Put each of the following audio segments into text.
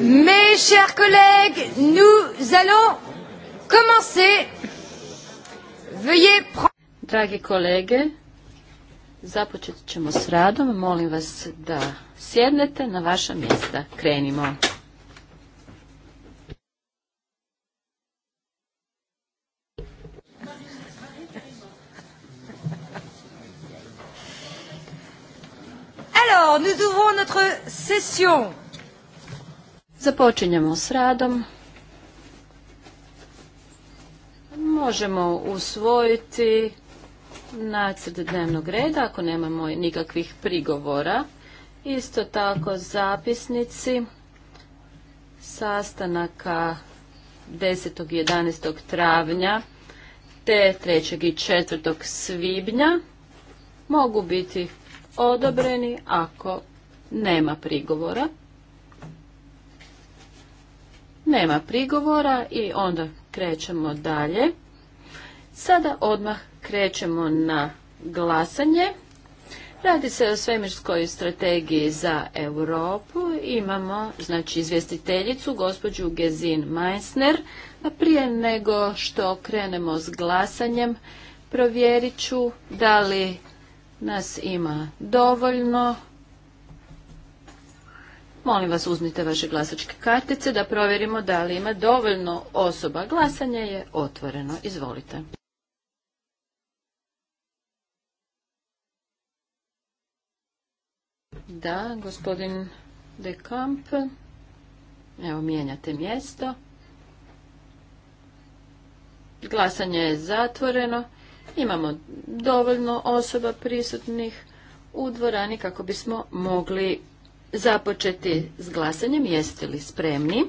Mes chers collègues, nous allons commencer. Veuillez Dragi kolege, započet ćemo s radom. Molim vas da sjednete na vaša mjesta. Krenimo. Alors, nous ouvrons notre session Započinjemo s radom. Možemo usvojiti nacrt dnevnog reda ako nemamo nikakvih prigovora. Isto tako zapisnici sastanaka 10. i 11. travnja te 3. i 4. svibnja mogu biti odobreni ako nema prigovora. Nema prigovora i onda krećemo dalje. Sada odmah krećemo na glasanje. Radi se o svemirskoj strategiji za Europu. Imamo znači izvjestiteljicu gospođu Gezin Meissner, a prije nego što krenemo s glasanjem provjerit ću da li nas ima dovoljno Molim vas uzmite vaše glasačke kartice da provjerimo da li ima dovoljno osoba. Glasanje je otvoreno. Izvolite. Da, gospodin De Kamp. Evo, mijenjate mjesto. Glasanje je zatvoreno. Imamo dovoljno osoba prisutnih u dvorani kako bismo mogli započeti s glasanjem. Jeste li spremni?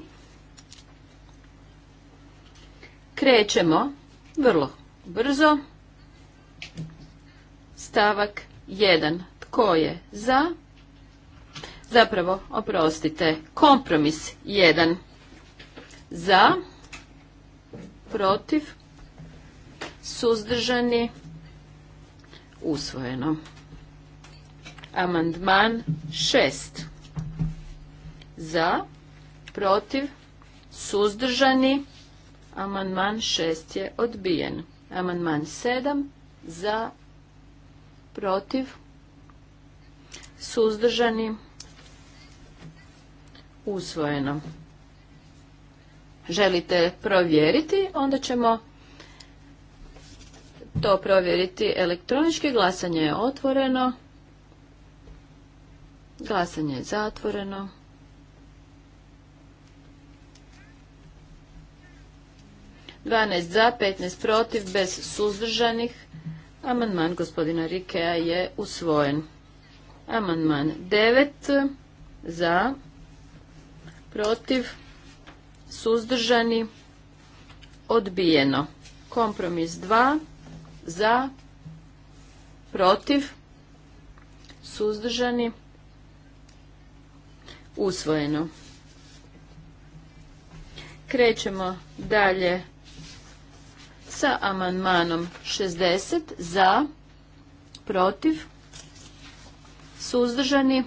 Krećemo vrlo brzo. Stavak 1. Tko je za? Zapravo, oprostite, kompromis 1. Za, protiv, suzdržani, usvojeno. Amandman 6 za, protiv, suzdržani, amandman 6 je odbijen. Amandman 7 za, protiv, suzdržani, usvojeno. Želite provjeriti, onda ćemo to provjeriti elektronički. Glasanje je otvoreno. Glasanje je zatvoreno. 12 za, 15 protiv, bez suzdržanih. Amandman gospodina Rikea je usvojen. Amandman 9 za, protiv, suzdržani, odbijeno. Kompromis 2 za, protiv, suzdržani, usvojeno. Krećemo dalje sa amandmanom 60 za, protiv, suzdržani,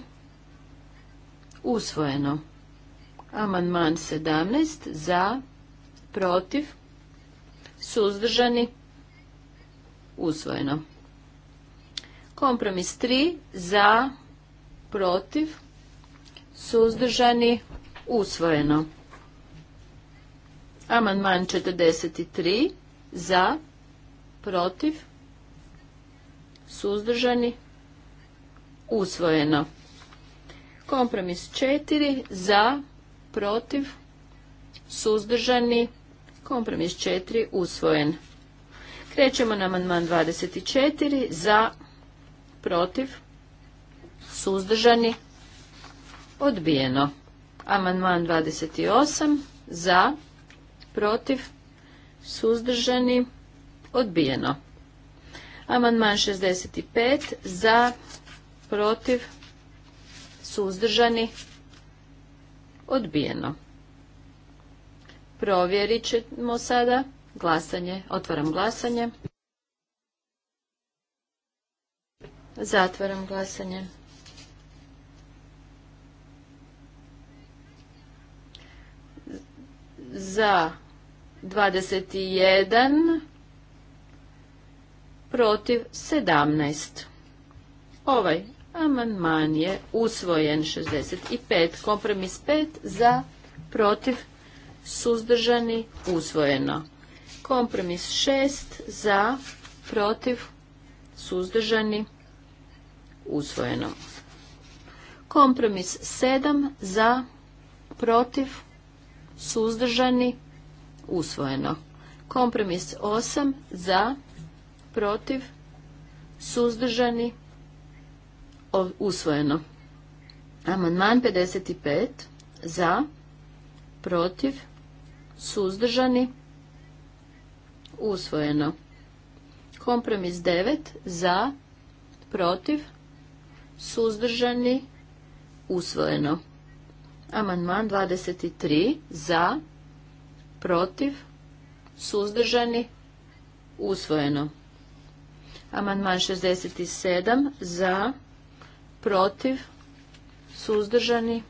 usvojeno. Amandman 17 za, protiv, suzdržani, usvojeno. Kompromis 3 za, protiv, suzdržani, usvojeno. Amandman 43 za, protiv, suzdržani, usvojeno. Kompromis 4 za, protiv, suzdržani, kompromis 4 usvojen. Krećemo na amandman 24 za, protiv, suzdržani, odbijeno. Amandman 28 za, protiv, suzdržani, odbijeno. Amandman 65 za, protiv, suzdržani, odbijeno. Provjerit ćemo sada glasanje, otvaram glasanje. Zatvaram glasanje. Za 21 protiv 17. Ovaj amandman je usvojen 65, kompromis 5 za protiv suzdržani usvojeno. Kompromis 6 za protiv suzdržani usvojeno. Kompromis 7 za protiv suzdržani usvojeno usvojeno. Kompromis 8 za, protiv, suzdržani, usvojeno. Amandman 55 za, protiv, suzdržani, usvojeno. Kompromis 9 za, protiv, suzdržani, usvojeno. Amandman 23 za, protiv, suzdržani, usvojeno. Amandman 67 za, protiv, suzdržani.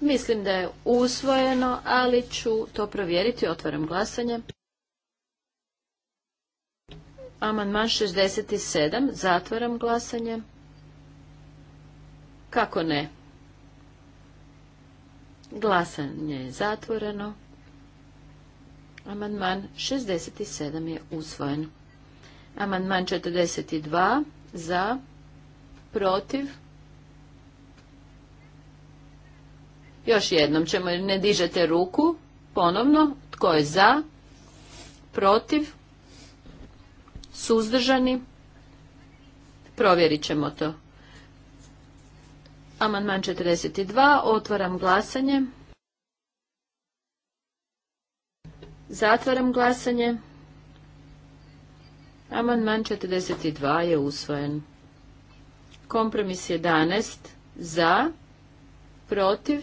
Mislim da je usvojeno, ali ću to provjeriti. Otvaram glasanje. Amandman 67. Zatvaram glasanje. Kako ne? Glasanje je zatvoreno. Amandman 67 je usvojen. Amandman 42 za, protiv. Još jednom ćemo, ne dižete ruku, ponovno, tko je za, protiv, suzdržani, provjerit ćemo to. Amandman 42, otvaram glasanje. Zatvaram glasanje. Amandman 42 je usvojen. Kompromis 11 za, protiv,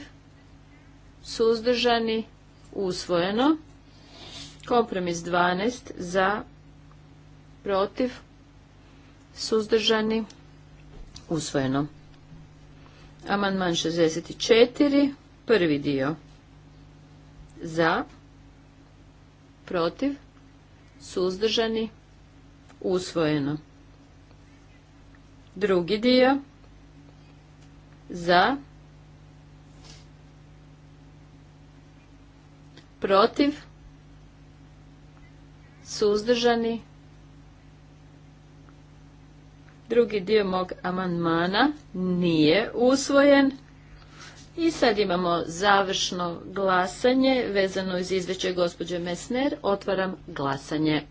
suzdržani, usvojeno. Kompromis 12 za, protiv, suzdržani, usvojeno. Amandman 64, prvi dio. Za, protiv, suzdržani, usvojeno. Drugi dio, za, protiv, suzdržani, drugi dio mog amandmana nije usvojen, i sad imamo završno glasanje vezano iz izveće gospođe Mesner. Otvaram glasanje.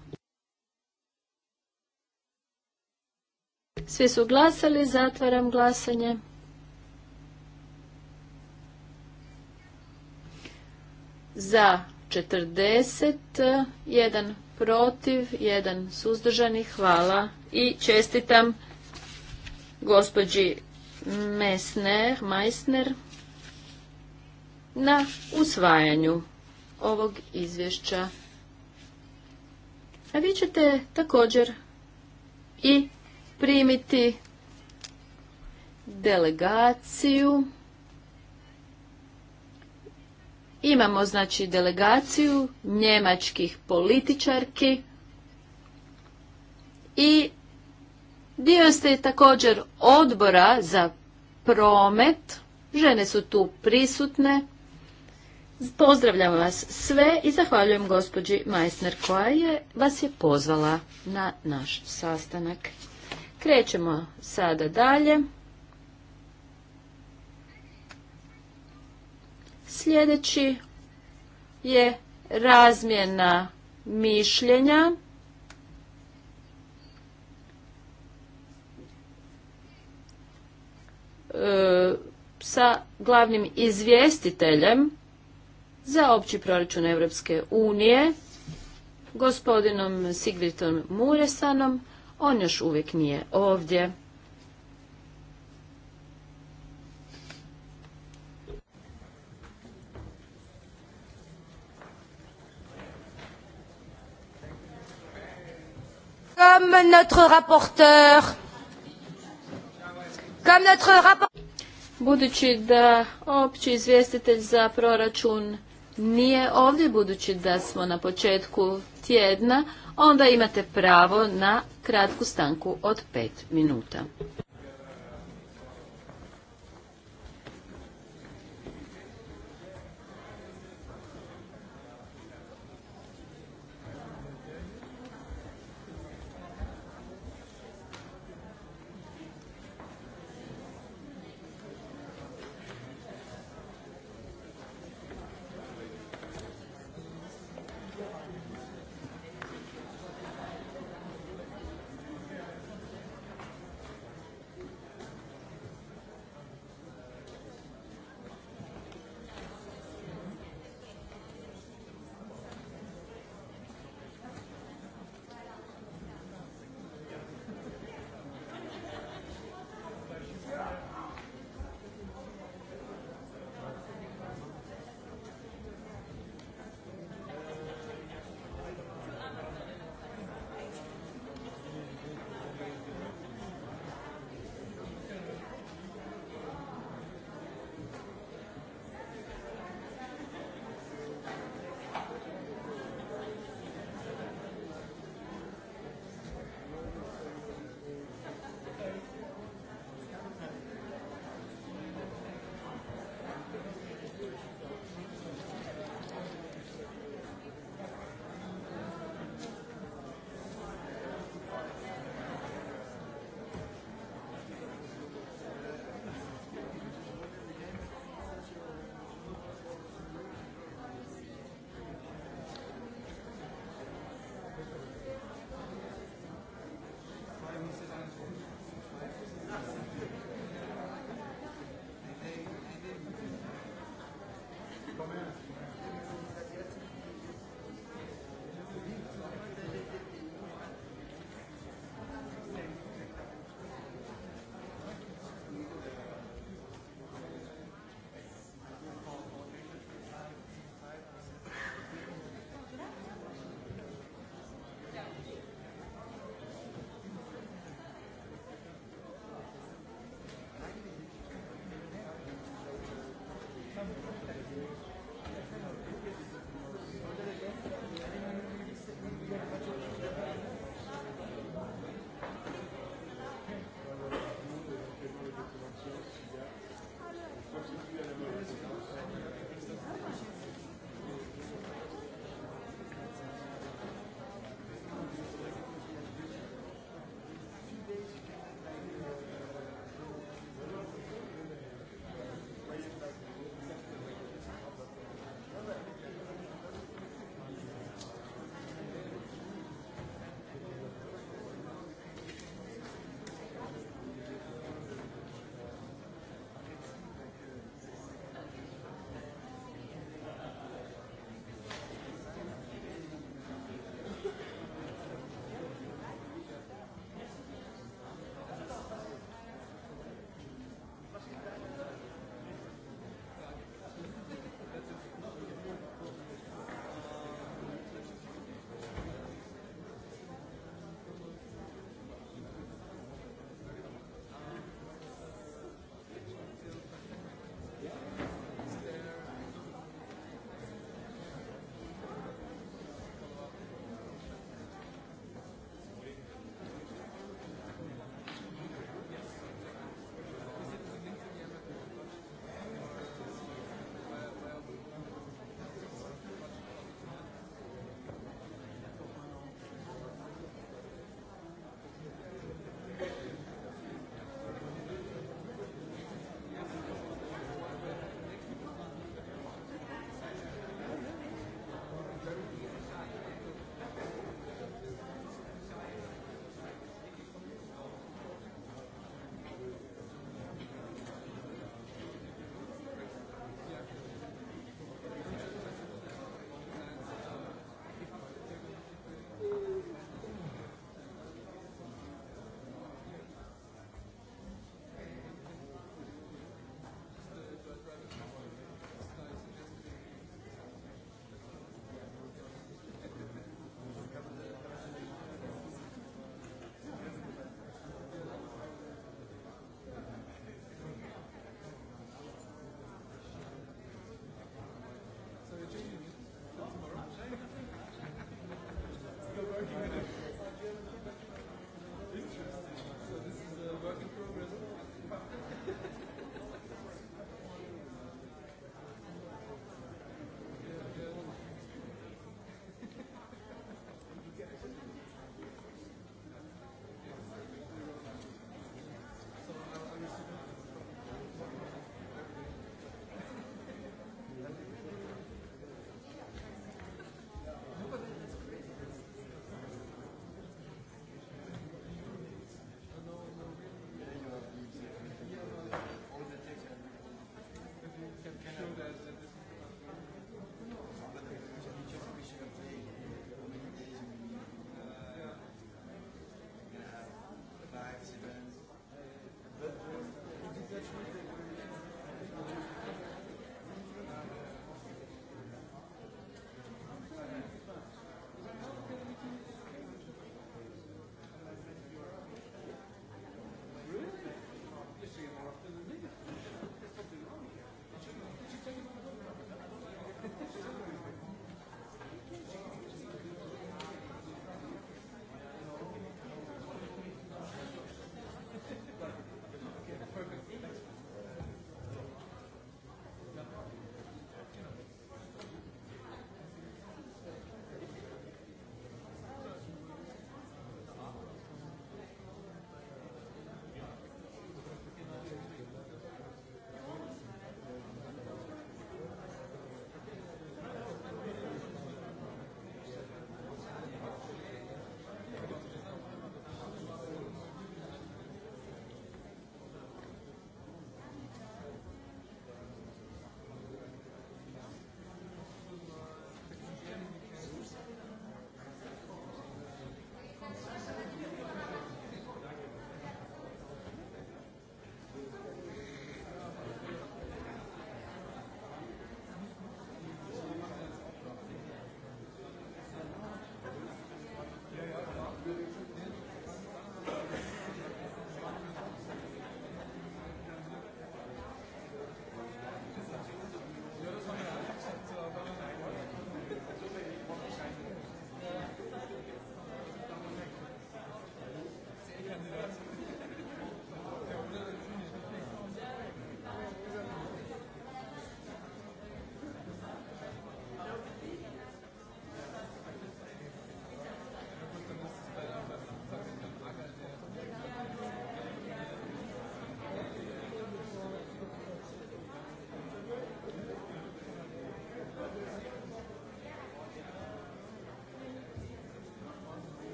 Svi su glasali, zatvaram glasanje. Za 40, jedan protiv, jedan suzdržani, hvala i čestitam gospođi Mesner, Majsner na usvajanju ovog izvješća. A vi ćete također i primiti delegaciju. Imamo znači delegaciju njemačkih političarki i dio ste također odbora za promet. Žene su tu prisutne Pozdravljam vas sve i zahvaljujem gospođi Majsner koja je vas je pozvala na naš sastanak. Krećemo sada dalje. Sljedeći je razmjena mišljenja. E, sa glavnim izvjestiteljem za opći proračun Europske unije gospodinom Sigvritom Muresanom. On još uvijek nije ovdje. Comme Budući da opći izvjestitelj za proračun nije ovdje, budući da smo na početku tjedna, onda imate pravo na kratku stanku od pet minuta.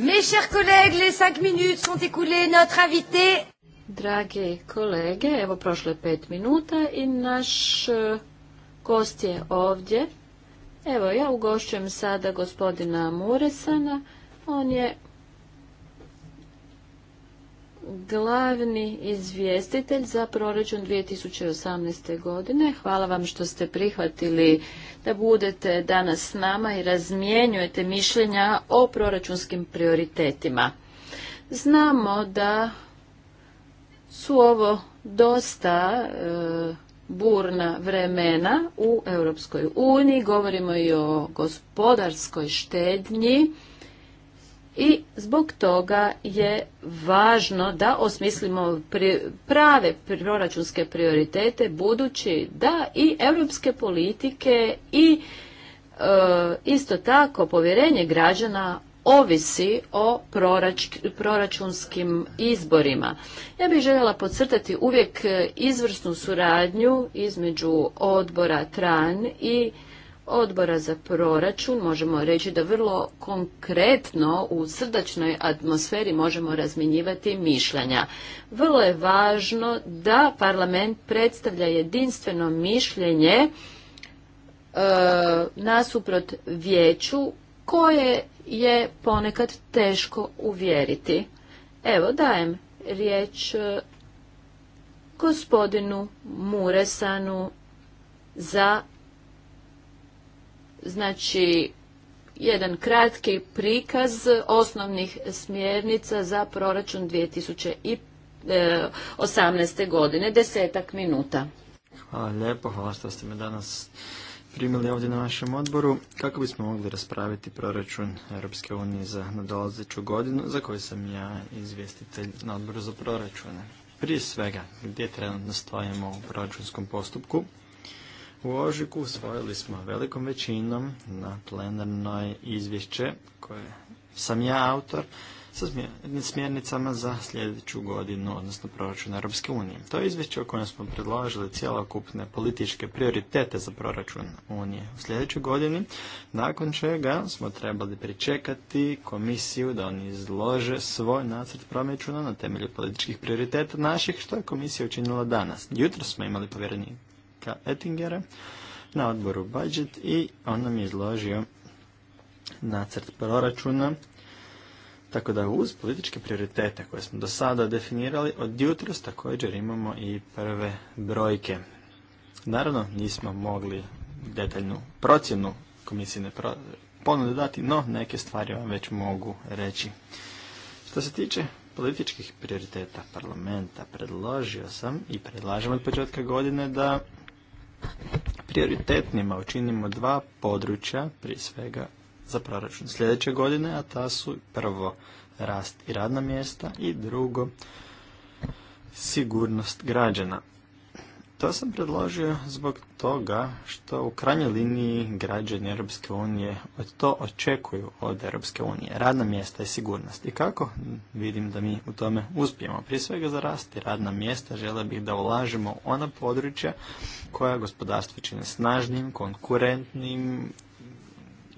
Mes chers collègues, les cinq minutes sont écoulées. Notre invité... Drage kolege, evo prošle pet minuta i naš e, gost je ovdje. Evo, ja ugošćujem sada gospodina Muresana. On je glavni izvjestitelj za proračun 2018. godine. Hvala vam što ste prihvatili da budete danas s nama i razmjenjujete mišljenja o proračunskim prioritetima. Znamo da su ovo dosta e, burna vremena u Europskoj uniji. Govorimo i o gospodarskoj štednji i zbog toga je važno da osmislimo prave proračunske prioritete budući da i europske politike i e, isto tako povjerenje građana ovisi o proračunskim izborima. Ja bih željela podcrtati uvijek izvrsnu suradnju između odbora TRAN i odbora za proračun možemo reći da vrlo konkretno u srdačnoj atmosferi možemo razminjivati mišljenja. Vrlo je važno da parlament predstavlja jedinstveno mišljenje e, nasuprot vijeću koje je ponekad teško uvjeriti. Evo dajem riječ e, gospodinu Muresanu za znači jedan kratki prikaz osnovnih smjernica za proračun 2018. E, godine, desetak minuta. Hvala lijepo, hvala što ste me danas primili ovdje na našem odboru kako bismo mogli raspraviti proračun Europske unije za nadolazeću godinu za koju sam ja izvjestitelj na odboru za proračune. Prije svega, gdje trenutno stojimo u proračunskom postupku, u ožiku usvojili smo velikom većinom na plenarnoj izvješće koje sam ja autor sa smjernicama za sljedeću godinu, odnosno proračun Europske unije. To je izvješće u kojem smo predložili cijelokupne političke prioritete za proračun Unije u sljedećoj godini, nakon čega smo trebali pričekati komisiju da oni izlože svoj nacrt promječuna na temelju političkih prioriteta naših, što je komisija učinila danas. Jutro smo imali povjerenje ka Ettingera na odboru budget i on nam je izložio nacrt proračuna. Tako da uz političke prioritete koje smo do sada definirali, od jutros također imamo i prve brojke. Naravno nismo mogli detaljnu procjenu komisijne ponude dati, no neke stvari vam već mogu reći. Što se tiče političkih prioriteta parlamenta, predložio sam i predlažem od početka godine da prioritetnima učinimo dva područja, prije svega za proračun sljedeće godine, a ta su prvo rast i radna mjesta i drugo sigurnost građana. To sam predložio zbog toga što u krajnjoj liniji građani Europske unije od to očekuju od Europske unije. Radna mjesta i sigurnost. I kako? Vidim da mi u tome uspijemo. Prije svega za radna mjesta žele bih da ulažemo ona područja koja gospodarstvo čine snažnim, konkurentnim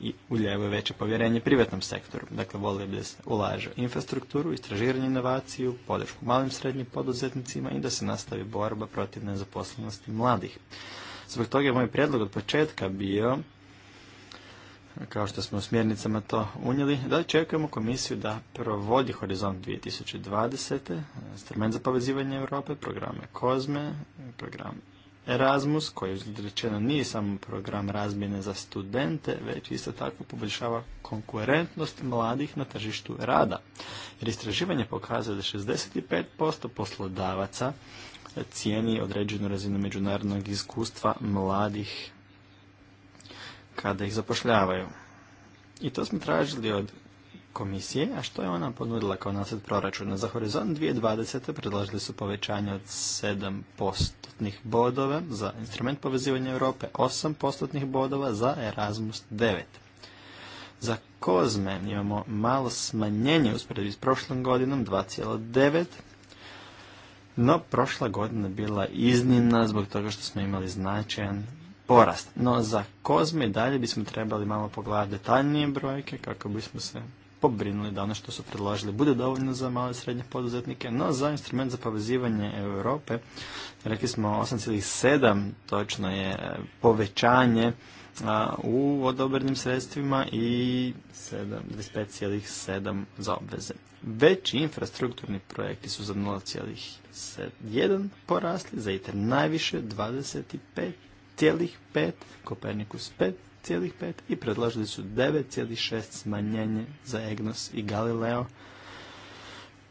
i uljevaju veće povjerenje privatnom sektoru. Dakle, volio bi da se ulaže infrastrukturu, istraživanje inovaciju, podršku malim srednjim poduzetnicima i da se nastavi borba protiv nezaposlenosti mladih. Zbog toga je moj prijedlog od početka bio kao što smo u smjernicama to unijeli, da čekujemo komisiju da provodi Horizont 2020, instrument za povezivanje Europe, programe COSME, program Erasmus, koji rečeno nije samo program razmjene za studente, već isto tako poboljšava konkurentnost mladih na tržištu rada. Jer istraživanje pokazuje da 65% poslodavaca cijeni određenu razinu međunarodnog iskustva mladih kada ih zapošljavaju. I to smo tražili od komisije, a što je ona ponudila kao nasljed proračuna? Za horizont 2020. predložili su povećanje od 7 postotnih bodova za instrument povezivanja Europe, 8 postotnih bodova za Erasmus 9. Za kozme imamo malo smanjenje usporedbi s prošlom godinom, 2,9, no prošla godina bila iznimna zbog toga što smo imali značajan porast. No za kozme dalje bismo trebali malo pogledati detaljnije brojke kako bismo se pobrinuli da ono što su predložili bude dovoljno za male i srednje poduzetnike, no za instrument za povezivanje Europe, rekli smo 8,7 točno je e, povećanje u odobrenim sredstvima i 25,7 za obveze. Veći infrastrukturni projekti su za 0,1 porasli, za ITER najviše 25,5, Kopernikus 5, 9,5 i predložili su 9,6 smanjenje za EGNOS i Galileo.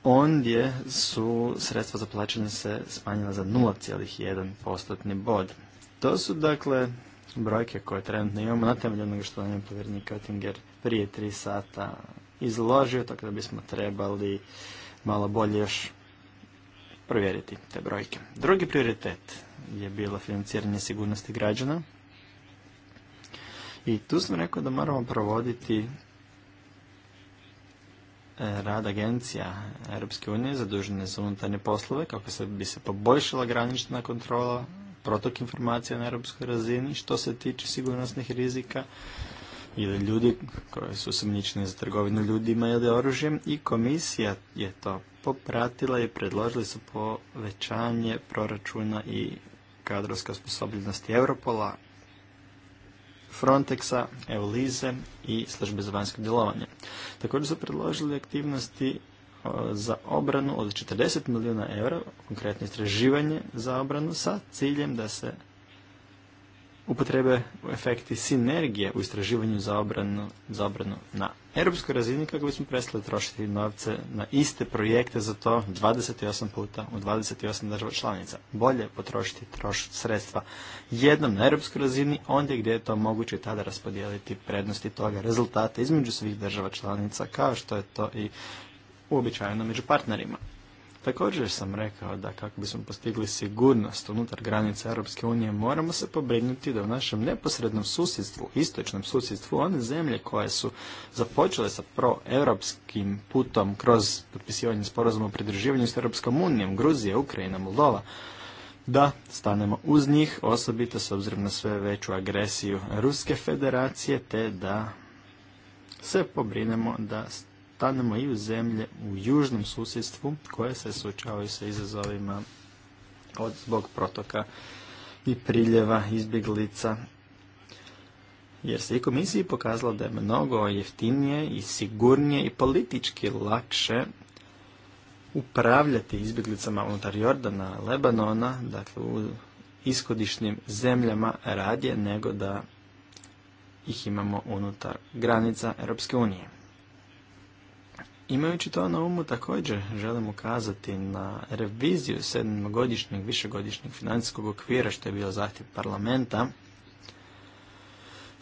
Ondje su sredstva za plaćanje se smanjila za 0,1 postotni bod. To su dakle brojke koje trenutno imamo na temelju onoga što nam je povjerenik Oettinger prije 3 sata izložio, tako da bismo trebali malo bolje još provjeriti te brojke. Drugi prioritet je bilo financiranje sigurnosti građana. I tu sam rekao da moramo provoditi e, rad agencija Europske unije zadužene za unutarnje poslove kako se bi se poboljšala granična kontrola, protok informacija na europskoj razini što se tiče sigurnosnih rizika ili ljudi koji su za trgovinu ljudima ili oružjem i komisija je to popratila i predložili su povećanje proračuna i kadrovska osposobljenosti Europola Frontexa, Eulize i službe za vanjsko djelovanje. Također su predložili aktivnosti e, za obranu od 40 milijuna eura, konkretno istraživanje za obranu sa ciljem da se upotrebe efekti sinergije u istraživanju za obranu, za obranu na europskoj razini kako bismo prestali trošiti novce na iste projekte za to 28 puta u 28 država članica. Bolje potrošiti sredstva jednom na europskoj razini, ondje gdje je to moguće tada raspodijeliti prednosti toga rezultata između svih država članica kao što je to i uobičajeno među partnerima. Također sam rekao da kako bismo postigli sigurnost unutar granica Europske unije moramo se pobrinuti da u našem neposrednom susjedstvu, istočnom susjedstvu, one zemlje koje su započele sa proeuropskim putom kroz potpisivanje sporazuma o pridruživanju s Europskom unijom, Gruzije, Ukrajina, Moldova, da stanemo uz njih, osobito s obzirom na sve veću agresiju Ruske federacije, te da se pobrinemo da stanemo i u zemlje u južnom susjedstvu koje se suočavaju sa izazovima od zbog protoka i priljeva izbjeglica jer se i komisiji pokazalo da je mnogo jeftinije i sigurnije i politički lakše upravljati izbjeglicama unutar Jordana, Lebanona, dakle u iskodišnim zemljama radije nego da ih imamo unutar granica Europske unije. Imajući to na umu također želim ukazati na reviziju sedmogodišnjeg, višegodišnjeg financijskog okvira što je bio zahtjev parlamenta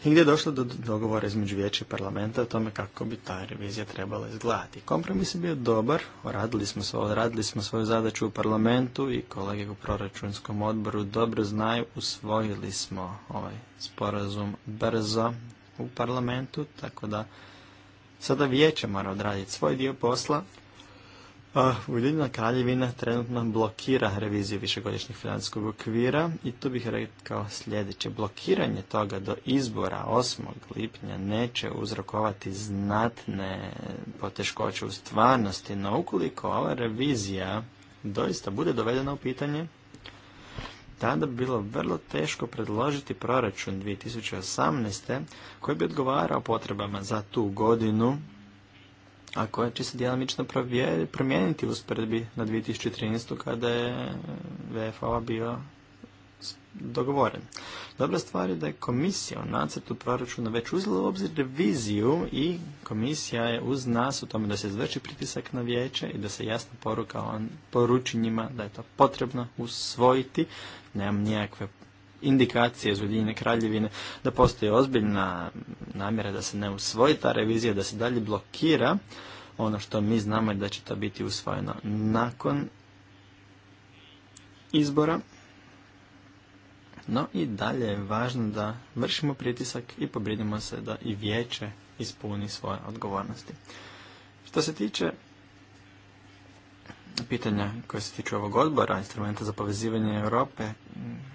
i gdje je došlo do dogovora između vijeća i parlamenta o tome kako bi ta revizija trebala izgledati. Kompromis je bio dobar, radili smo, svo, radili smo svoju zadaću u parlamentu i kolege u proračunskom odboru dobro znaju, usvojili smo ovaj sporazum brzo u parlamentu, tako da Sada vijeće mora odraditi svoj dio posla. Ujedinjena kraljevina trenutno blokira reviziju višegodišnjeg financijskog okvira i tu bih rekao sljedeće. Blokiranje toga do izbora 8. lipnja neće uzrokovati znatne poteškoće u stvarnosti, no ukoliko ova revizija doista bude dovedena u pitanje, tada bi bilo vrlo teško predložiti proračun 2018. koji bi odgovarao potrebama za tu godinu, a koja će se djelomično promijeniti u usporedbi na 2013. kada je VFO bio dogovoren. Dobra stvar je da je komisija u nacrtu proračuna već uzela u obzir reviziju i komisija je uz nas u tome da se izvrši pritisak na vijeće i da se jasno poruka on, poruči da je to potrebno usvojiti. Nemam nijakve indikacije iz Ujedinjene kraljevine da postoji ozbiljna namjera da se ne usvoji ta revizija, da se dalje blokira. Ono što mi znamo je da će to biti usvojeno nakon izbora no i dalje je važno da vršimo pritisak i pobrinimo se da i vijeće ispuni svoje odgovornosti. Što se tiče pitanja koje se tiču ovog odbora, instrumenta za povezivanje Europe,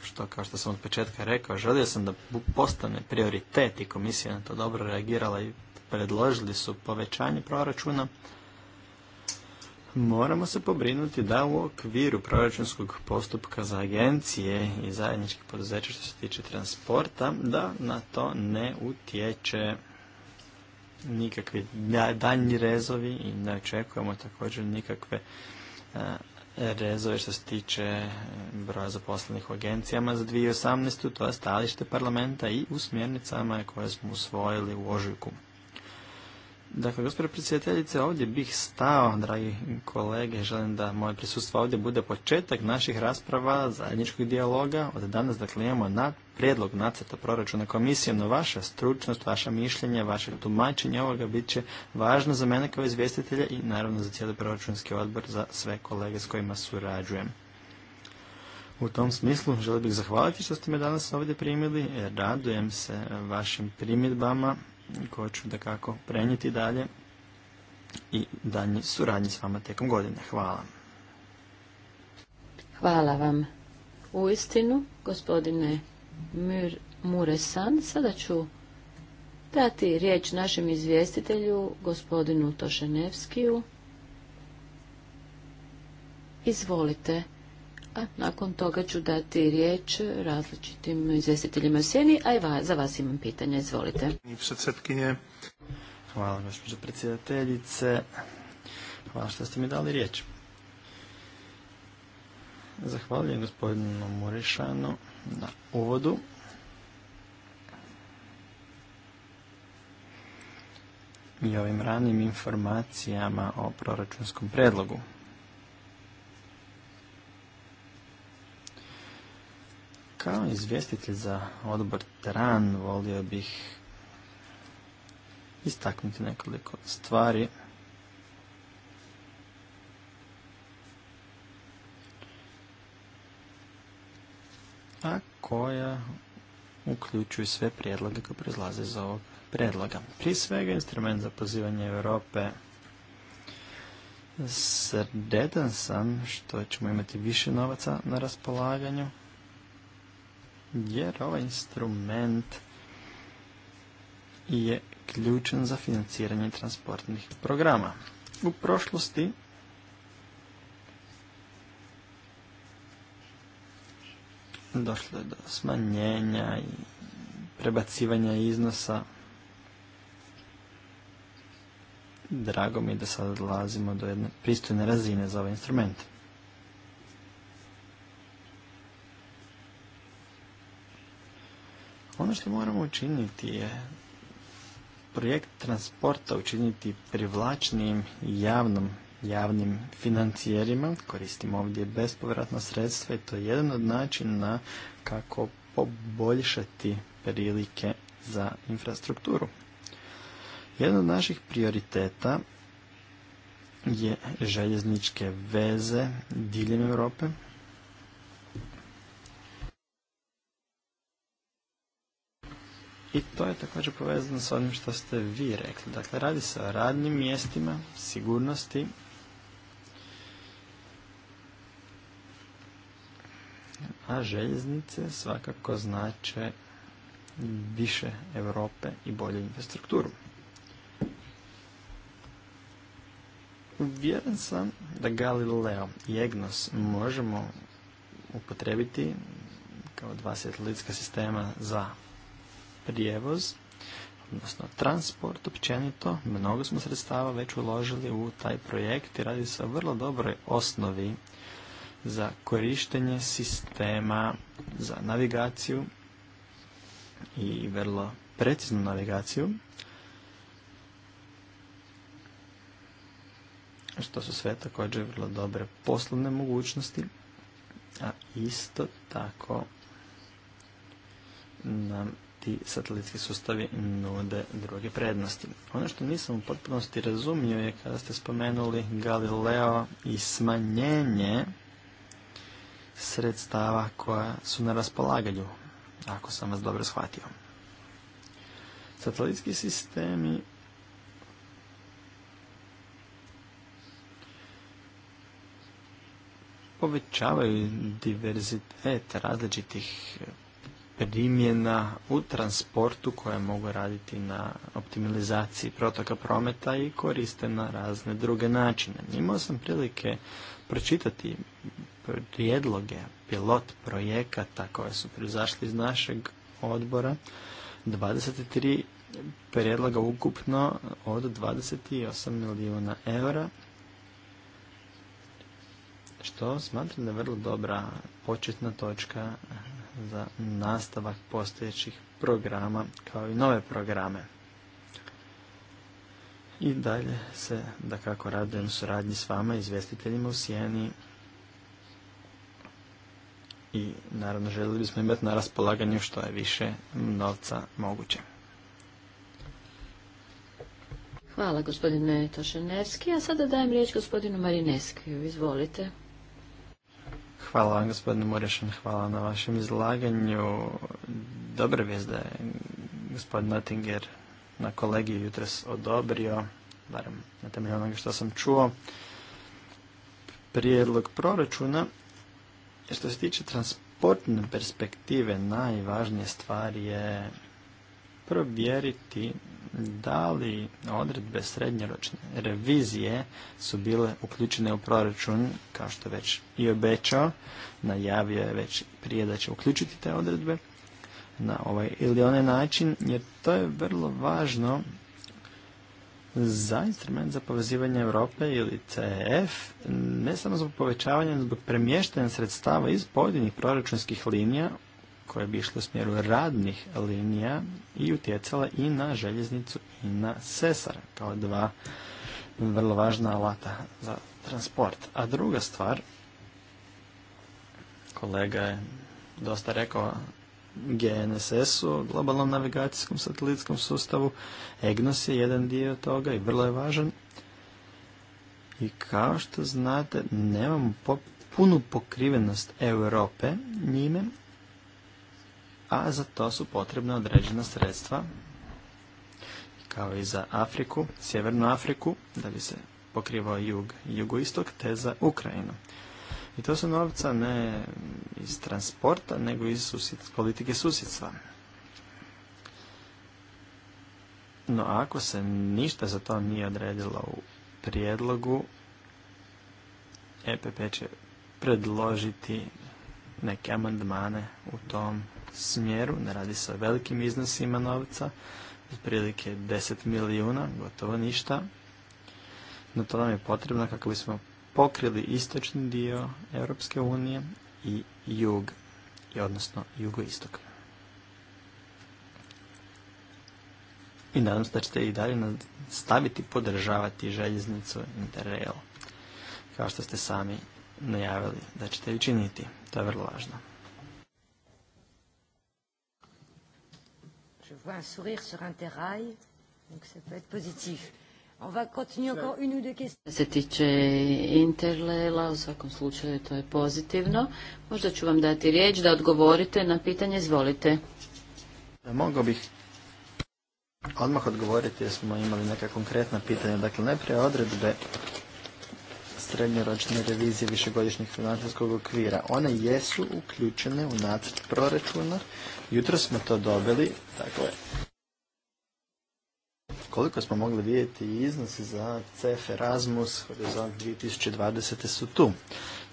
što kao što sam od početka rekao, želio sam da postane prioritet i komisija na to dobro reagirala i predložili su povećanje proračuna moramo se pobrinuti da u okviru proračunskog postupka za agencije i zajedničkih poduzeća što se tiče transporta, da na to ne utječe nikakvi danji rezovi i ne očekujemo također nikakve e, rezove što se tiče e, broja zaposlenih u agencijama za 2018. To je stalište parlamenta i u smjernicama koje smo usvojili u ožujku. Dakle, gospodine predsjedateljice, ovdje bih stao, dragi kolege, želim da moje prisustvo ovdje bude početak naših rasprava, zajedničkog dijaloga. Od danas, dakle, imamo na prijedlog nacrta proračuna komisije, no vaša stručnost, vaša mišljenja, vaše tumačenje ovoga bit će važno za mene kao izvjestitelja i naravno za cijeli proračunski odbor za sve kolege s kojima surađujem. U tom smislu želim bih zahvaliti što ste me danas ovdje primili, radujem se vašim primjedbama koju ću da kako prenijeti dalje i danje suradnji s vama tijekom godine. Hvala. Hvala vam. U istinu, gospodine Muresan, sada ću dati riječ našem izvjestitelju, gospodinu Tošenevskiju. Izvolite. A nakon toga ću dati riječ različitim izvjestiteljima u sjeni, a i za vas imam pitanje, izvolite. Hvala gospođo predsjedateljice, hvala što ste mi dali riječ. Zahvaljujem gospodinu Murešanu na uvodu. i ovim ranim informacijama o proračunskom predlogu. Kao izvjestitelj za odbor TRAN volio bih istaknuti nekoliko stvari. A koja uključuju sve prijedloge koje proizlaze iz ovog prijedloga. Prije svega instrument za pozivanje Europe sredan sam što ćemo imati više novaca na raspolaganju jer ovaj instrument je ključan za financiranje transportnih programa. U prošlosti došlo je do smanjenja i prebacivanja iznosa. Drago mi je da sad odlazimo do jedne pristojne razine za ovaj instrument. Ono što moramo učiniti je projekt transporta učiniti privlačnim javnom, javnim financijerima. Koristimo ovdje bespovratna sredstva i to je jedan od načina kako poboljšati prilike za infrastrukturu. Jedan od naših prioriteta je željezničke veze diljem Europe, I to je također povezano s onim što ste vi rekli. Dakle, radi se o radnim mjestima, sigurnosti. A željeznice svakako znače više Europe i bolju infrastrukturu. Uvjeren sam da Galileo i EGNOS možemo upotrebiti kao dva svjetlitska sistema za prijevoz, odnosno transport općenito. Mnogo smo sredstava već uložili u taj projekt i radi se o vrlo dobroj osnovi za korištenje sistema za navigaciju i vrlo preciznu navigaciju. Što su sve također vrlo dobre poslovne mogućnosti. A isto tako nam ti satelitski sustavi nude druge prednosti. Ono što nisam u potpunosti razumio je kada ste spomenuli Galileo i smanjenje sredstava koja su na raspolaganju, ako sam vas dobro shvatio. Satelitski sistemi povećavaju diverzitet različitih primjena u transportu koje mogu raditi na optimalizaciji protoka prometa i koriste na razne druge načine. Imao sam prilike pročitati prijedloge pilot projekata koje su prizašli iz našeg odbora. 23 prijedloga ukupno od 28 milijuna eura što smatram da je vrlo dobra početna točka za nastavak postojećih programa kao i nove programe. I dalje se, da kako radujem suradnji s vama, izvjestiteljima u Sijeni i naravno željeli bismo imati na raspolaganju što je više novca moguće. Hvala gospodine Tošenevski, a sada dajem riječ gospodinu Marineskiju, izvolite. Hvala vam gospodine Murešan, hvala na vašem izlaganju. Dobro vijezde je gospodin Nottinger na kolegiju jutros odobrio, barem na temelju onoga što sam čuo, prijedlog proračuna. Što se tiče transportne perspektive, najvažnije stvar je provjeriti da li odredbe srednjoročne revizije su bile uključene u proračun, kao što već i obećao, najavio je već prije da će uključiti te odredbe na ovaj ili onaj način, jer to je vrlo važno za instrument za povezivanje Europe ili CEF, ne samo zbog povećavanja, zbog premještanja sredstava iz pojedinih proračunskih linija koje bi išlo u smjeru radnih linija i utjecala i na željeznicu i na sesar kao dva vrlo važna alata za transport. A druga stvar, kolega je dosta rekao GNSS-u, globalnom navigacijskom satelitskom sustavu, EGNOS je jedan dio toga i vrlo je važan. I kao što znate, nemamo punu pokrivenost Europe njime, a za to su potrebna određena sredstva kao i za Afriku, Sjevernu Afriku, da bi se pokrivao jug, jugoistok, te za Ukrajinu. I to su novca ne iz transporta, nego iz politike susjedstva. No ako se ništa za to nije odredilo u prijedlogu, EPP će predložiti neke amandmane u tom smjeru, ne radi se o velikim iznosima novca, otprilike 10 milijuna, gotovo ništa. No to nam je potrebno kako bismo pokrili istočni dio Europske unije i jug, odnosno jugoistok. I nadam se da ćete i dalje staviti podržavati željeznicu Interrail, kao što ste sami najavili da ćete i činiti. To je vrlo važno. voit un sourire sur un terrail, donc ça peut être positif. On va continuer encore une ou deux questions. Se tiče Interlela, u svakom slučaju to je pozitivno. Možda ću vam dati riječ da odgovorite na pitanje, izvolite. Mogu bih odmah odgovoriti jer smo imali neka konkretna pitanja. Dakle, najprije odredbe srednjoročne revizije višegodišnjeg financijskog okvira. One jesu uključene u nacrt proračuna. Jutro smo to dobili, dakle, koliko smo mogli vidjeti iznosi za CF Erasmus, horizont 2020. su tu.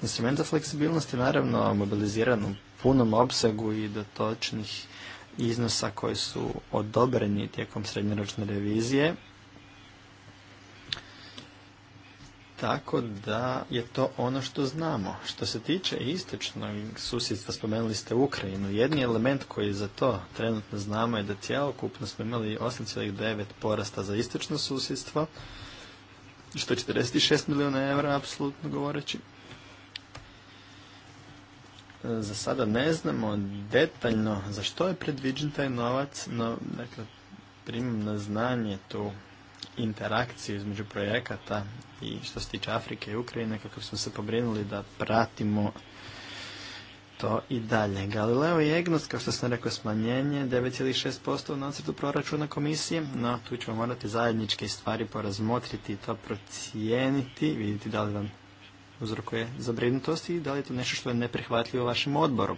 Instrumenta fleksibilnosti naravno mobiliziran u punom opsegu i do točnih iznosa koji su odobreni tijekom srednjoročne revizije, Tako da je to ono što znamo. Što se tiče istočnog susjedstva, spomenuli ste Ukrajinu. Jedni element koji za to trenutno znamo je da cijelokupno smo imali 8,9 porasta za istočno susjedstvo, što je 46 milijuna eura, apsolutno govoreći. Za sada ne znamo detaljno za što je predviđen taj novac, no dakle, primim na znanje tu interakciju između projekata i što se tiče Afrike i Ukrajine, kako smo se pobrinuli da pratimo to i dalje. Galileo i Egnos, kao što sam rekao, smanjenje 9,6% u nacrtu proračuna komisije, no tu ćemo morati zajedničke stvari porazmotriti i to procijeniti, vidjeti da li vam uzrokuje zabrinutost i da li je to nešto što je neprihvatljivo vašem odboru.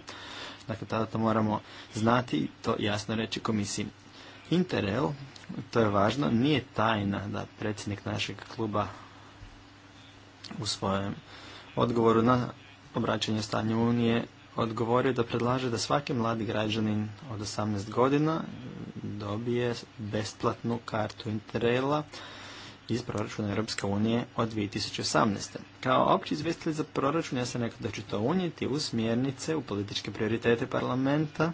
Dakle, tada to moramo znati i to jasno reći komisiji. interel to je važno, nije tajna da predsjednik našeg kluba u svojem odgovoru na obraćanje stanja Unije odgovorio da predlaže da svaki mladi građanin od 18 godina dobije besplatnu kartu interrela iz proračuna Europske unije od 2018. Kao opći izvjestitelj za proračun ja sam rekao da ću to unijeti u smjernice, u političke prioritete parlamenta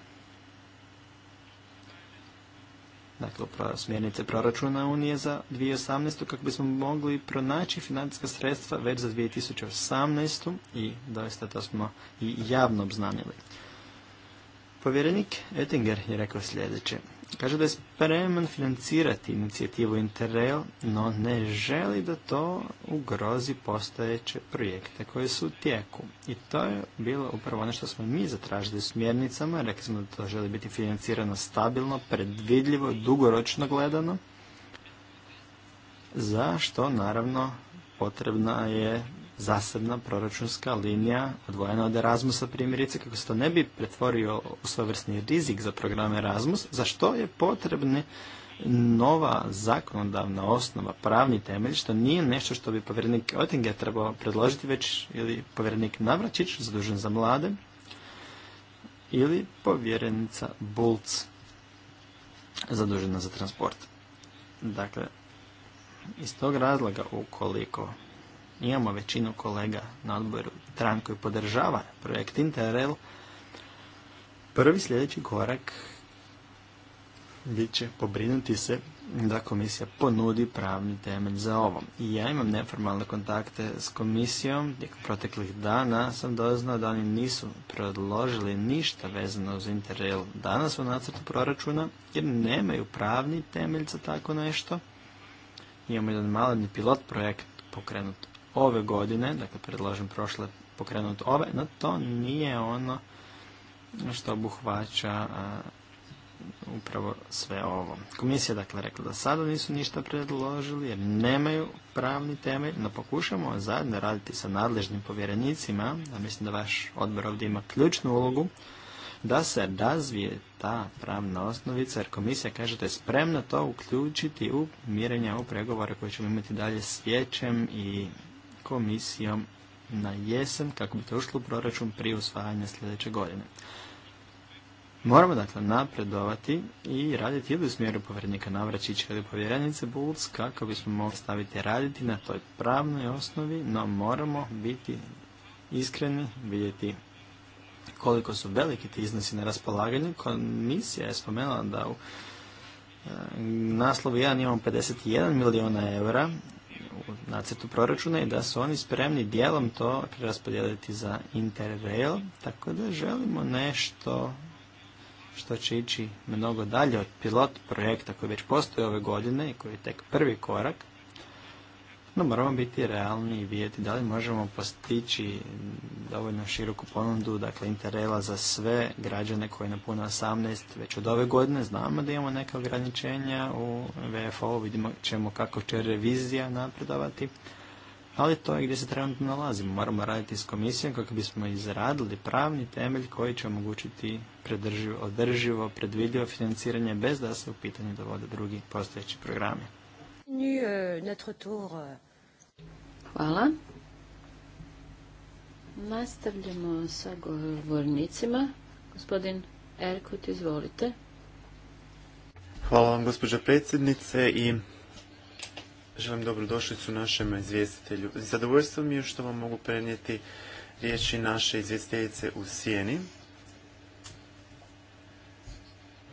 dakle smjernice proračuna Unije za 2018. kako bismo mogli pronaći financijska sredstva već za 2018. i doista to smo i javno obznanili. Povjerenik Ettinger je rekao sljedeće. Kaže da je spreman financirati inicijativu Interrail, no ne želi da to ugrozi postojeće projekte koje su u tijeku. I to je bilo upravo ono što smo mi zatražili smjernicama. Rekli smo da to želi biti financirano stabilno, predvidljivo, dugoročno gledano. Za što naravno potrebna je zasebna proračunska linija odvojena od Erasmusa primjerice kako se to ne bi pretvorio u svojevrsni rizik za program Erasmus, za što je potrebna nova zakonodavna osnova, pravni temelj, što nije nešto što bi povjerenik Oettinger trebao predložiti već ili povjerenik Navračić, zadužen za mlade, ili povjerenica Bulc, zadužena za transport. Dakle, iz tog razloga ukoliko imamo većinu kolega na odboru TRAN koji podržava projekt Interrail, prvi sljedeći korak bit će pobrinuti se da komisija ponudi pravni temelj za ovo. I ja imam neformalne kontakte s komisijom, tijekom proteklih dana sam doznao da oni nisu predložili ništa vezano uz Interrail danas u nacrtu proračuna, jer nemaju pravni temelj za tako nešto. Imamo jedan maleni pilot projekt pokrenut ove godine, dakle predlažem prošle pokrenut ove, no to nije ono što obuhvaća upravo sve ovo. Komisija dakle rekla da sada nisu ništa predložili jer nemaju pravni temelj, no pokušamo zajedno raditi sa nadležnim povjerenicima, a mislim da vaš odbor ovdje ima ključnu ulogu, da se razvije ta pravna osnovica, jer komisija kaže da je spremna to uključiti u mirenja u pregovore koje ćemo imati dalje s vijećem i komisijom na jesen kako bi to ušlo u proračun prije usvajanja sljedeće godine. Moramo dakle napredovati i raditi ili u smjeru povjerenika Navračića ili povjerenice Bulc kako bismo mogli staviti raditi na toj pravnoj osnovi, no moramo biti iskreni, vidjeti koliko su veliki ti iznosi na raspolaganju. Komisija je spomenula da u e, naslovu 1 imamo 51 milijuna eura, u nacrtu proračuna i da su oni spremni dijelom to preraspodijeliti za Interrail, tako da želimo nešto što će ići mnogo dalje od pilot projekta koji već postoji ove godine i koji je tek prvi korak, moramo biti realni i vidjeti da li možemo postići dovoljno široku ponudu, dakle interela za sve građane koji napune 18 već od ove godine. Znamo da imamo neka ograničenja u VFO, vidimo ćemo kako će revizija napredovati, ali to je gdje se trenutno nalazimo. Moramo raditi s komisijom kako bismo izradili pravni temelj koji će omogućiti održivo, predvidljivo financiranje bez da se u pitanju dovode drugi postojeći programi. Euh, notre tour euh, Hvala. Nastavljamo sa govornicima. Gospodin Erkut, izvolite. Hvala vam, gospođa predsjednice, i želim dobrodošlicu našem izvjestitelju. Zadovoljstvo mi je što vam mogu prenijeti riječi naše izvjestiteljice u Sijeni,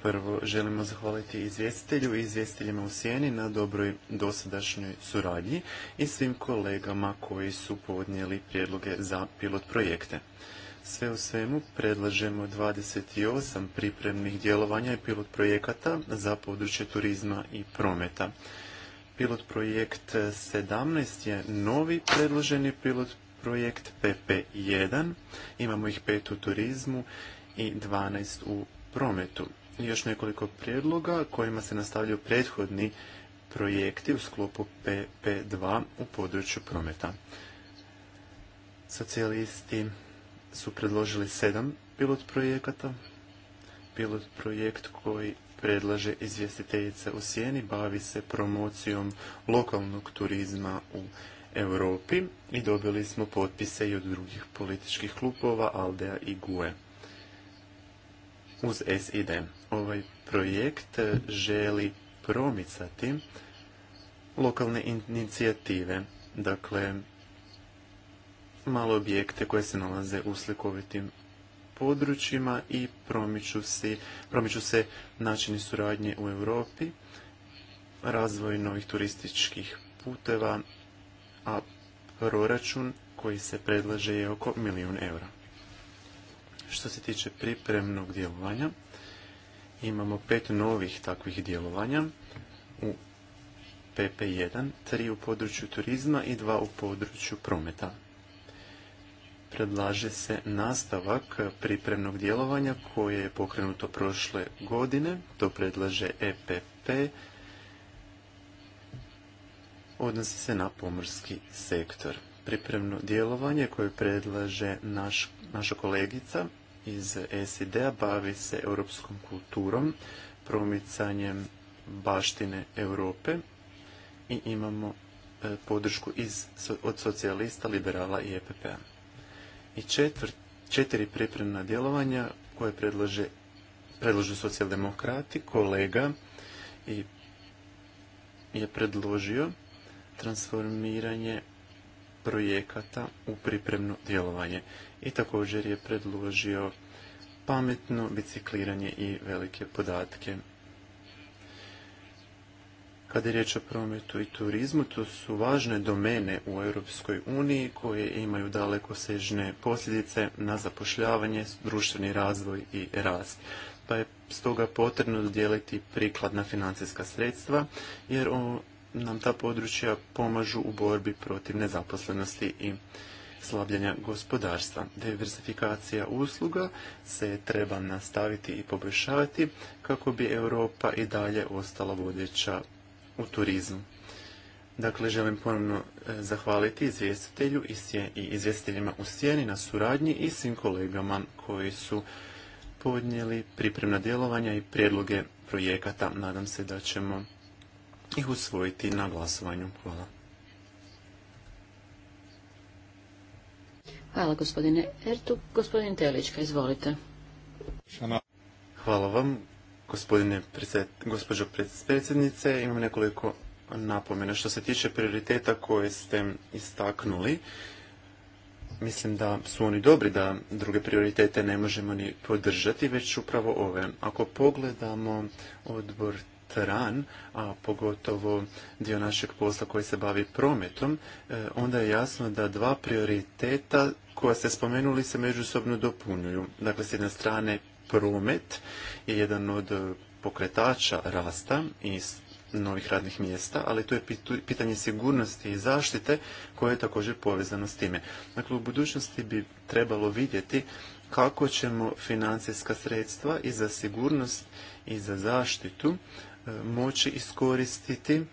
Prvo želimo zahvaliti izvjestitelju i izvjestiteljima u Sjeni na dobroj dosadašnjoj suradnji i svim kolegama koji su podnijeli prijedloge za pilot projekte. Sve u svemu predlažemo 28 pripremnih djelovanja i pilot projekata za područje turizma i prometa. Pilot projekt 17 je novi predloženi pilot projekt PP1. Imamo ih pet u turizmu i 12 u prometu još nekoliko prijedloga kojima se nastavljaju prethodni projekti u sklopu PP2 u području prometa. Socijalisti su predložili sedam pilot projekata. Pilot projekt koji predlaže izvjestiteljica u Sjeni bavi se promocijom lokalnog turizma u Europi i dobili smo potpise i od drugih političkih klubova Aldea i GUE uz SID. Ovaj projekt e, želi promicati lokalne inicijative, dakle malo objekte koje se nalaze u slikovitim područjima i promiču se, promiču se načini suradnje u Europi, razvoj novih turističkih puteva, a proračun koji se predlaže je oko milijun eura. Što se tiče pripremnog djelovanja, imamo pet novih takvih djelovanja u PP1, tri u području turizma i dva u području prometa. Predlaže se nastavak pripremnog djelovanja koje je pokrenuto prošle godine, to predlaže EPP, odnosi se na pomorski sektor. Pripremno djelovanje koje predlaže naša kolegica iz SID-a bavi se europskom kulturom, promicanjem baštine Europe i imamo e, podršku od socijalista, liberala i EPP-a. I četiri pripremna djelovanja koje predlože predlažu socijaldemokrati, kolega i je predložio transformiranje projekata u pripremno djelovanje i također je predložio pametno bicikliranje i velike podatke. Kada je riječ o prometu i turizmu, to su važne domene u Europskoj uniji koje imaju daleko sežne posljedice na zapošljavanje, društveni razvoj i rast. Pa je stoga potrebno dodijeliti prikladna financijska sredstva jer nam ta područja pomažu u borbi protiv nezaposlenosti i slabljenja gospodarstva. Diversifikacija usluga se treba nastaviti i poboljšavati kako bi Europa i dalje ostala vodeća u turizmu. Dakle, želim ponovno e, zahvaliti izvjestitelju i izvjestiteljima u sjeni na suradnji i svim kolegama koji su podnijeli pripremna djelovanja i prijedloge projekata. Nadam se da ćemo ih usvojiti na glasovanju. Hvala. Hvala gospodine Ertu. Gospodin Telička, izvolite. Hvala vam, gospodine gospođo predsjednice. Imam nekoliko napomena. Što se tiče prioriteta koje ste istaknuli, mislim da su oni dobri da druge prioritete ne možemo ni podržati, već upravo ove. Ako pogledamo odbor tran, a pogotovo dio našeg posla koji se bavi prometom, e, onda je jasno da dva prioriteta koja ste spomenuli se međusobno dopunjuju. Dakle, s jedne strane promet je jedan od pokretača rasta i novih radnih mjesta, ali tu je pitanje sigurnosti i zaštite koje je također povezano s time. Dakle, u budućnosti bi trebalo vidjeti kako ćemo financijska sredstva i za sigurnost i za zaštitu E, moći iskoristiti,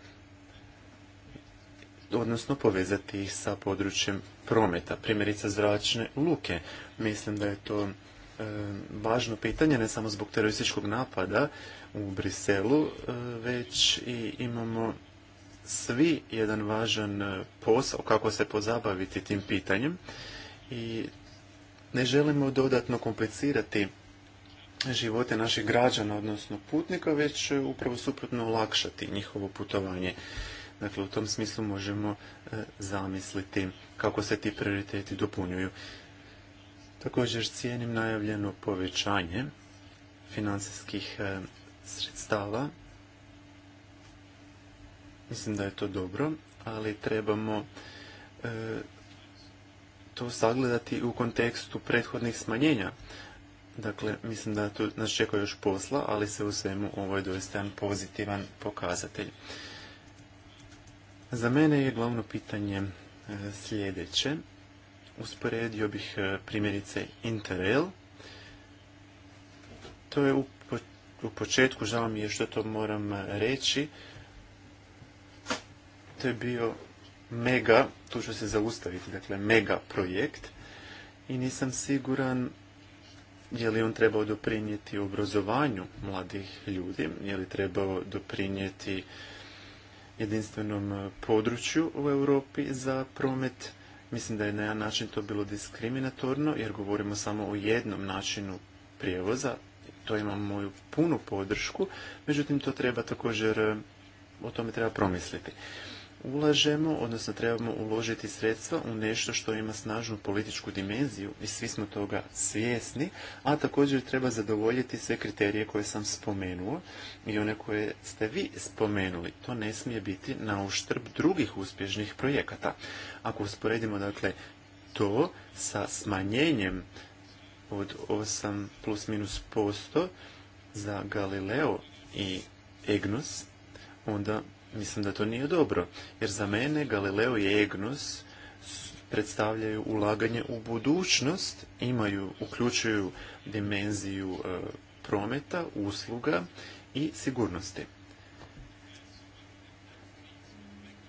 odnosno povezati ih sa područjem prometa, primjerice zračne luke. Mislim da je to e, važno pitanje, ne samo zbog terorističkog napada u Briselu, e, već i imamo svi jedan važan posao kako se pozabaviti tim pitanjem i ne želimo dodatno komplicirati živote naših građana, odnosno putnika, već upravo suprotno olakšati njihovo putovanje. Dakle, u tom smislu možemo e, zamisliti kako se ti prioriteti dopunjuju. Također cijenim najavljeno povećanje financijskih e, sredstava. Mislim da je to dobro, ali trebamo e, to sagledati u kontekstu prethodnih smanjenja Dakle, mislim da tu nas čeka još posla, ali se u svemu ovo je doista jedan pozitivan pokazatelj. Za mene je glavno pitanje e, sljedeće. Usporedio bih e, primjerice Interrail. To je u početku, žao mi je što to moram e, reći, to je bio mega, tu ću se zaustaviti, dakle mega projekt i nisam siguran je li on trebao doprinijeti obrazovanju mladih ljudi, je li trebao doprinijeti jedinstvenom području u Europi za promet. Mislim da je na jedan način to bilo diskriminatorno, jer govorimo samo o jednom načinu prijevoza. To ima moju punu podršku, međutim to treba također, o tome treba promisliti ulažemo, odnosno trebamo uložiti sredstva u nešto što ima snažnu političku dimenziju i svi smo toga svjesni, a također treba zadovoljiti sve kriterije koje sam spomenuo i one koje ste vi spomenuli. To ne smije biti na uštrb drugih uspješnih projekata. Ako usporedimo dakle to sa smanjenjem od 8 plus minus posto za Galileo i EGNOS, onda Mislim da to nije dobro, jer za mene Galileo i Egnos predstavljaju ulaganje u budućnost, imaju, uključuju dimenziju e, prometa, usluga i sigurnosti.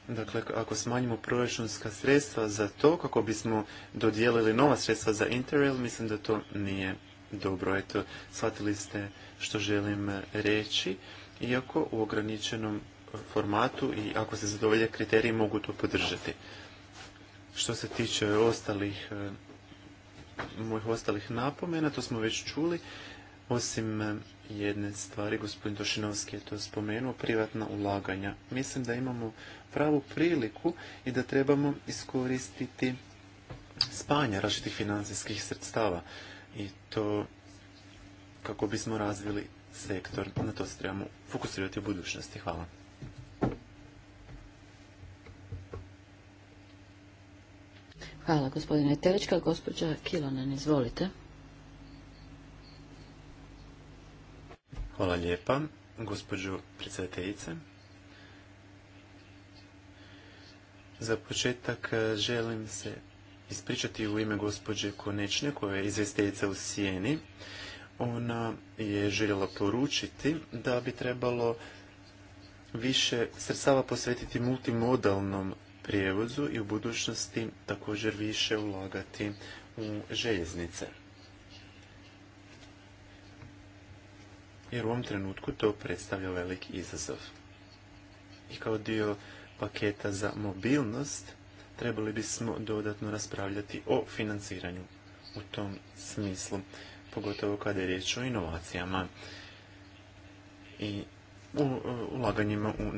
Dakle, ako smanjimo proračunska sredstva za to, kako bismo dodijelili nova sredstva za Interrail, mislim da to nije dobro. Eto, shvatili ste što želim reći, iako u ograničenom formatu i ako se zadovolje kriteriji mogu to podržati. Što se tiče ostalih e, mojih ostalih napomena, to smo već čuli, osim e, jedne stvari, gospodin Tošinovski je to spomenuo, privatna ulaganja. Mislim da imamo pravu priliku i da trebamo iskoristiti spanja različitih financijskih sredstava i to kako bismo razvili sektor. Na to se trebamo fokusirati u budućnosti. Hvala. Hvala gospodine Telička. Gospođa Kilonen, izvolite. Hvala lijepa, gospođo predsjedateljice. Za početak e, želim se ispričati u ime gospođe Konečne, koja je izvjestiteljica u Sijeni. Ona je željela poručiti da bi trebalo više sredstava posvetiti multimodalnom prijevozu i u budućnosti također više ulagati u željeznice. Jer u ovom trenutku to predstavlja velik izazov. I kao dio paketa za mobilnost trebali bismo dodatno raspravljati o financiranju u tom smislu, pogotovo kada je riječ o inovacijama i u ulaganjima u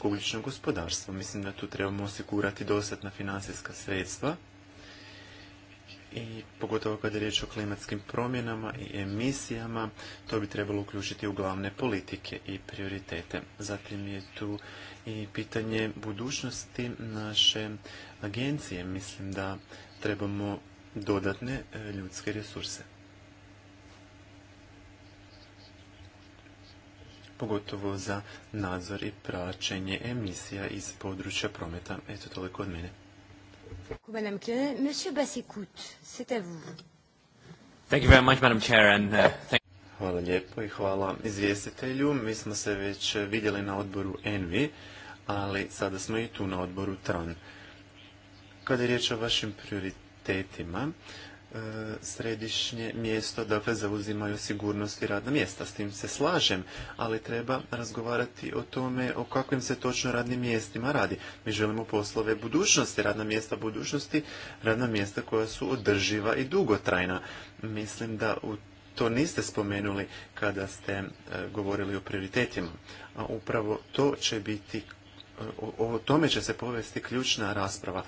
nisko gospodarstvo. Mislim da tu trebamo osigurati dostatna financijska sredstva i pogotovo kada je riječ o klimatskim promjenama i emisijama, to bi trebalo uključiti u glavne politike i prioritete. Zatim je tu i pitanje budućnosti naše agencije. Mislim da trebamo dodatne e, ljudske resurse. pogotovo za nadzor i praćenje emisija iz područja prometa. Eto, toliko od mene. Hvala lijepo i hvala izvjestitelju. Mi smo se već vidjeli na odboru Envi, ali sada smo i tu na odboru TRAN. Kada je riječ o vašim prioritetima, E, središnje mjesto, dakle, zauzimaju sigurnost i radna mjesta. S tim se slažem, ali treba razgovarati o tome o kakvim se točno radnim mjestima radi. Mi želimo poslove budućnosti, radna mjesta budućnosti, radna mjesta koja su održiva i dugotrajna. Mislim da u to niste spomenuli kada ste e, govorili o prioritetima, a upravo to će biti o tome će se povesti ključna rasprava.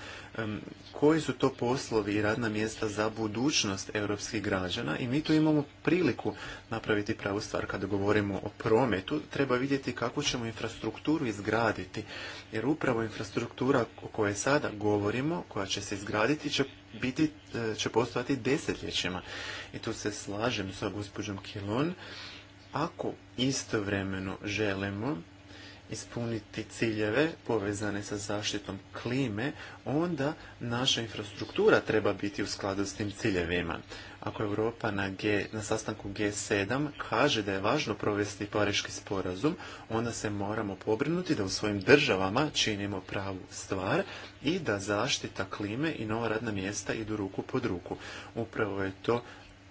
Koji su to poslovi i radna mjesta za budućnost europskih građana i mi tu imamo priliku napraviti pravu stvar kada govorimo o prometu. Treba vidjeti kako ćemo infrastrukturu izgraditi jer upravo infrastruktura o kojoj sada govorimo, koja će se izgraditi, će biti, e, će postojati desetljećima. I tu se slažem sa gospođom Kilon. Ako istovremeno želimo ispuniti ciljeve povezane sa zaštitom klime, onda naša infrastruktura treba biti u skladu s tim ciljevima. Ako Europa na, G, na sastanku G7 kaže da je važno provesti pariški sporazum, onda se moramo pobrinuti da u svojim državama činimo pravu stvar i da zaštita klime i nova radna mjesta idu ruku pod ruku. Upravo je to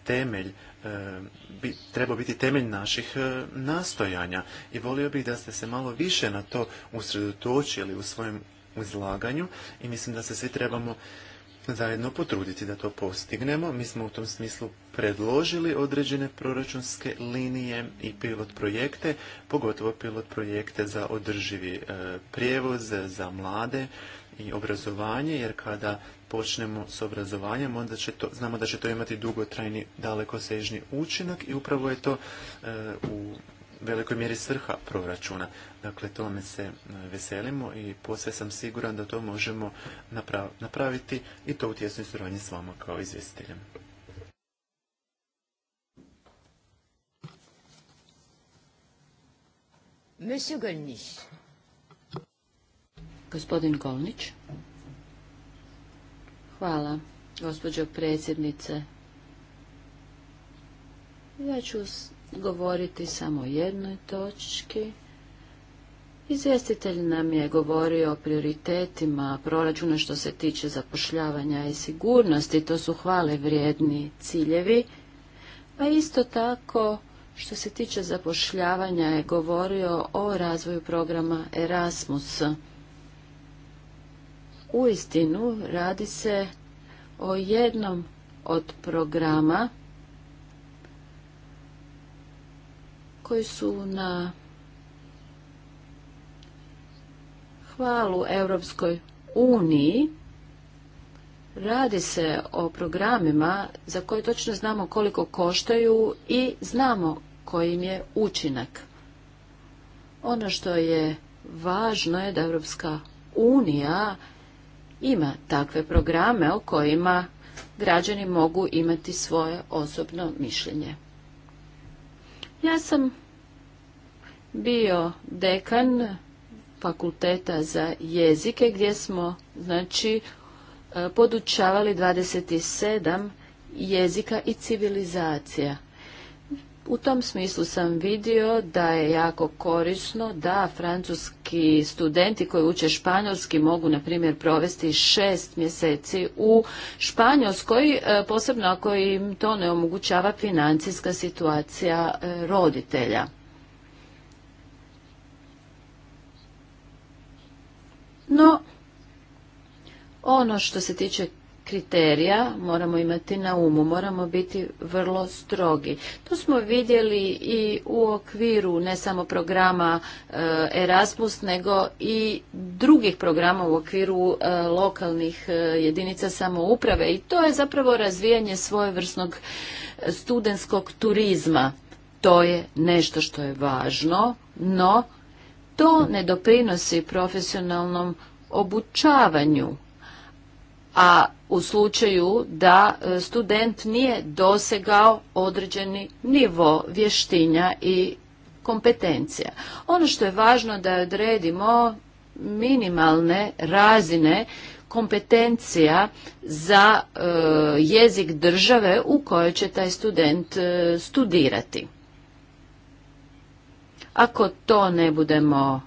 temelj, e, bi, treba biti temelj naših e, nastojanja i volio bih da ste se malo više na to usredotočili u svojem izlaganju i mislim da se svi trebamo zajedno potruditi da to postignemo. Mi smo u tom smislu predložili određene proračunske linije i pilot projekte, pogotovo pilot projekte za održivi e, prijevoz, za mlade i obrazovanje, jer kada počnemo s obrazovanjem, onda će to, znamo da će to imati dugotrajni, dalekosežni učinak i upravo je to e, u velikoj mjeri svrha proračuna. Dakle, tome se e, veselimo i posve sam siguran da to možemo napraviti i to u tjesnoj suradnji s vama kao izvjestiteljem. Monsieur Gospodin Golnić. Hvala, gospođo predsjednice. Ja ću govoriti samo o jednoj točki. Izvjestitelj nam je govorio o prioritetima proračuna što se tiče zapošljavanja i sigurnosti. To su hvale vrijedni ciljevi. Pa isto tako što se tiče zapošljavanja je govorio o razvoju programa Erasmus. Uistinu radi se o jednom od programa koji su na hvalu Europskoj uniji Radi se o programima za koje točno znamo koliko koštaju i znamo kojim je učinak. Ono što je važno je da Europska unija ima takve programe o kojima građani mogu imati svoje osobno mišljenje. Ja sam bio dekan fakulteta za jezike gdje smo znači e, podučavali 27 jezika i civilizacija u tom smislu sam vidio da je jako korisno da francuski studenti koji uče španjolski mogu, na primjer, provesti šest mjeseci u Španjolskoj, e, posebno ako im to ne omogućava financijska situacija e, roditelja. No, ono što se tiče kriterija moramo imati na umu, moramo biti vrlo strogi. To smo vidjeli i u okviru ne samo programa eh, Erasmus, nego i drugih programa u okviru eh, lokalnih eh, jedinica samouprave i to je zapravo razvijanje svojevrsnog studentskog turizma. To je nešto što je važno, no to ne doprinosi profesionalnom obučavanju a u slučaju da e, student nije dosegao određeni nivo vještinja i kompetencija. Ono što je važno da odredimo minimalne razine kompetencija za e, jezik države u kojoj će taj student e, studirati. Ako to ne budemo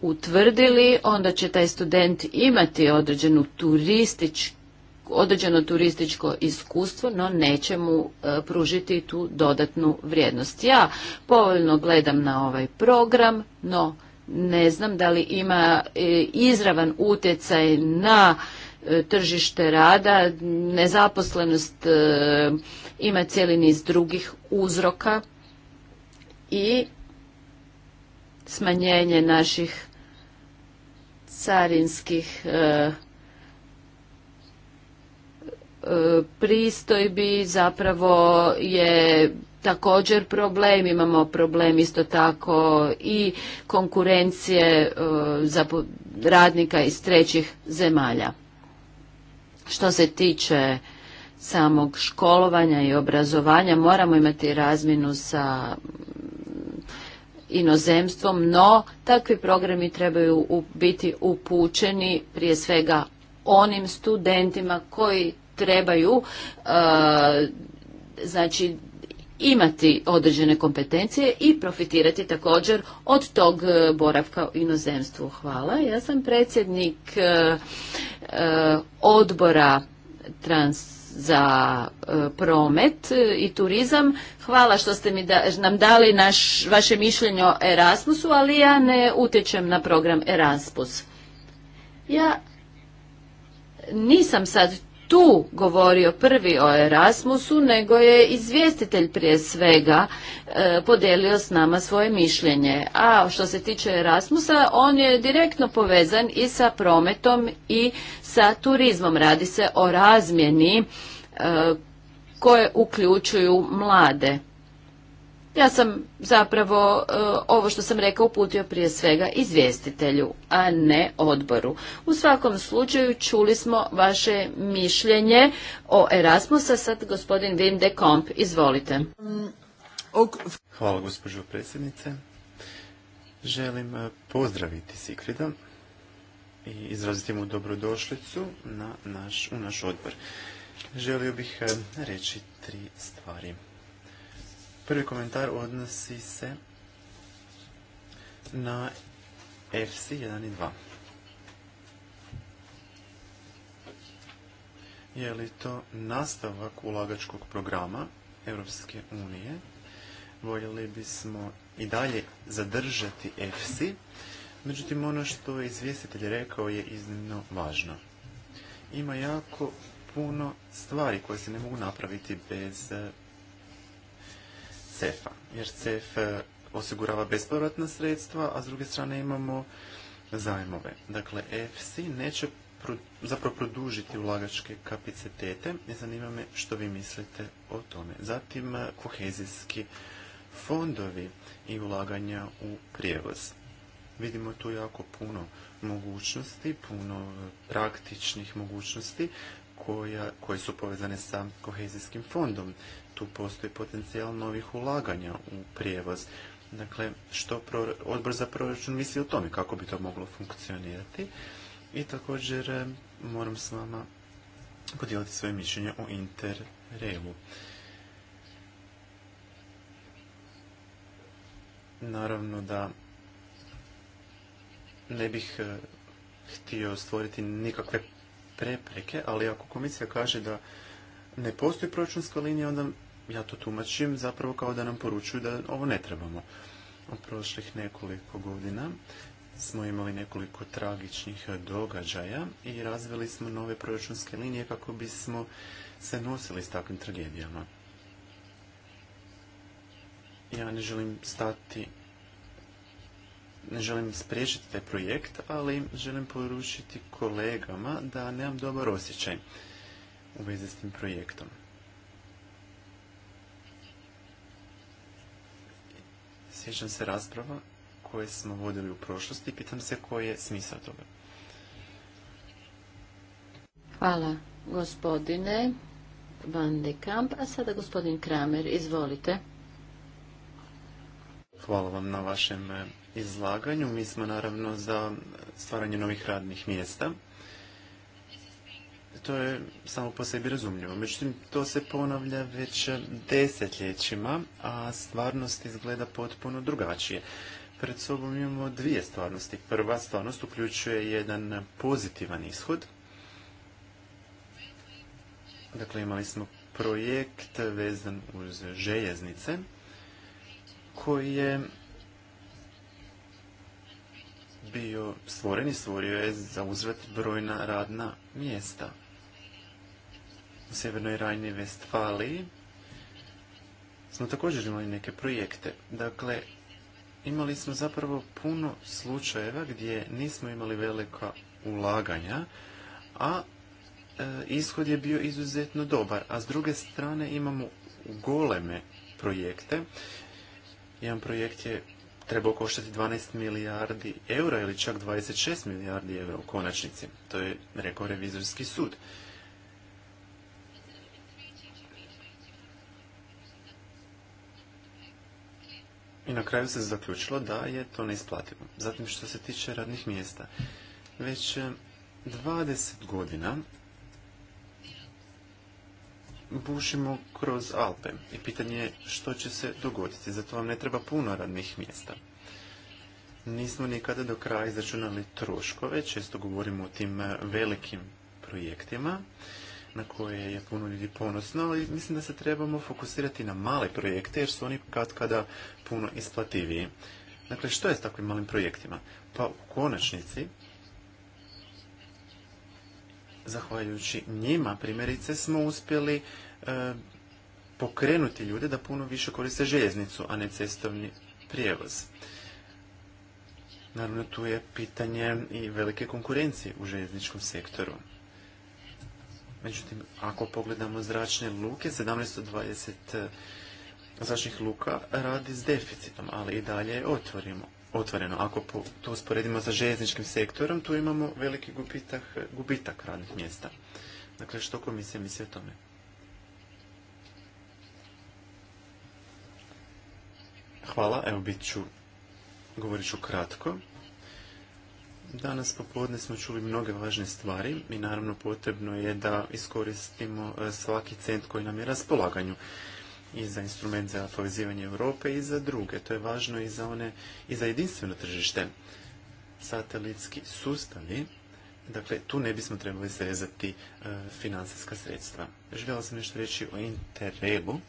utvrdili, onda će taj student imati određenu turistič određeno turističko iskustvo, no neće mu e, pružiti tu dodatnu vrijednost. Ja povoljno gledam na ovaj program, no ne znam da li ima e, izravan utjecaj na e, tržište rada, nezaposlenost ima cijeli niz drugih uzroka i smanjenje naših carinskih e, e, pristojbi zapravo je također problem, imamo problem isto tako i konkurencije e, za radnika iz trećih zemalja. Što se tiče samog školovanja i obrazovanja, moramo imati razminu sa inozemstvom, no takvi programi trebaju biti upućeni prije svega onim studentima koji trebaju eh, znači imati određene kompetencije i profitirati također od tog eh, boravka u inozemstvu. Hvala. Ja sam predsjednik eh, odbora trans za e, promet i turizam. Hvala što ste mi nam dali naš, vaše mišljenje o Erasmusu, ali ja ne utječem na program Erasmus. Ja nisam sad tu govorio prvi o Erasmusu, nego je izvjestitelj prije svega e, podijelio podelio s nama svoje mišljenje. A što se tiče Erasmusa, on je direktno povezan i sa prometom i sa turizmom. Radi se o razmjeni e, koje uključuju mlade. Ja sam zapravo e, ovo što sam rekao uputio prije svega izvjestitelju, a ne odboru. U svakom slučaju čuli smo vaše mišljenje o Erasmusa. Sad gospodin Wim de Komp, izvolite. Hvala gospođo predsjednice. Želim e, pozdraviti Sikrida i izraziti mu dobrodošlicu na naš, u naš odbor. Želio bih e, reći tri stvari. Prvi komentar odnosi se na FC 1 i 2. Je li to nastavak ulagačkog programa Europske unije? Voljeli bismo i dalje zadržati EFSI, međutim ono što je izvjestitelj rekao je iznimno važno. Ima jako puno stvari koje se ne mogu napraviti bez CEF-a. Jer CEF e, osigurava bespovratna sredstva, a s druge strane imamo zajmove. Dakle, EFC neće zapravo produžiti ulagačke kapacitete. Zanima me što vi mislite o tome. Zatim, e, kohezijski fondovi i ulaganja u prijevoz. Vidimo tu jako puno mogućnosti, puno praktičnih mogućnosti koje su povezane sa kohezijskim fondom tu postoji potencijal novih ulaganja u prijevoz. Dakle, što odbor za proračun misli o tome kako bi to moglo funkcionirati. I također e, moram s vama podijeliti svoje mišljenje o interrelu Naravno da ne bih e, htio stvoriti nikakve prepreke, ali ako komisija kaže da ne postoji proračunska linija, onda ja to tumačim zapravo kao da nam poručuju da ovo ne trebamo. Od prošlih nekoliko godina smo imali nekoliko tragičnih događaja i razvili smo nove proračunske linije kako bismo se nosili s takvim tragedijama. Ja ne želim stati, ne želim spriječiti taj projekt, ali želim poručiti kolegama da nemam dobar osjećaj u vezi s tim projektom. sjećam se rasprava koje smo vodili u prošlosti i pitam se koji je smisao toga. Hvala gospodine Van de Kamp, a sada gospodin Kramer, izvolite. Hvala vam na vašem eh, izlaganju. Mi smo naravno za stvaranje novih radnih mjesta to je samo po sebi razumljivo. Međutim, to se ponavlja već desetljećima, a stvarnost izgleda potpuno drugačije. Pred sobom imamo dvije stvarnosti. Prva stvarnost uključuje jedan pozitivan ishod. Dakle, imali smo projekt vezan uz željeznice, koji je bio stvoren i stvorio je za uzvrat brojna radna mjesta u Sjevernoj Rajni Vestfaliji smo također imali neke projekte. Dakle, imali smo zapravo puno slučajeva gdje nismo imali velika ulaganja, a e, ishod je bio izuzetno dobar. A s druge strane imamo goleme projekte. Jedan projekt je trebao koštati 12 milijardi eura ili čak 26 milijardi eura u konačnici. To je rekao revizorski sud. I na kraju se zaključilo da je to neisplativo. Zatim što se tiče radnih mjesta. Već 20 eh, godina bušimo kroz Alpe i pitanje je što će se dogoditi. Zato vam ne treba puno radnih mjesta. Nismo nikada do kraja izračunali troškove, često govorimo o tim eh, velikim projektima na koje je puno ljudi ponosno, ali mislim da se trebamo fokusirati na male projekte jer su oni kad kada puno isplativiji. Dakle, što je s takvim malim projektima? Pa u konačnici, zahvaljujući njima, primjerice, smo uspjeli e, pokrenuti ljude da puno više koriste željeznicu, a ne cestovni prijevoz. Naravno, tu je pitanje i velike konkurencije u željezničkom sektoru. Međutim, ako pogledamo zračne luke, 1720 eh, zračnih luka radi s deficitom, ali i dalje je Otvoreno, ako to usporedimo sa željezničkim sektorom, tu imamo veliki gubitak, gubitak radnih mjesta. Dakle, što komisija misli o tome? Hvala, evo bit ću, govorit ću kratko. Danas popodne smo čuli mnoge važne stvari i naravno potrebno je da iskoristimo e, svaki cent koji nam je raspolaganju i za instrument za povezivanje Europe i za druge. To je važno i za one i za jedinstveno tržište. Satelitski sustavi, dakle tu ne bismo trebali srezati e, financijska sredstva. Željela sam nešto reći o Interrebu.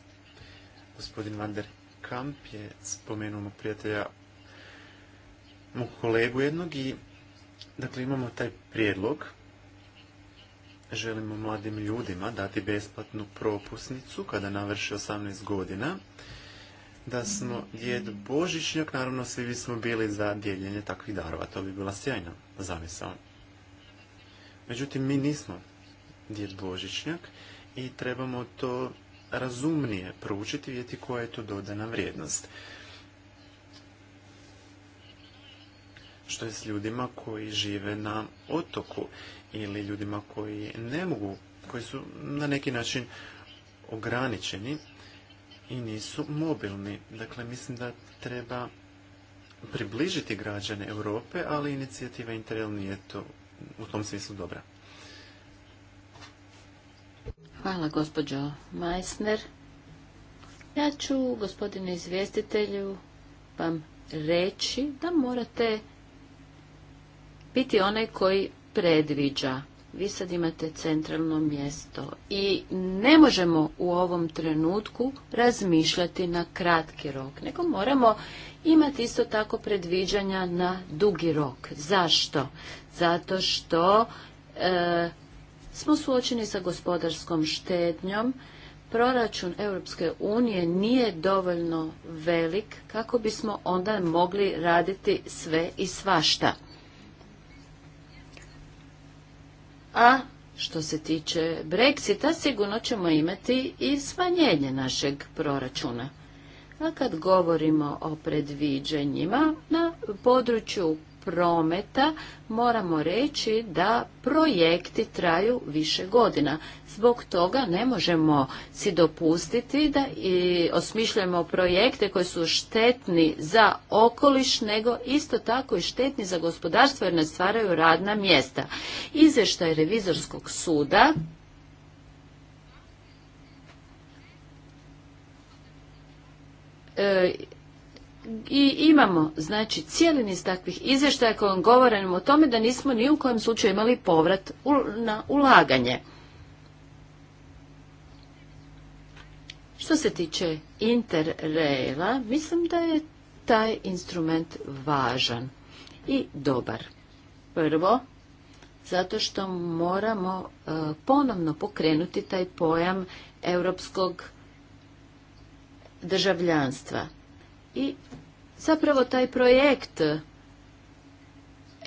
Gospodin Van der Kamp je spomenuo mog prijatelja, mog kolegu jednog i Dakle, imamo taj prijedlog. Želimo mladim ljudima dati besplatnu propusnicu kada navrše 18 godina. Da smo djed Božićnjak, naravno svi bismo bili za dijeljenje takvih darova. To bi bila sjajna zamisao. Međutim, mi nismo djed Božićnjak i trebamo to razumnije proučiti, i vidjeti koja je to dodana vrijednost. što je s ljudima koji žive na otoku ili ljudima koji ne mogu, koji su na neki način ograničeni i nisu mobilni. Dakle, mislim da treba približiti građane Europe, ali inicijativa Interrail nije to u tom smislu dobra. Hvala gospođo Meissner. Ja ću gospodine izvjestitelju vam reći da morate biti onaj koji predviđa. Vi sad imate centralno mjesto i ne možemo u ovom trenutku razmišljati na kratki rok, nego moramo imati isto tako predviđanja na dugi rok. Zašto? Zato što e, smo suočeni sa gospodarskom štednjom, proračun Europske unije nije dovoljno velik kako bismo onda mogli raditi sve i svašta. a što se tiče Brexita sigurno ćemo imati i smanjenje našeg proračuna. A kad govorimo o predviđanjima na području prometa moramo reći da projekti traju više godina. Zbog toga ne možemo si dopustiti da i osmišljamo projekte koji su štetni za okoliš, nego isto tako i štetni za gospodarstvo jer ne stvaraju radna mjesta. Izveštaj revizorskog suda e, i imamo znači cijeli niz takvih izvještaja vam govorimo o tome da nismo ni u kojem slučaju imali povrat na ulaganje. Što se tiče interrela, mislim da je taj instrument važan i dobar. Prvo, zato što moramo e, ponovno pokrenuti taj pojam europskog državljanstva i zapravo taj projekt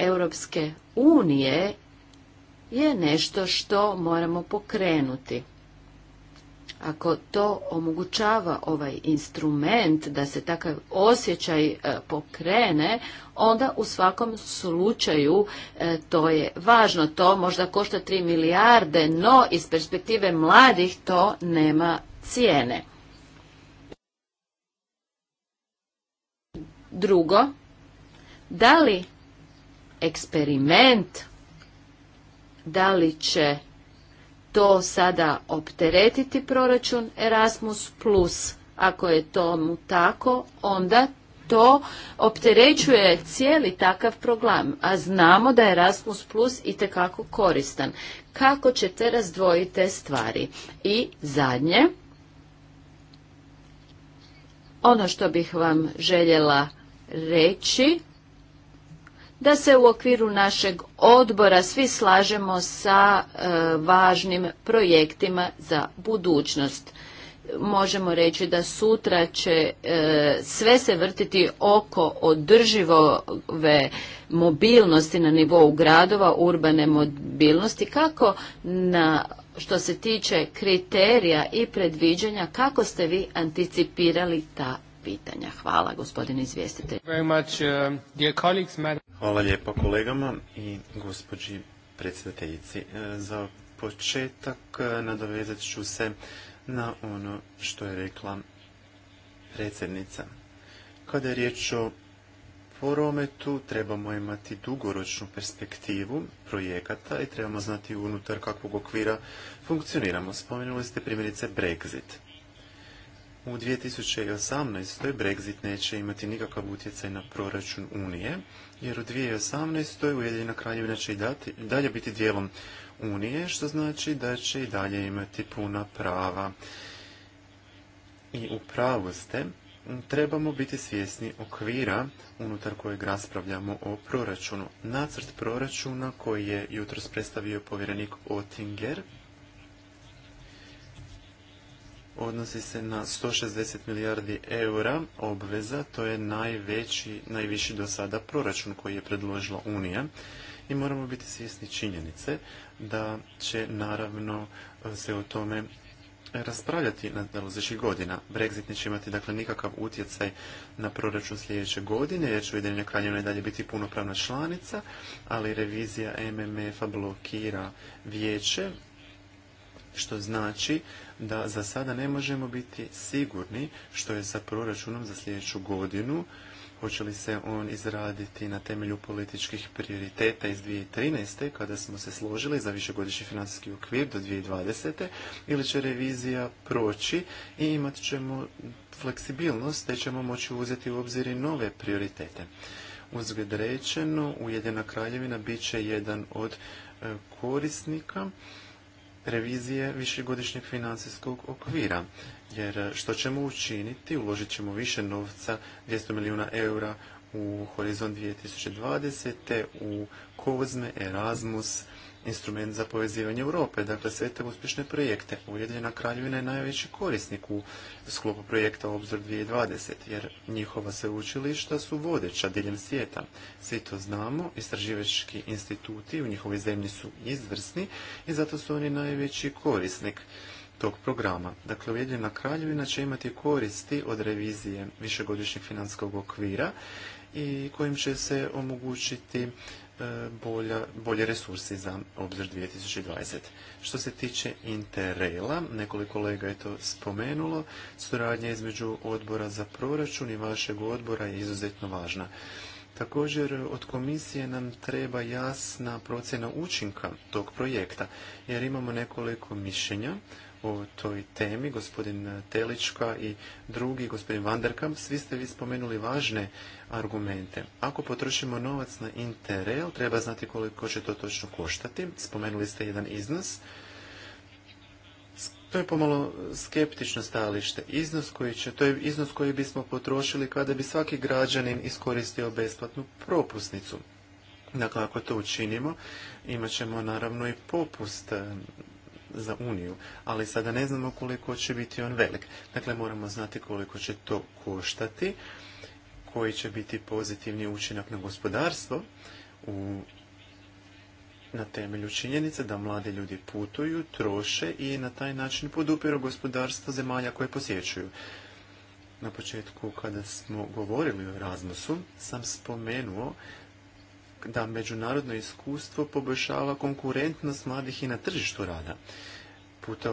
Europske unije je nešto što moramo pokrenuti. Ako to omogućava ovaj instrument da se takav osjećaj e, pokrene, onda u svakom slučaju e, to je važno. To možda košta 3 milijarde, no iz perspektive mladih to nema cijene. Drugo, da li eksperiment, da li će to sada opteretiti proračun Erasmus+, plus ako je tomu tako, onda to opterećuje cijeli takav program, a znamo da je Erasmus Plus i tekako koristan. Kako ćete razdvojiti te stvari? I zadnje, ono što bih vam željela reći da se u okviru našeg odbora svi slažemo sa e, važnim projektima za budućnost. Možemo reći da sutra će e, sve se vrtiti oko održivove mobilnosti na nivou gradova, urbane mobilnosti, kako na što se tiče kriterija i predviđanja, kako ste vi anticipirali ta pitanja. Hvala gospodine izvjestitelj. Uh, Hvala lijepo kolegama i gospođi predsjedateljici. E, za početak e, nadovezat ću se na ono što je rekla predsjednica. Kada je riječ o prometu trebamo imati dugoročnu perspektivu projekata i trebamo znati unutar kakvog okvira funkcioniramo. Spomenuli ste primjerice Brexit u 2018. Brexit neće imati nikakav utjecaj na proračun Unije, jer u 2018. Ujedinjena kraljevina će i dalje biti dijelom Unije, što znači da će i dalje imati puna prava. I u pravu ste, trebamo biti svjesni okvira unutar kojeg raspravljamo o proračunu. Nacrt proračuna koji je jutros predstavio povjerenik otinger odnosi se na 160 milijardi eura obveza, to je najveći, najviši do sada proračun koji je predložila Unija i moramo biti svjesni činjenice da će naravno se o tome raspravljati na godina. Brexit neće imati dakle nikakav utjecaj na proračun sljedeće godine, jer će Ujedinjenje kraljevina i dalje biti punopravna članica, ali revizija MMF-a blokira vijeće što znači da za sada ne možemo biti sigurni što je sa proračunom za sljedeću godinu, hoće li se on izraditi na temelju političkih prioriteta iz 2013. kada smo se složili za višegodišnji financijski okvir do 2020. ili će revizija proći i imat ćemo fleksibilnost te ćemo moći uzeti u obzir i nove prioritete. Uzgled rečeno, Ujedina kraljevina bit će jedan od e, korisnika revizije višegodišnjeg financijskog okvira. Jer što ćemo učiniti? Uložit ćemo više novca, 200 milijuna eura u Horizon 2020, u Kozme, Erasmus, instrument za povezivanje Europe, dakle sve te uspješne projekte. Ujedinjena kraljevina je najveći korisnik u sklopu projekta Obzor 2020, jer njihova sveučilišta su vodeća diljem svijeta. Svi to znamo, istraživački instituti u njihovoj zemlji su izvrsni i zato su oni najveći korisnik tog programa. Dakle, Ujedinjena kraljevina će imati koristi od revizije višegodišnjeg finanskog okvira i kojim će se omogućiti E, bolje resursi za obzir 2020. Što se tiče interrela nekoliko kolega je to spomenulo, suradnja između odbora za proračun i vašeg odbora je izuzetno važna. Također od komisije nam treba jasna procjena učinka tog projekta, jer imamo nekoliko mišljenja o toj temi, gospodin Telička i drugi, gospodin Vanderkamp, svi ste vi spomenuli važne argumente. Ako potrošimo novac na Interrail, treba znati koliko će to točno koštati. Spomenuli ste jedan iznos. To je pomalo skeptično stajalište. Iznos koji to je iznos koji bismo potrošili kada bi svaki građanin iskoristio besplatnu propusnicu. Dakle, ako to učinimo, imat ćemo naravno i popust za Uniju, ali sada ne znamo koliko će biti on velik. Dakle, moramo znati koliko će to koštati, koji će biti pozitivni učinak na gospodarstvo u na temelju činjenice da mlade ljudi putuju, troše i na taj način podupiru gospodarstvo zemalja koje posjećuju. Na početku, kada smo govorili o raznosu, sam spomenuo da međunarodno iskustvo poboljšava konkurentnost mladih i na tržištu rada.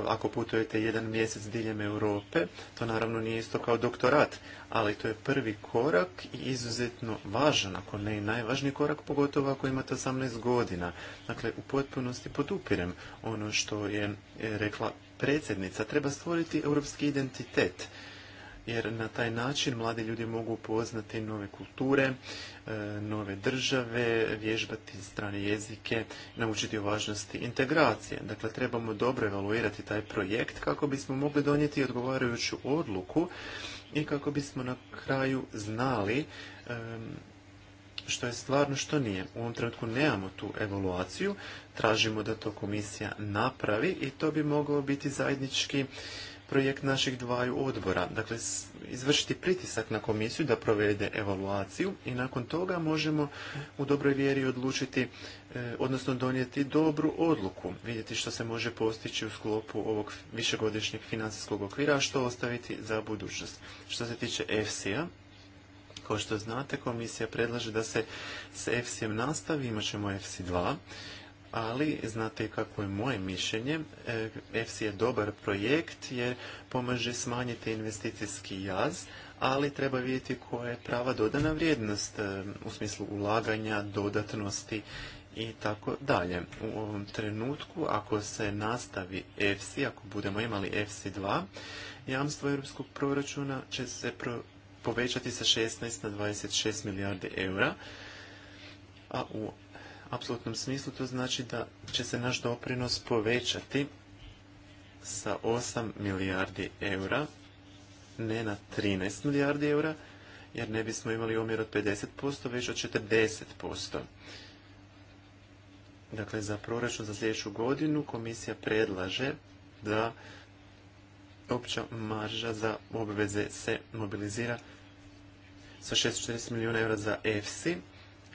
ako putujete jedan mjesec diljem Europe, to naravno nije isto kao doktorat, ali to je prvi korak i izuzetno važan, ako ne i najvažniji korak, pogotovo ako imate 18 godina. Dakle, u potpunosti podupirem ono što je e, rekla predsjednica. Treba stvoriti europski identitet, jer na taj način mladi ljudi mogu upoznati nove kulture, E, nove države, vježbati strane jezike, naučiti o važnosti integracije. Dakle, trebamo dobro evaluirati taj projekt kako bismo mogli donijeti odgovarajuću odluku i kako bismo na kraju znali što je stvarno, što nije. U ovom trenutku nemamo tu evaluaciju, tražimo da to komisija napravi i to bi moglo biti zajednički projekt naših dvaju odbora. Dakle, izvršiti pritisak na komisiju da provede evaluaciju i nakon toga možemo u dobroj vjeri odlučiti, e, odnosno donijeti dobru odluku, vidjeti što se može postići u sklopu ovog višegodišnjeg financijskog okvira, a što ostaviti za budućnost. Što se tiče EFSI-a, kao što znate, komisija predlaže da se s EFSI-em nastavi, imat ćemo EFSI 2 ali znate kako je moje mišljenje. EFSI je dobar projekt jer pomaže smanjiti investicijski jaz, ali treba vidjeti koja je prava dodana vrijednost e, u smislu ulaganja, dodatnosti i tako dalje. U ovom trenutku, ako se nastavi EFSI, ako budemo imali EFSI 2, jamstvo europskog proračuna će se povećati sa 16 na 26 milijardi eura, a u apsolutnom smislu, to znači da će se naš doprinos povećati sa 8 milijardi eura, ne na 13 milijardi eura, jer ne bismo imali omjer od 50%, već od 40%. Dakle, za proračun za sljedeću godinu komisija predlaže da opća marža za obveze se mobilizira sa 640 milijuna eura za EFSI,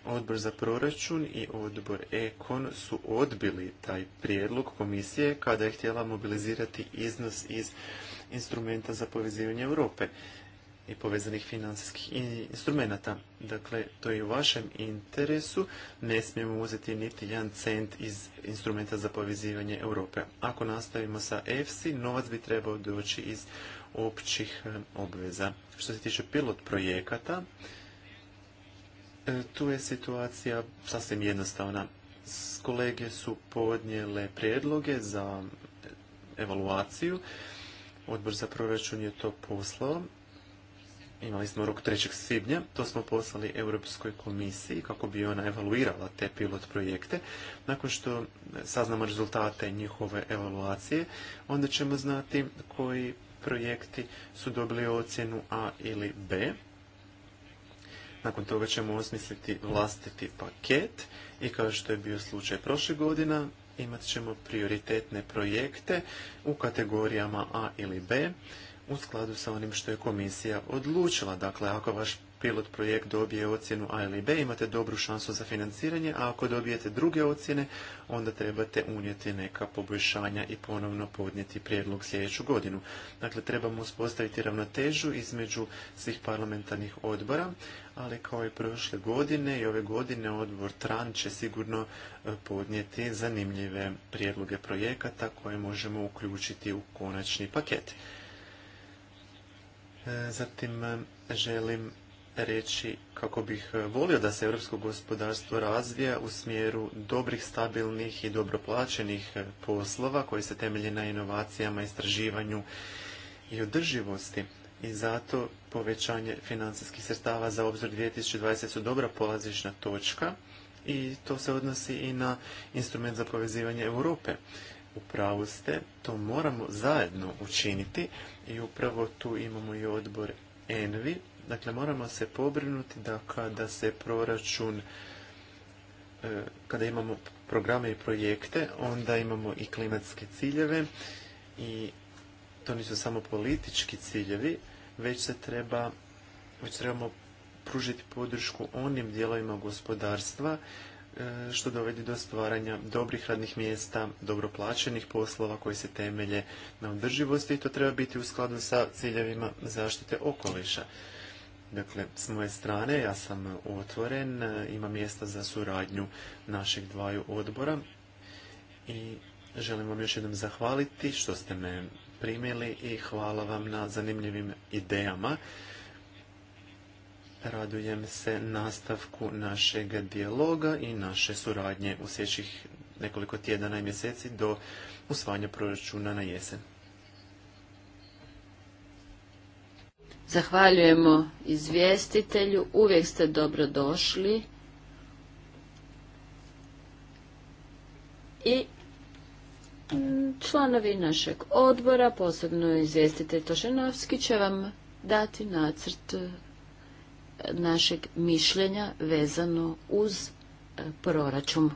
Odbor za proračun i odbor Ekon su odbili taj prijedlog komisije kada je htjela mobilizirati iznos iz instrumenta za povezivanje Europe i povezanih financijskih instrumenata. Dakle, to je u vašem interesu. Ne smijemo uzeti niti jedan cent iz instrumenta za povezivanje Europe. Ako nastavimo sa EFSI, novac bi trebao doći iz općih eh, obveza. Što se tiče pilot projekata, E, tu je situacija sasvim jednostavna. Kolege su podnijele prijedloge za evaluaciju. Odbor za proračun je to poslao. Imali smo rok 3. svibnja, to smo poslali Europskoj komisiji kako bi ona evaluirala te pilot projekte. Nakon što saznamo rezultate njihove evaluacije, onda ćemo znati koji projekti su dobili ocjenu A ili B nakon toga ćemo osmisliti vlastiti paket i kao što je bio slučaj prošle godina, imat ćemo prioritetne projekte u kategorijama A ili B u skladu sa onim što je komisija odlučila. Dakle, ako vaš pilot projekt dobije ocjenu A ili B, imate dobru šansu za financiranje, a ako dobijete druge ocjene, onda trebate unijeti neka poboljšanja i ponovno podnijeti prijedlog sljedeću godinu. Dakle, trebamo uspostaviti ravnotežu između svih parlamentarnih odbora, ali kao i prošle godine i ove godine odbor TRAN će sigurno e, podnijeti zanimljive prijedloge projekata koje možemo uključiti u konačni paket. E, zatim e, želim reći kako bih e, volio da se europsko gospodarstvo razvija u smjeru dobrih, stabilnih i dobro plaćenih e, poslova koji se temelje na inovacijama, istraživanju i održivosti. I zato povećanje financijskih sredstava za obzor 2020 su dobra polazišna točka i to se odnosi i na instrument za povezivanje Europe. U pravu ste, to moramo zajedno učiniti i upravo tu imamo i odbor ENVI Dakle, moramo se pobrinuti da kada se proračun, e, kada imamo programe i projekte, onda imamo i klimatske ciljeve i to nisu samo politički ciljevi, već se treba, već trebamo pružiti podršku onim dijelovima gospodarstva e, što dovedi do stvaranja dobrih radnih mjesta, dobro plaćenih poslova koji se temelje na održivosti i to treba biti u skladu sa ciljevima zaštite okoliša. Dakle, s moje strane ja sam otvoren, ima mjesta za suradnju našeg dvaju odbora i želim vam još jednom zahvaliti što ste me primili i hvala vam na zanimljivim idejama. Radujem se nastavku našeg dijaloga i naše suradnje u sljedećih nekoliko tjedana i mjeseci do usvajanja proračuna na jesen. Zahvaljujemo izvjestitelju, uvijek ste dobro došli. I mm, članovi našeg odbora, posebno izvjestitelj Tošenovski, će vam dati nacrt e, našeg mišljenja vezano uz e, proračun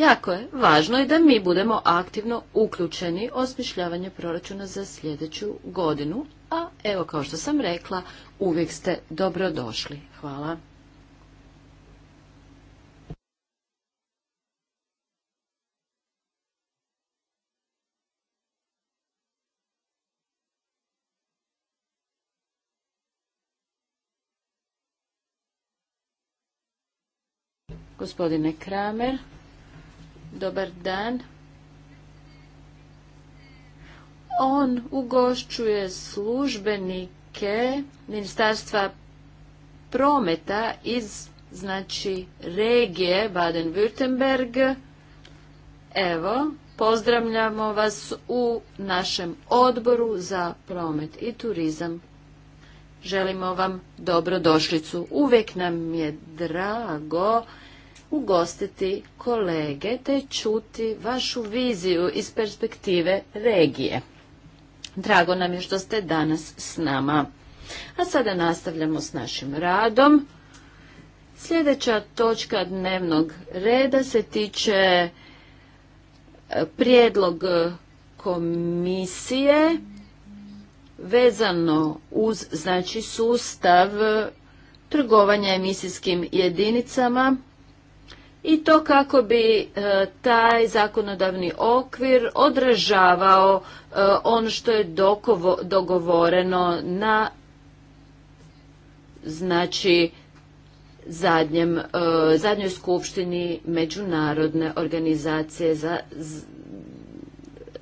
Jako je važno je da mi budemo aktivno uključeni u osmišljavanje proračuna za sljedeću godinu, a evo kao što sam rekla, uvijek ste dobrodošli. Hvala. Gospodine Kramer. Dobar dan. On ugošćuje službenike Ministarstva prometa iz znači regije Baden-Württemberg. Evo, pozdravljamo vas u našem odboru za promet i turizam. Želimo vam dobrodošlicu. Uvijek nam je drago ugostiti kolege te čuti vašu viziju iz perspektive regije. Drago nam je što ste danas s nama. A sada nastavljamo s našim radom. Sljedeća točka dnevnog reda se tiče e, prijedlog komisije vezano uz znači sustav trgovanja emisijskim jedinicama i to kako bi e, taj zakonodavni okvir odražavao e, ono što je dogovoreno na znači e, zadnjoj skupštini Međunarodne organizacije za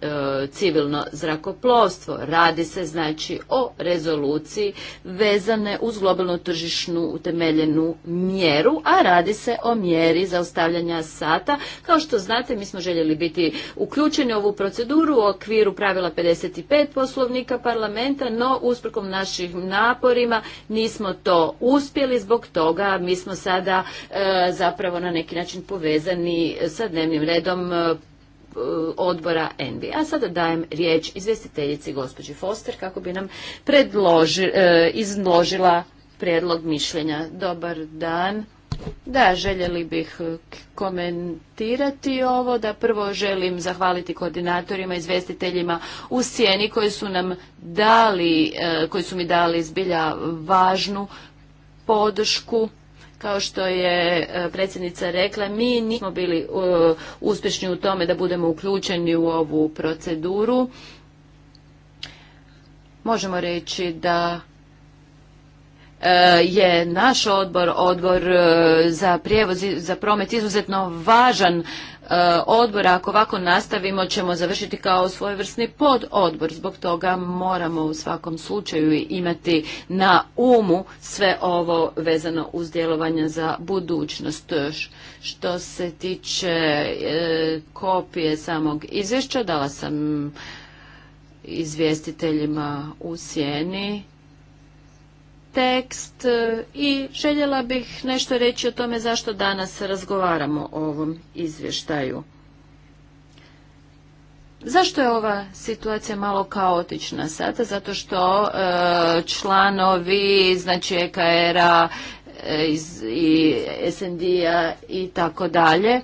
E, civilno zrakoplovstvo. Radi se znači o rezoluciji vezane uz globalnu tržišnu utemeljenu mjeru, a radi se o mjeri zaustavljanja sata. Kao što znate, mi smo željeli biti uključeni u ovu proceduru u okviru pravila 55 poslovnika parlamenta, no usprkom naših naporima nismo to uspjeli, zbog toga mi smo sada e, zapravo na neki način povezani sa dnevnim redom e, odbora ENVI. A sada dajem riječ izvjestiteljici gospođi Foster kako bi nam e, izložila prijedlog mišljenja. Dobar dan. Da, željeli bih komentirati ovo, da prvo želim zahvaliti koordinatorima, izvestiteljima u sjeni koji su nam dali, e, koji su mi dali zbilja važnu podršku kao što je e, predsjednica rekla, mi nismo bili e, uspješni u tome da budemo uključeni u ovu proceduru. Možemo reći da e, je naš odbor, odbor za prijevoz, za promet izuzetno važan E, odbora. Ako ovako nastavimo ćemo završiti kao svojevrsni pododbor. Zbog toga moramo u svakom slučaju imati na umu sve ovo vezano uz djelovanje za budućnost. Što se tiče e, kopije samog izvješća, dala sam izvjestiteljima u sjeni tekst e, i željela bih nešto reći o tome zašto danas razgovaramo o ovom izvještaju. Zašto je ova situacija malo kaotična sada? Zato što e, članovi, znači EKR-a e, i SND-a i tako dalje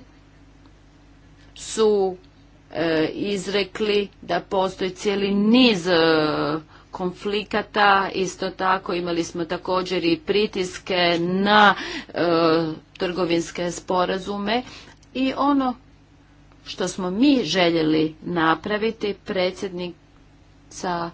su izrekli da postoji cijeli niz konflikata, isto tako imali smo također i pritiske na e, trgovinske sporazume i ono što smo mi željeli napraviti, sa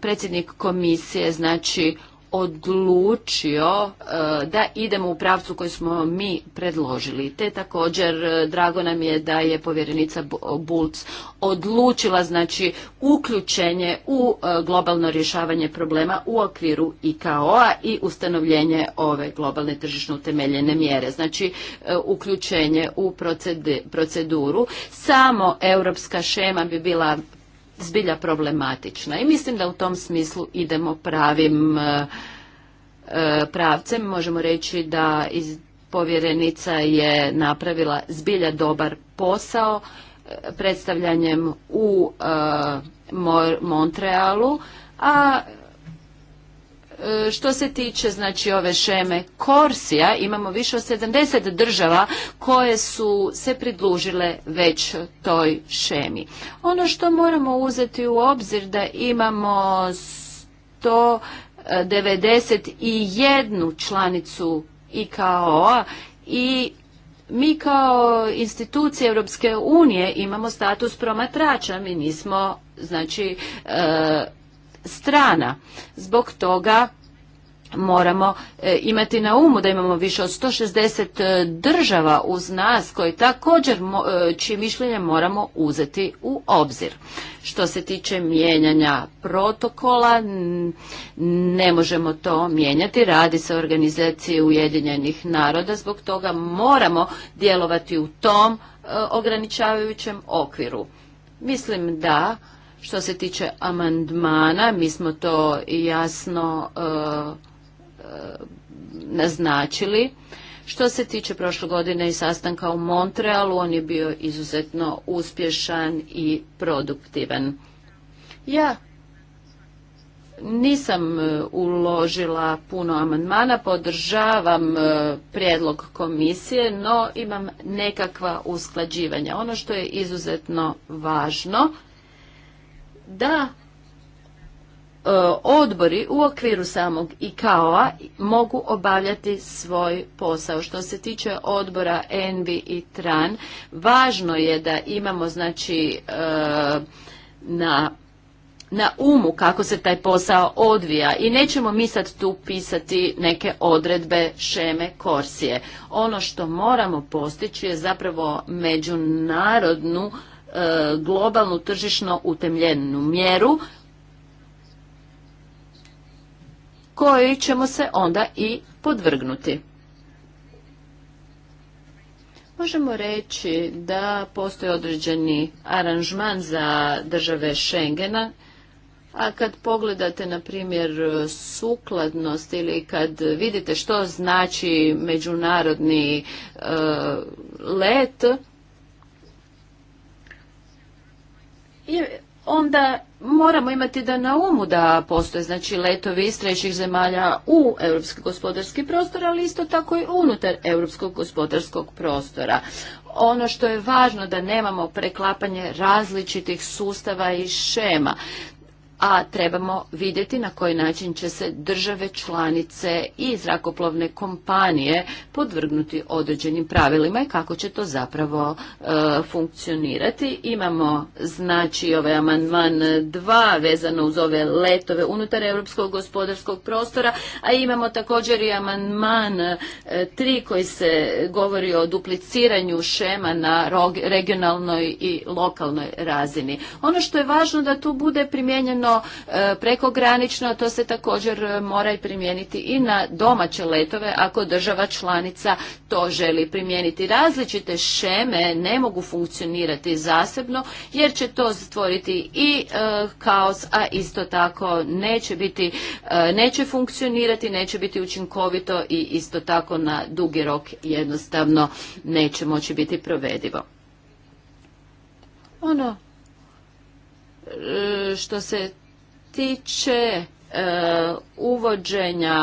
predsjednik komisije, znači odlučio e, da idemo u pravcu koji smo mi predložili. Te također e, drago nam je da je povjerenica Bulc odlučila znači uključenje u e, globalno rješavanje problema u okviru IKO-a i ustanovljenje ove globalne tržišno utemeljene mjere. Znači uključenje u proceduru. Samo europska šema bi bila zbilja problematična i mislim da u tom smislu idemo pravim e, e, pravcem. Možemo reći da povjerenica je napravila zbilja dobar posao e, predstavljanjem u Montrealu, a što se tiče znači ove šeme Korsija, imamo više od 70 država koje su se pridružile već toj šemi. Ono što moramo uzeti u obzir da imamo 191 članicu IKO-a i mi kao institucije Europske unije imamo status promatrača, mi nismo znači e, strana. Zbog toga moramo e, imati na umu da imamo više od 160 e, država uz nas koje također e, čije mišljenje moramo uzeti u obzir. Što se tiče mijenjanja protokola, ne možemo to mijenjati. Radi se o organizaciji Ujedinjenih naroda, zbog toga moramo djelovati u tom ograničavajućem okviru. Mislim da što se tiče amandmana, mi smo to jasno e, e, naznačili. Što se tiče prošle godine i sastanka u Montrealu, on je bio izuzetno uspješan i produktivan. Ja nisam e, uložila puno amandmana, podržavam prijedlog komisije, no imam nekakva usklađivanja. Ono što je izuzetno važno da e, odbori u okviru samog ICAO-a mogu obavljati svoj posao. Što se tiče odbora ENVI i TRAN, važno je da imamo znači e, na na umu kako se taj posao odvija i nećemo mi sad tu pisati neke odredbe šeme korsije. Ono što moramo postići je zapravo međunarodnu E, globalnu tržišno utemljenu mjeru koju ćemo se onda i podvrgnuti. Možemo reći da postoji određeni aranžman za države Schengena, a kad pogledate, na primjer, sukladnost ili kad vidite što znači međunarodni e, let, I onda moramo imati da na umu da postoje znači letovi iz trećih zemalja u europski gospodarski prostor, ali isto tako i unutar europskog gospodarskog prostora. Ono što je važno da nemamo preklapanje različitih sustava i šema a trebamo vidjeti na koji način će se države članice i zrakoplovne kompanije podvrgnuti određenim pravilima i kako će to zapravo e, funkcionirati. Imamo znači ovaj amandman 2 vezano uz ove letove unutar europskog gospodarskog prostora, a imamo također i amandman 3 e, koji se govori o dupliciranju šema na regionalnoj i lokalnoj razini. Ono što je važno da tu bude primijenjeno E, prekogranično, to se također e, mora i primijeniti i na domaće letove ako država članica to želi primijeniti. Različite šeme ne mogu funkcionirati zasebno jer će to stvoriti i e, kaos, a isto tako neće biti, neće funkcionirati, neće biti učinkovito i isto tako na dugi rok jednostavno neće moći biti provedivo. Ono E, što se tiče e, uvođenja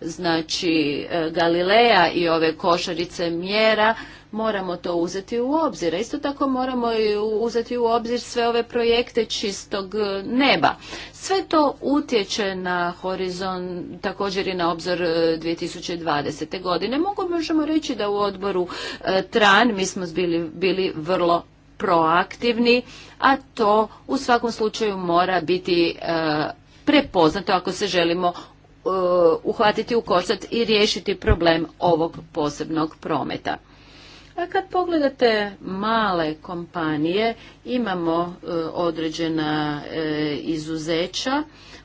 znači e, Galileja i ove košarice mjera moramo to uzeti u obzir. A isto tako moramo i uzeti u obzir sve ove projekte čistog neba. Sve to utječe na horizon, također i na obzor 2020. godine. Mogu možemo reći da u odboru TRAN mi smo bili, bili vrlo proaktivni, a to u svakom slučaju mora biti e, prepoznato ako se želimo e, uhvatiti u koštac i riješiti problem ovog posebnog prometa. A kad pogledate male kompanije, imamo e, određena izuzeća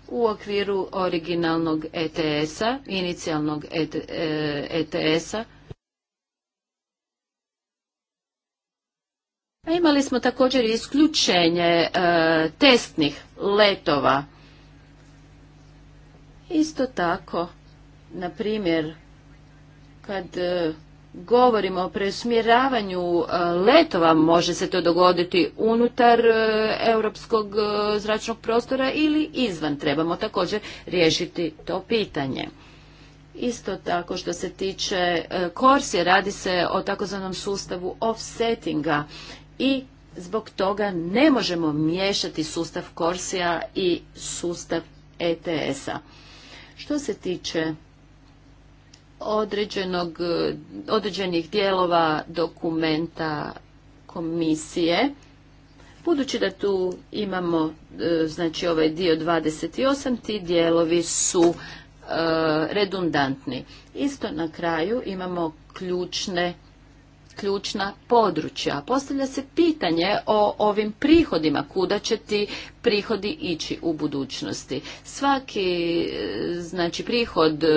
u okviru originalnog ETS-a, inicijalnog ETS-a, Pa imali smo također isključenje e, testnih letova. Isto tako, na primjer, kad e, govorimo o preusmjeravanju e, letova, može se to dogoditi unutar europskog zračnog prostora ili izvan. Trebamo također riješiti to pitanje. Isto tako što se tiče korsije, radi se o takozvanom sustavu offsettinga i zbog toga ne možemo miješati sustav Korsija i sustav ETS-a. Što se tiče određenih dijelova dokumenta komisije, budući da tu imamo e, znači ovaj dio 28, ti dijelovi su e, redundantni. Isto na kraju imamo ključne ključna područja. Postavlja se pitanje o ovim prihodima, kuda će ti prihodi ići u budućnosti. Svaki e, znači prihod e,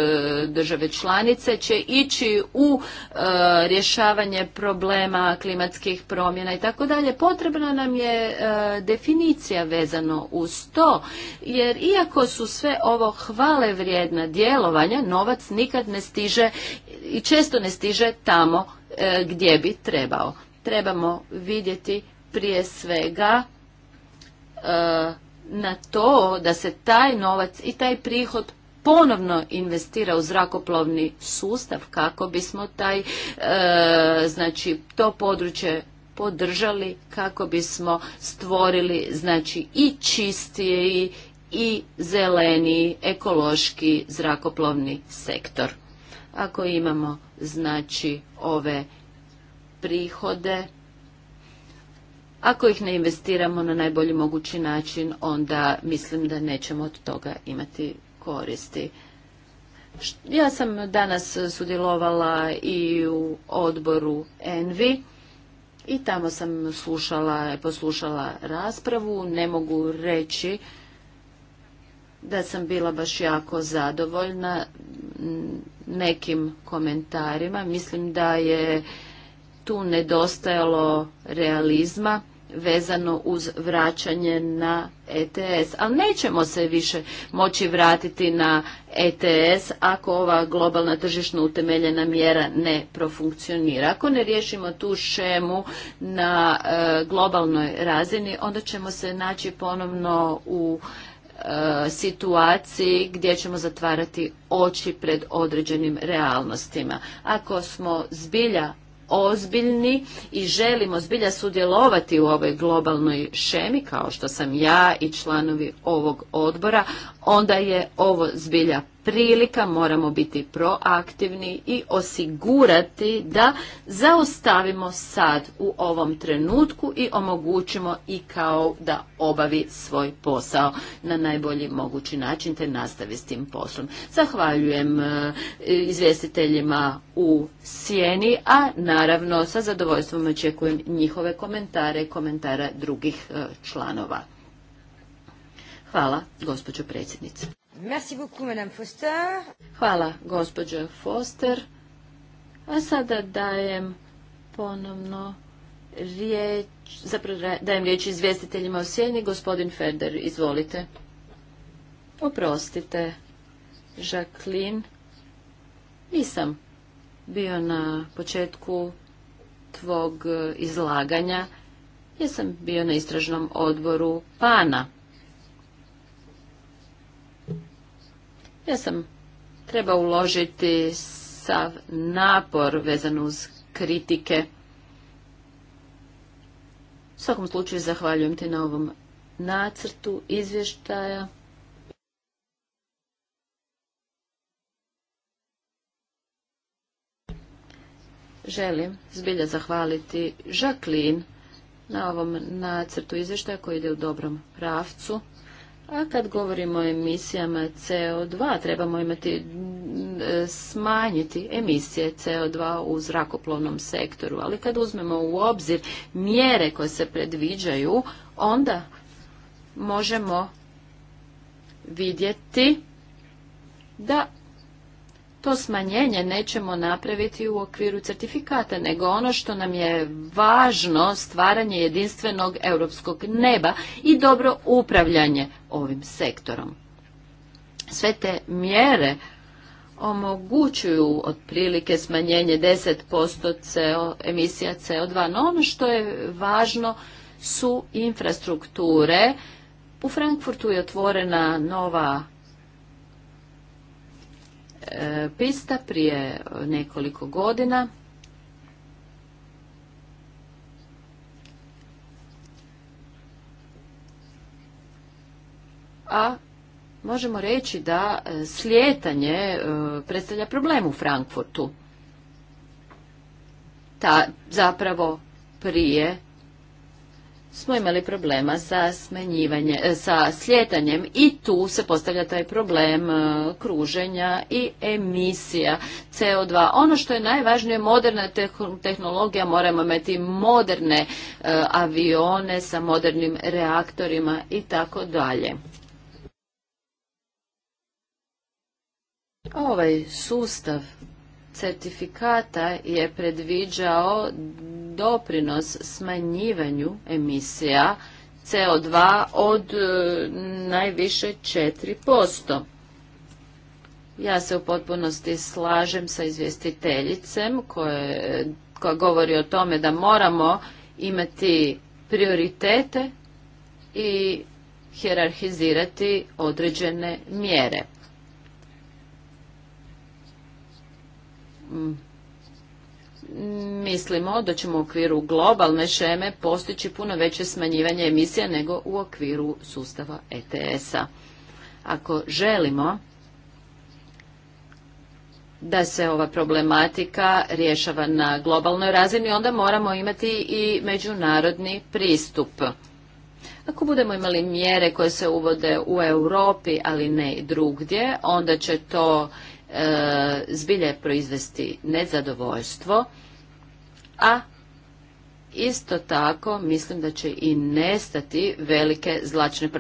države članice će ići u e, rješavanje problema klimatskih promjena i tako dalje. Potrebna nam je definicija vezano uz to, jer iako su sve ovo hvale vrijedna djelovanja, novac nikad ne stiže i često ne stiže tamo E, gdje bi trebao. Trebamo vidjeti prije svega e, na to da se taj novac i taj prihod ponovno investira u zrakoplovni sustav kako bismo taj e, znači to područje podržali kako bismo stvorili znači i čistiji i zeleniji ekološki zrakoplovni sektor ako imamo znači ove prihode, ako ih ne investiramo na najbolji mogući način, onda mislim da nećemo od toga imati koristi. Ja sam danas sudjelovala i u odboru Envi i tamo sam slušala, poslušala raspravu. Ne mogu reći da sam bila baš jako zadovoljna nekim komentarima. Mislim da je tu nedostajalo realizma vezano uz vraćanje na ETS. Ali nećemo se više moći vratiti na ETS ako ova globalna tržišno utemeljena mjera ne profunkcionira. Ako ne riješimo tu šemu na e, globalnoj razini, onda ćemo se naći ponovno u E, situaciji gdje ćemo zatvarati oči pred određenim realnostima. Ako smo zbilja ozbiljni i želimo zbilja sudjelovati u ovoj globalnoj šemi kao što sam ja i članovi ovog odbora, onda je ovo zbilja prilika, moramo biti proaktivni i osigurati da zaustavimo sad u ovom trenutku i omogućimo i kao da obavi svoj posao na najbolji mogući način te nastavi s tim poslom. Zahvaljujem e, izvjestiteljima u sjeni, a naravno sa zadovoljstvom očekujem njihove komentare, i komentara drugih e, članova. Hvala, gospođo predsjednice. Merci Hvala, gospođo Foster. A sada dajem ponovno riječ, zapravo dajem riječ izvjestiteljima u sjeni. Gospodin Feder, izvolite. Oprostite, Jacqueline. Nisam bio na početku tvog izlaganja. Jesam bio na istražnom odboru Pana. Ja sam treba uložiti sav napor vezan uz kritike. U svakom slučaju zahvaljujem ti na ovom nacrtu izvještaja. Želim zbilja zahvaliti Žaklin na ovom nacrtu izvještaja koji ide u dobrom pravcu. A kad govorimo o emisijama CO2, trebamo imati smanjiti emisije CO2 u zrakoplovnom sektoru, ali kad uzmemo u obzir mjere koje se predviđaju, onda možemo vidjeti da to smanjenje nećemo napraviti u okviru certifikata, nego ono što nam je važno stvaranje jedinstvenog europskog neba i dobro upravljanje ovim sektorom. Sve te mjere omogućuju otprilike smanjenje 10% emisija CO2, no ono što je važno su infrastrukture. U Frankfurtu je otvorena nova E, pista prije nekoliko godina. A možemo reći da e, slijetanje e, predstavlja problem u Frankfurtu. Ta, zapravo prije smo imali problema sa smenjivanje, e, sa sljetanjem i tu se postavlja taj problem e, kruženja i emisija CO2. Ono što je najvažnije, moderna tehnologija, moramo imati moderne e, avione sa modernim reaktorima i tako dalje. Ovaj sustav certifikata je predviđao doprinos smanjivanju emisija CO2 od e, najviše 4%. Ja se u potpunosti slažem sa izvjestiteljicem koja govori o tome da moramo imati prioritete i hjerarhizirati određene mjere. mislimo da ćemo u okviru globalne šeme postići puno veće smanjivanje emisija nego u okviru sustava ETS-a. Ako želimo da se ova problematika rješava na globalnoj razini, onda moramo imati i međunarodni pristup. Ako budemo imali mjere koje se uvode u Europi, ali ne i drugdje, onda će to E, zbilje proizvesti nezadovoljstvo, a isto tako mislim da će i nestati velike zlačne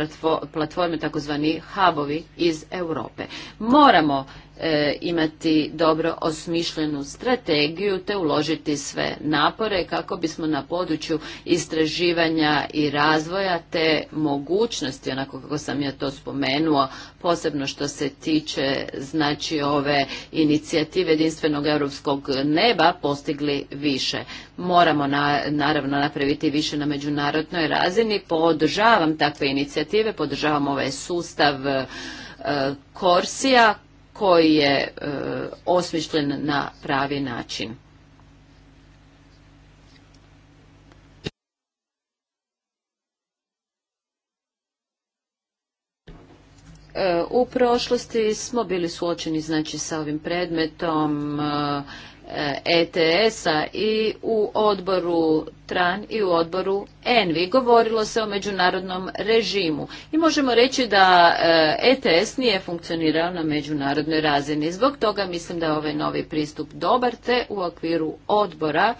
platforme, takozvani hubovi iz Europe. Moramo E, imati dobro osmišljenu strategiju te uložiti sve napore kako bismo na području istraživanja i razvoja te mogućnosti, onako kako sam ja to spomenuo, posebno što se tiče znači ove inicijative jedinstvenog europskog neba postigli više. Moramo naravno napraviti više na međunarodnoj razini, podržavam takve inicijative, podržavam ovaj sustav e, Korsija koji je e, osmišljen na pravi način. E, u prošlosti smo bili suočeni znači, sa ovim predmetom e, ETS-a e i u odboru TRAN i u odboru ENVI. Govorilo se o međunarodnom režimu i možemo reći da ETS e nije funkcionirao na međunarodnoj razini. Zbog toga mislim da je ovaj novi pristup dobar te u okviru odbora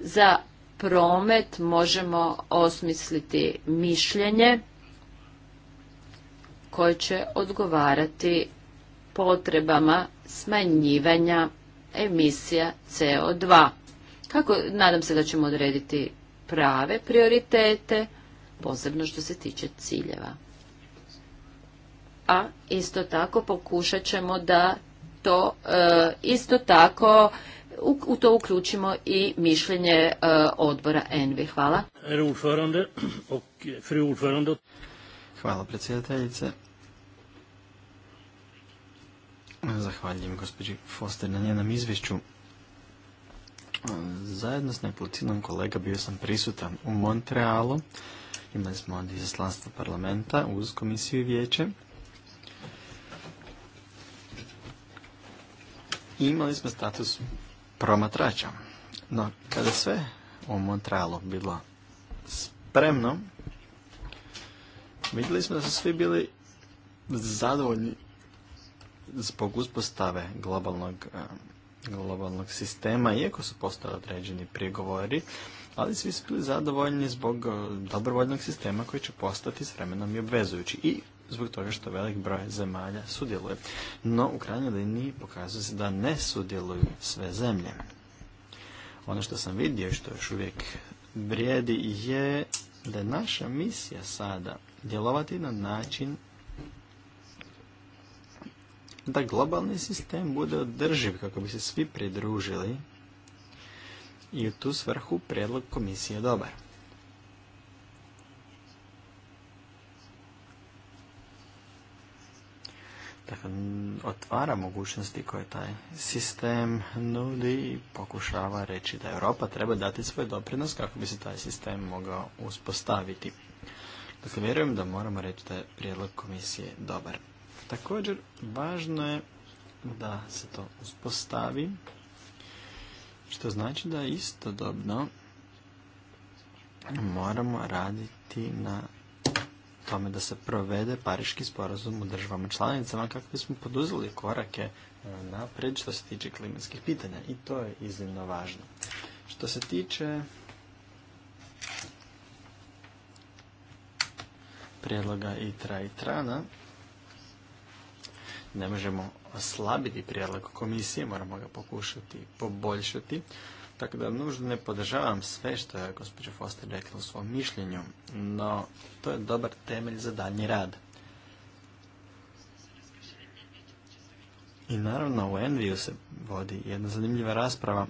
za promet možemo osmisliti mišljenje koje će odgovarati potrebama smanjivanja emisija CO2. Kako, nadam se da ćemo odrediti prave prioritete, posebno što se tiče ciljeva. A isto tako pokušat ćemo da to e, isto tako u, to uključimo i mišljenje e, odbora Envi. Hvala. Hvala predsjedateljice. Zahvaljujem gospođi Foster na njenom izvješću. Zajedno s nekolicinom kolega bio sam prisutan u Montrealu. Imali smo onda izaslanstvo parlamenta uz komisiju i vijeće. I imali smo status promatrača. No, kada sve u Montrealu bilo spremno, vidjeli smo da su svi bili zadovoljni zbog uspostave globalnog, eh, globalnog sistema, iako su postali određeni prigovori, ali svi su bili zadovoljni zbog eh, dobrovoljnog sistema koji će postati s vremenom i obvezujući i zbog toga što velik broj zemalja sudjeluje. No, u krajnjoj liniji pokazuje se da ne sudjeluju sve zemlje. Ono što sam vidio i što još uvijek vrijedi je da je naša misija sada djelovati na način da globalni sistem bude održiv kako bi se svi pridružili i u tu svrhu prijedlog komisije je dobar. Dakle, otvara mogućnosti koje taj sistem nudi i pokušava reći da Europa treba dati svoj doprinos kako bi se taj sistem mogao uspostaviti. Dakle, vjerujem da moramo reći da je prijedlog komisije dobar. Također, važno je da se to uspostavi, što znači da istodobno moramo raditi na tome da se provede pariški sporazum u državama članicama kako bismo poduzeli korake e, naprijed što se tiče klimatskih pitanja i to je iznimno važno. Što se tiče prijedloga ITRA i TRANA, ne možemo oslabiti prijedlog komisije, moramo ga pokušati poboljšati. Tako da nužno ne podržavam sve što je gospođa Foster rekla u svom mišljenju, no to je dobar temelj za daljnji rad. I naravno u Enviju se vodi jedna zanimljiva rasprava,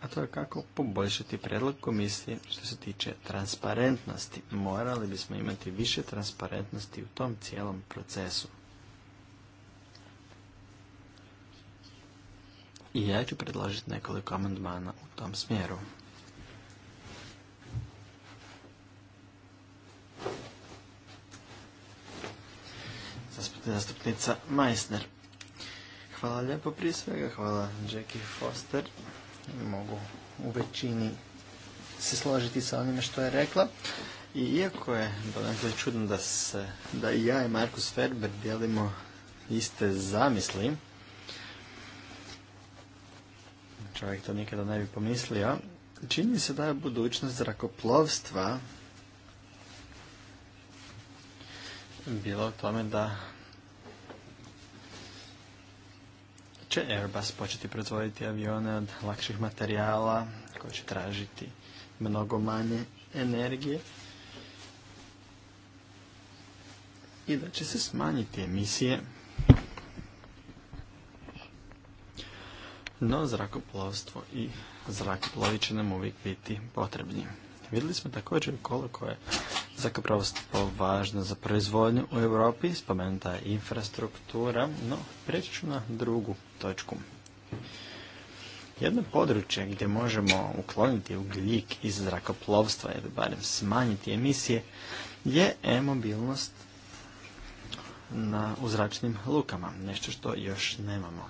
a to je kako poboljšati predlog komisije što se tiče transparentnosti. Morali bismo imati više transparentnosti u tom cijelom procesu. I ja ću predložiti nekoliko amandmana u tom smjeru. Zastupnica, Meissner. Hvala lijepo prije svega, hvala Jackie Foster. Mogu u većini se složiti sa onime što je rekla. I iako je donekle čudno da se, da i ja i Markus Ferber dijelimo iste zamisli, čovjek to nikada ne bi pomislio, čini se da je budućnost zrakoplovstva bilo u tome da će Airbus početi proizvoditi avione od lakših materijala koji će tražiti mnogo manje energije i da će se smanjiti emisije no zrakoplovstvo i zrakoplovi će nam uvijek biti potrebni. Vidjeli smo također koliko je zrakoplovstvo važno za proizvodnju u Europi, spomenuta je infrastruktura, no preći ću na drugu točku. Jedno područje gdje možemo ukloniti ugljik iz zrakoplovstva ili barem smanjiti emisije je e-mobilnost u zračnim lukama, nešto što još nemamo.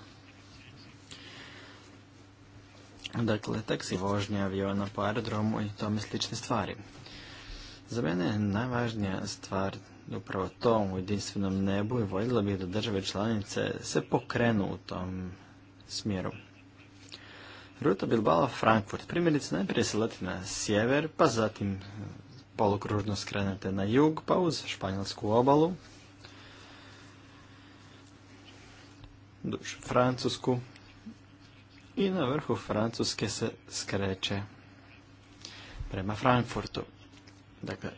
Dakle, taksi vožnja aviona po aerodromu i tome slične stvari. Za mene je najvažnija stvar upravo to u jedinstvenom nebu i voljela bih da države članice se pokrenu u tom smjeru. Ruta Bilbao Frankfurt. Primjerice, najprije se leti na sjever, pa zatim polukružno skrenete na jug, pa uz španjolsku obalu, duž Francusku, i na vrhu Francuske se skreće prema Frankfurtu. Dakle,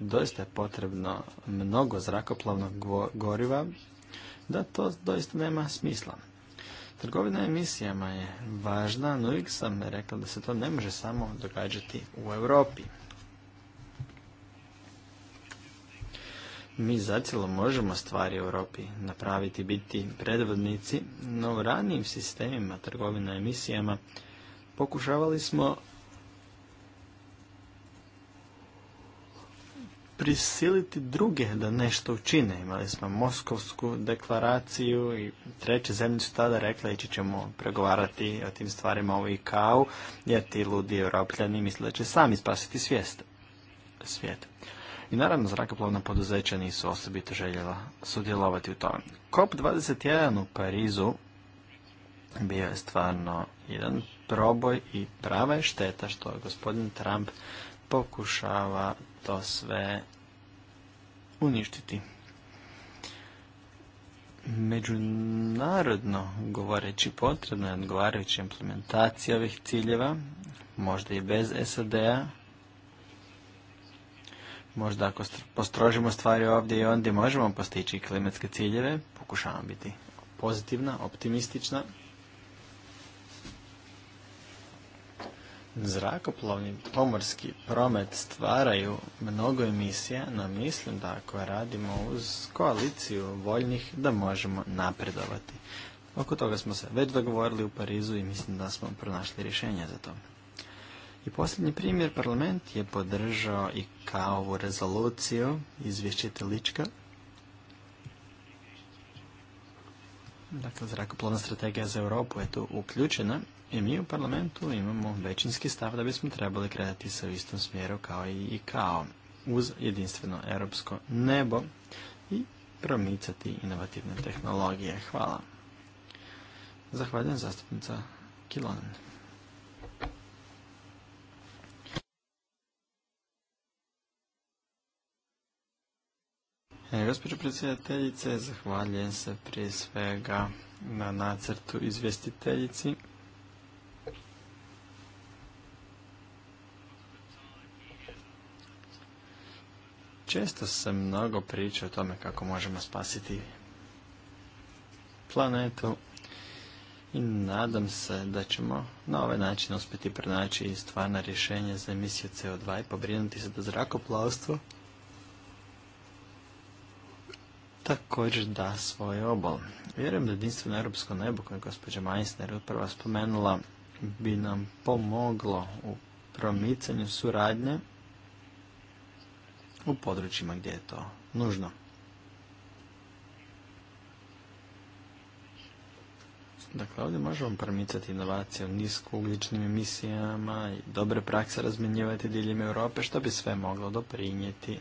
doista je potrebno mnogo zrakoplavnog goriva da to doista nema smisla. Trgovina emisijama je važna, no uvijek sam rekao da se to ne može samo događati u Europi. mi zacijelo možemo stvari u Europi napraviti, biti predvodnici, no u ranijim sistemima trgovina emisijama pokušavali smo prisiliti druge da nešto učine. Imali smo Moskovsku deklaraciju i treće zemlje su tada rekle ići ćemo pregovarati o tim stvarima u IKAU, jer ti ludi europljani misle da će sami spasiti svijest. svijet. I naravno zrakoplovna poduzeća nisu osobito željela sudjelovati u tome. COP21 u Parizu bio je stvarno jedan proboj i prava je šteta što je gospodin Trump pokušava to sve uništiti. Međunarodno govoreći potrebno je odgovarajuća implementacija ovih ciljeva, možda i bez SAD-a, Možda ako postrožimo stvari ovdje i ondje možemo postići klimatske ciljeve, pokušavam biti pozitivna, optimistična. Zrakoplovni pomorski promet stvaraju mnogo emisija, no mislim da ako radimo uz koaliciju voljnih da možemo napredovati. Oko toga smo se već dogovorili u Parizu i mislim da smo pronašli rješenje za to. I posljednji primjer, parlament je podržao i kao ovu rezoluciju izvješće Telička. Dakle, zrakoplovna strategija za Europu je tu uključena i mi u parlamentu imamo većinski stav da bismo trebali kretati se u istom smjeru kao i kao uz jedinstveno europsko nebo i promicati inovativne tehnologije. Hvala. Zahvaljujem zastupnica Kilonen. E, gospođo predsjedateljice, zahvaljujem se prije svega na nacrtu izvjestiteljici. Često se mnogo priča o tome kako možemo spasiti planetu i nadam se da ćemo na ovaj način uspjeti pronaći stvarna rješenja za emisiju CO2 i pobrinuti se da zrakoplavstvo također da svoj obol. Vjerujem da jedinstveno europsko nebo koje je gospođa Meissner upravo spomenula bi nam pomoglo u promicanju suradnje u područjima gdje je to nužno. Dakle, ovdje možemo promicati inovacije u niskougličnim emisijama i dobre prakse razmjenjivati diljem Europe, što bi sve moglo doprinijeti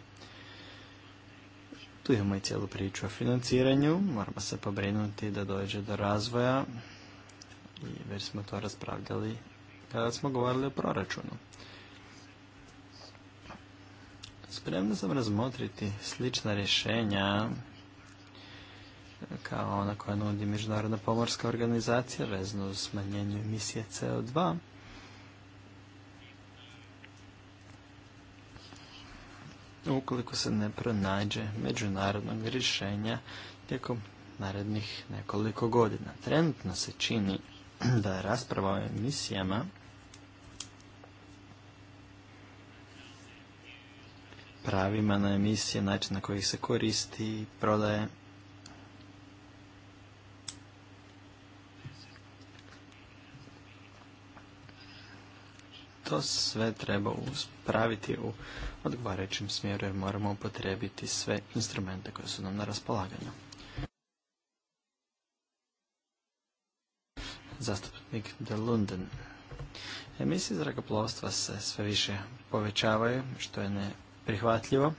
tu imamo i cijelu priču o financiranju, moramo se pobrinuti da dođe do razvoja i već smo to raspravljali kada smo govorili o proračunu. Spremna sam razmotriti slična rješenja kao ona koja nudi Međunarodna pomorska organizacija vezno uz smanjenje emisije CO2 ukoliko se ne pronađe međunarodnog rješenja tijekom narednih nekoliko godina. Trenutno se čini da je rasprava o emisijama pravima na emisije, način na koji se koristi i prodaje to sve treba uspraviti u odgovarajućem smjeru jer moramo upotrijebiti sve instrumente koje su nam na raspolaganju. Zastupnik de Lunden. Emisije zrakoplovstva se sve više povećavaju, što je neprihvatljivo,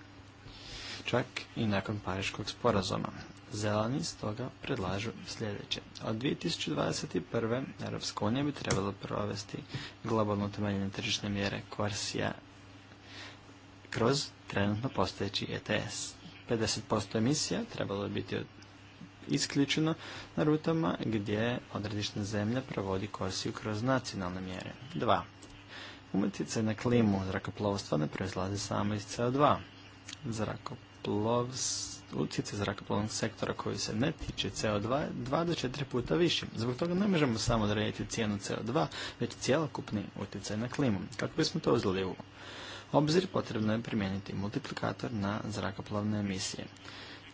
čak i nakon Pariškog sporazuma. Zeleni stoga predlažu sljedeće. Od 2021. Europska unija bi trebala provesti globalno utemeljenje tržišne mjere Korsija kroz trenutno postojeći e ETS. 50% emisija trebalo bi biti isključeno na rutama gdje odredišna zemlja provodi korsiju kroz nacionalne mjere. 2. Umetice na klimu zrakoplovstva ne proizlaze samo iz CO2. Zrakoplovstva utjecaj zrakoplovnog sektora koji se ne tiče CO2 dva do četiri puta više. Zbog toga ne možemo samo odrediti cijenu CO2, već cijelokupni utjecaj na klimu. Kako bismo to uzeli u obzir, potrebno je primijeniti multiplikator na zrakoplovne emisije.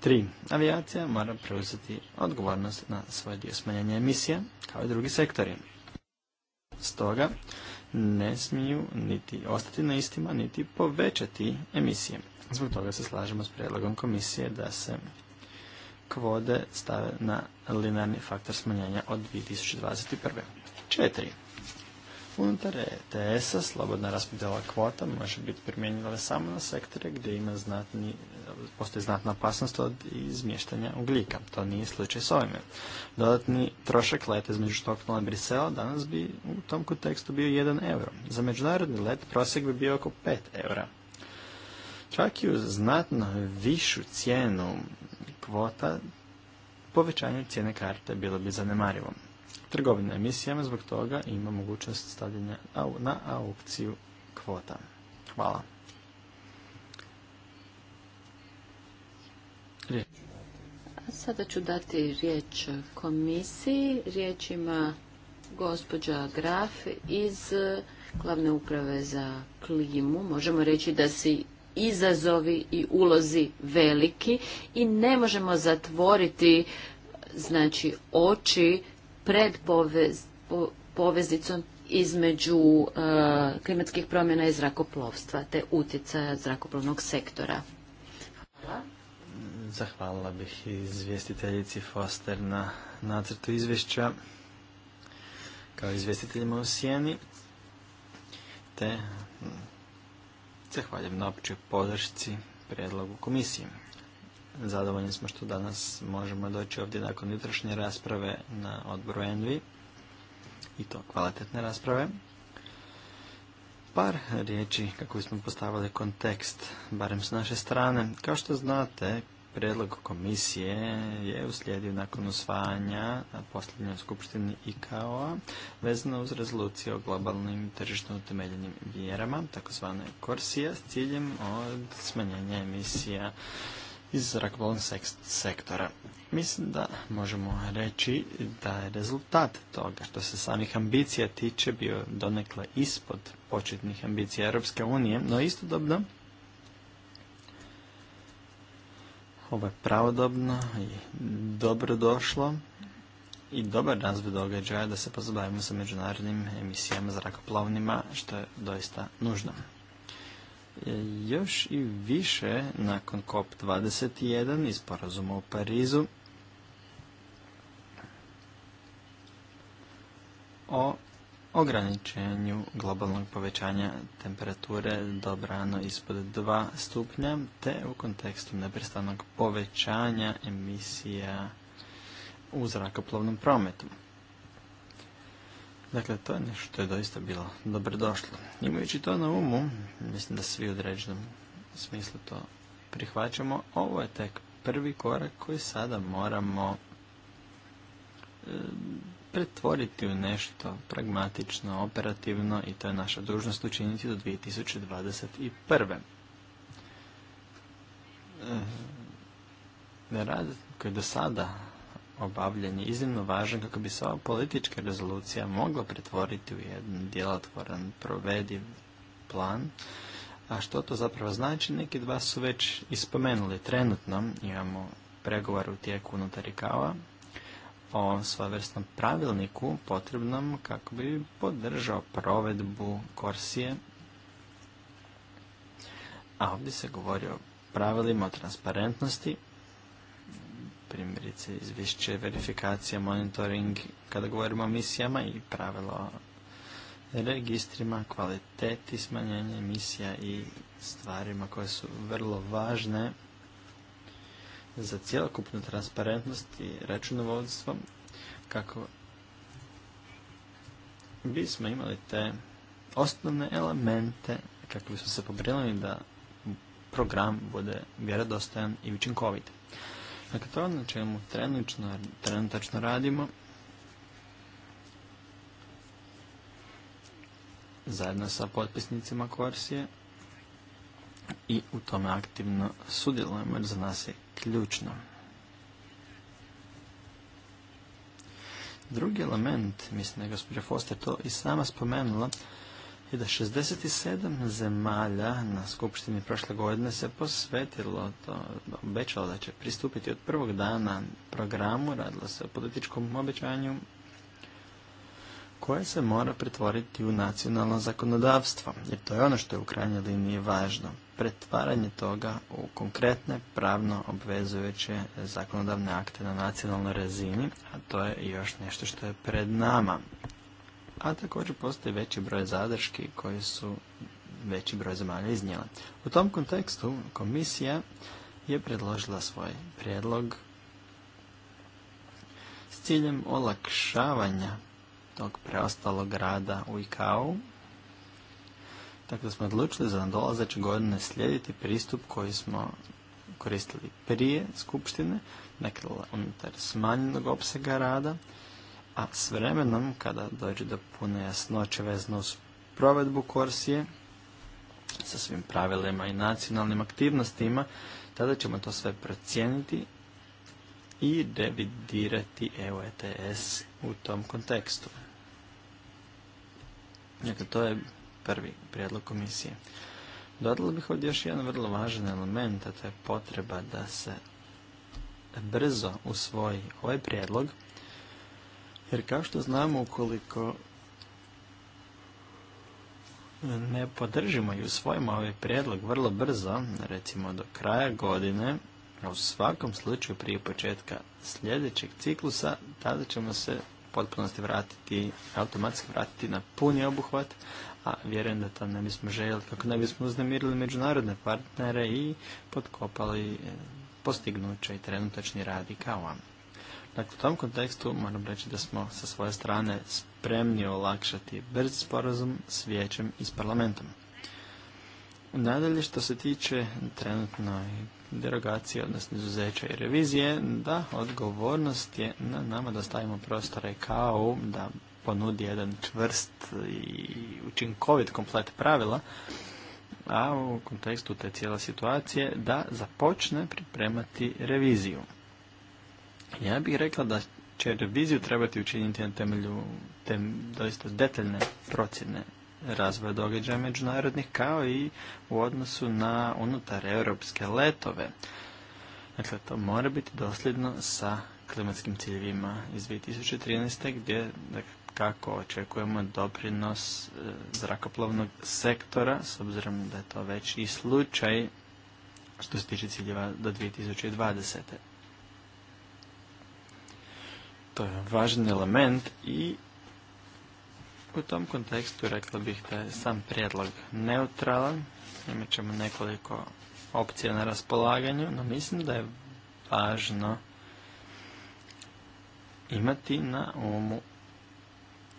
3. Avijacija mora preuzeti odgovornost na svoj dio smanjanja emisija, kao i drugi sektori. Stoga, ne smiju niti ostati na istima, niti povećati emisije. Zbog toga se slažemo s prijedlogom komisije da se kvode stave na linearni faktor smanjanja od 2021. Četiri. Unutar ETS-a slobodna raspodjela kvota može biti primjenjiva samo na sektore gdje ima znatni, postoji znatna opasnost od izmještanja ugljika. To nije slučaj s ovime. Dodatni trošak leta između Štoknula i Brisela danas bi u tom kontekstu bio 1 euro. Za međunarodni let prosjek bi bio oko 5 eura čak i uz znatno višu cijenu kvota, povećanje cijene karte bilo bi zanemarivo. Trgovina emisijama zbog toga ima mogućnost stavljanja na aukciju kvota. Hvala. Sada ću dati riječ komisiji. Riječ ima gospođa Graf iz glavne uprave za klimu. Možemo reći da si izazovi i ulozi veliki i ne možemo zatvoriti znači oči pred povez, između e, klimatskih promjena i zrakoplovstva te utjecaja zrakoplovnog sektora. Hvala. Zahvalila bih izvjestiteljici Foster na nacrtu izvješća kao izvjestiteljima u Sijeni te Zahvaljujem na općoj podršci predlogu komisije. Zadovoljni smo što danas možemo doći ovdje nakon jutrašnje rasprave na odboru Envi i to kvalitetne rasprave. Par riječi kako bismo postavili kontekst, barem s naše strane. Kao što znate, Predlog komisije je uslijedio nakon usvajanja na posljednjoj skupštini iko a vezano uz rezoluciju o globalnim tržišno utemeljenim mjerama, takozvane korsija, s ciljem od smanjenja emisija iz zrakoplovnog sektora. Mislim da možemo reći da je rezultat toga što se samih ambicija tiče bio donekle ispod početnih ambicija Europske unije, no istodobno Ovo je pravodobno i dobro došlo i dobar razvoj događaja da se pozabavimo sa međunarodnim emisijama zrakoplovnima, što je doista nužno. E, još i više nakon COP21 i sporazuma u Parizu o ograničenju globalnog povećanja temperature dobrano ispod 2 stupnja, te u kontekstu neprestanog povećanja emisija u zrakoplovnom prometu. Dakle, to je nešto što je doista bilo dobrodošlo. Imajući to na umu, mislim da svi u određenom smislu to prihvaćamo, ovo je tek prvi korak koji sada moramo e, pretvoriti u nešto pragmatično, operativno i to je naša dužnost učiniti do 2021. E, rad koji je do sada obavljen je iznimno važan kako bi se ova politička rezolucija mogla pretvoriti u jedan djelotvoran, provediv plan. A što to zapravo znači? Neki dva su već ispomenuli trenutno. Imamo pregovor u tijeku unutar o svojevrsnom pravilniku potrebnom kako bi podržao provedbu korsije. A ovdje se govori o pravilima o transparentnosti, primjerice izvješće, verifikacija, monitoring, kada govorimo o misijama i pravilo o registrima, kvaliteti, smanjenja emisija i stvarima koje su vrlo važne za cijelokupnu transparentnost i računovodstvo kako bismo imali te osnovne elemente kako bismo se pobrinuli da program bude vjerodostojan i učinkovit. Dakle, to na ono čemu trenutno, radimo. Zajedno sa potpisnicima Korsije i u tome aktivno sudjelujemo jer za nas je ključno. Drugi element, mislim da je gospođa Foster to i sama spomenula, je da 67 zemalja na skupštini prošle godine se posvetilo, to obećalo da će pristupiti od prvog dana programu, radilo se o političkom obećanju koje se mora pretvoriti u nacionalno zakonodavstvo, jer to je ono što je u krajnjoj liniji važno pretvaranje toga u konkretne pravno obvezujuće zakonodavne akte na nacionalnoj razini, a to je još nešto što je pred nama. A također postoji veći broj zadrški koji su veći broj zemalja iznijela. U tom kontekstu komisija je predložila svoj prijedlog s ciljem olakšavanja tog preostalog rada u Ikau, tako da smo odlučili za nadolazeće godine slijediti pristup koji smo koristili prije skupštine, nekada dakle, unutar smanjenog opsega rada, a s vremenom kada dođe do pune jasnoće vezano uz provedbu korsije sa svim pravilima i nacionalnim aktivnostima, tada ćemo to sve procijeniti i revidirati EOETS u tom kontekstu. Dakle, to je prvi prijedlog komisije. Dodala bih ovdje još jedan vrlo važan element, a to je potreba da se brzo usvoji ovaj prijedlog, jer kao što znamo ukoliko ne podržimo i usvojimo ovaj prijedlog vrlo brzo, recimo do kraja godine, u svakom slučaju prije početka sljedećeg ciklusa, tada ćemo se potpunosti vratiti, automatski vratiti na puni obuhvat, a vjerujem da to ne bismo željeli kako ne bismo uznemirili međunarodne partnere i podkopali e, postignuće i trenutačni rad i kao vam. Dakle, u tom kontekstu moram reći da smo sa svoje strane spremni olakšati brz sporazum s vijećem i s parlamentom. Nadalje, što se tiče trenutno derogacije, odnosno izuzeća i revizije, da, odgovornost je na nama da stavimo prostore kao da ponudi jedan čvrst i učinkovit komplet pravila, a u kontekstu te cijela situacije da započne pripremati reviziju. Ja bih rekla da će reviziju trebati učiniti na temelju doista detaljne procjene razvoja događaja međunarodnih kao i u odnosu na unutar europske letove. Dakle, to mora biti dosljedno sa klimatskim ciljevima iz 2013. gdje dakle, kako očekujemo doprinos e, zrakoplovnog sektora, s obzirom da je to već i slučaj što se tiče ciljeva do 2020. To je važan element i u tom kontekstu rekla bih da je sam prijedlog neutralan. Imat ćemo nekoliko opcija na raspolaganju, no mislim da je važno imati na umu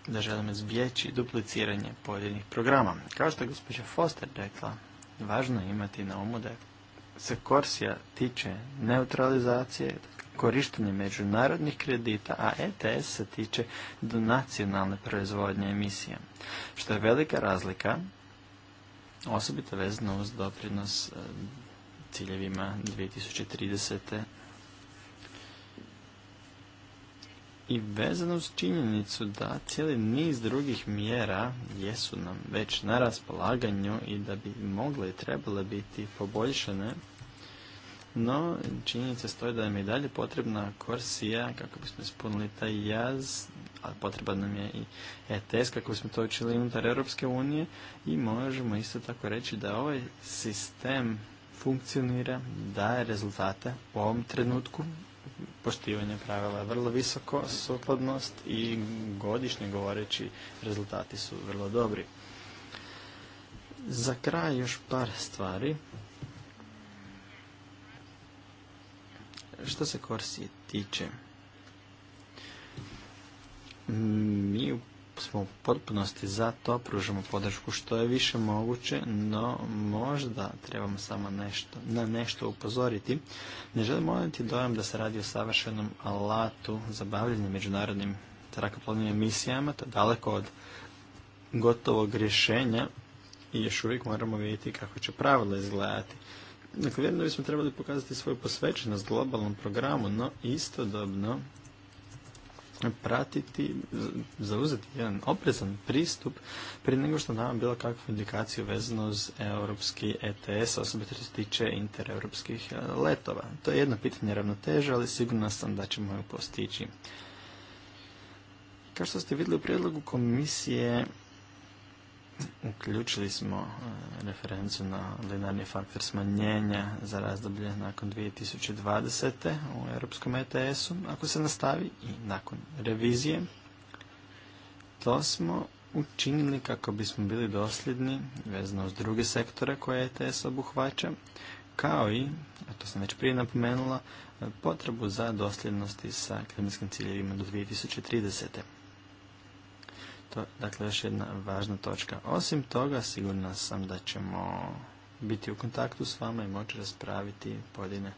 da želimo izbjeći dupliciranje pojedinih programa. Kao što je gospođa Foster rekla, važno je imati na umu da se Korsija tiče neutralizacije, korištenje međunarodnih kredita, a ETS se tiče do nacionalne proizvodnje emisije. što je velika razlika, osobito vezano uz doprinos e, ciljevima 2030. I vezano uz činjenicu da cijeli niz drugih mjera jesu nam već na raspolaganju i da bi mogle i trebale biti poboljšane, no činjenica stoji da nam je i dalje potrebna korsija kako bismo ispunili taj jaz, a potreban nam je i ETS kako bismo to učili unutar Europske unije i možemo isto tako reći da ovaj sistem funkcionira, daje rezultate u ovom trenutku poštivanje pravila je vrlo visoko, sukladnost i godišnje govoreći rezultati su vrlo dobri. Za kraj još par stvari. Što se Korsi tiče, mi u smo u potpunosti za to, pružamo podršku što je više moguće, no možda trebamo samo nešto, na nešto upozoriti. Ne želim odati dojam da se radi o savršenom alatu za bavljanje međunarodnim trakoplovnim emisijama, to je daleko od gotovog rješenja i još uvijek moramo vidjeti kako će pravila izgledati. Dakle, vjerujem da bismo trebali pokazati svoju posvećenost globalnom programu, no istodobno pratiti, zauzeti jedan oprezan pristup prije nego što nam bilo kakvu indikaciju vezano e s europski ETS, osobito što se tiče intereuropskih e, letova. To je jedno pitanje ravnoteže, ali sigurno sam da ćemo ju postići. Kao što ste vidjeli u prijedlogu komisije, uključili smo e, referencu na linarni faktor smanjenja za razdoblje nakon 2020. u europskom ETS-u, ako se nastavi i nakon revizije. To smo učinili kako bismo bili dosljedni vezano s druge sektore koje ETS obuhvaća, kao i, a to sam već prije napomenula, potrebu za dosljednosti sa klimatskim ciljevima do 2030 to dakle još jedna važna točka. Osim toga, sigurna sam da ćemo biti u kontaktu s vama i moći raspraviti pojedine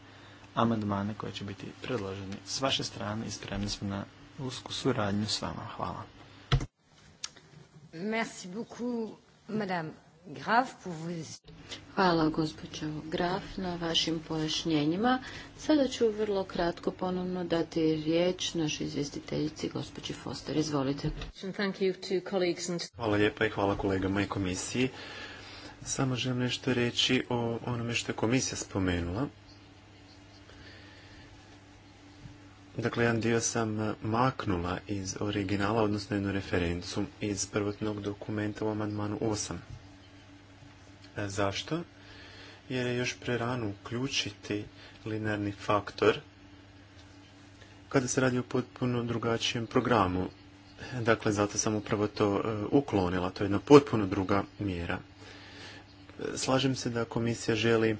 amandmane koje će biti predloženi s vaše strane i spremni smo na usku suradnju s vama. Hvala. Merci beaucoup, madame. Hvala gospođo Graf na vašim pojašnjenjima. Sada ću vrlo kratko ponovno dati riječ našoj izvjestiteljici gospođi Foster. Izvolite. Hvala lijepa i hvala kolegama i komisiji. Samo želim nešto reći o onome što je komisija spomenula. Dakle, jedan dio sam maknula iz originala, odnosno jednu referencu iz prvotnog dokumenta u amandmanu 8. E, zašto? Jer je još prerano uključiti linearni faktor kada se radi o potpuno drugačijem programu. Dakle, zato sam upravo to e, uklonila. To je jedna potpuno druga mjera. E, slažem se da komisija želi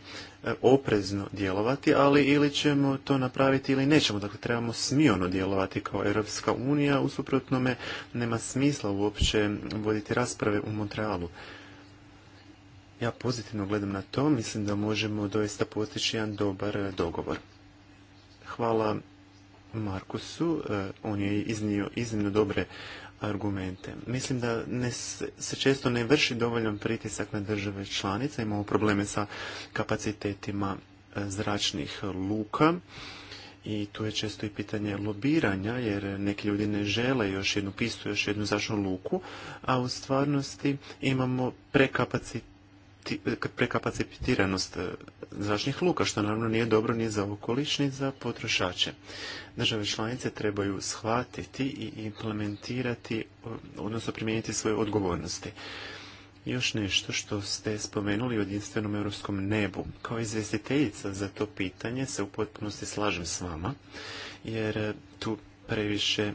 oprezno djelovati, ali ili ćemo to napraviti ili nećemo. Dakle, trebamo smijono djelovati kao Europska unija. U suprotnome, nema smisla uopće voditi rasprave u Montrealu. Ja pozitivno gledam na to, mislim da možemo doista postići jedan dobar e, dogovor. Hvala Markusu, e, on je iznio iznimno dobre argumente. Mislim da ne, se često ne vrši dovoljan pritisak na države članice, imamo probleme sa kapacitetima e, zračnih luka i tu je često i pitanje lobiranja jer neki ljudi ne žele još jednu pistu, još jednu zračnu luku, a u stvarnosti imamo prekapacitet prekapacitiranost e, zračnih luka, što naravno nije dobro ni za okoliš, ni za potrošače. Države članice trebaju shvatiti i implementirati, odnosno primijeniti svoje odgovornosti. Još nešto što ste spomenuli o jedinstvenom europskom nebu. Kao izvjestiteljica za to pitanje se u potpunosti slažem s vama, jer tu previše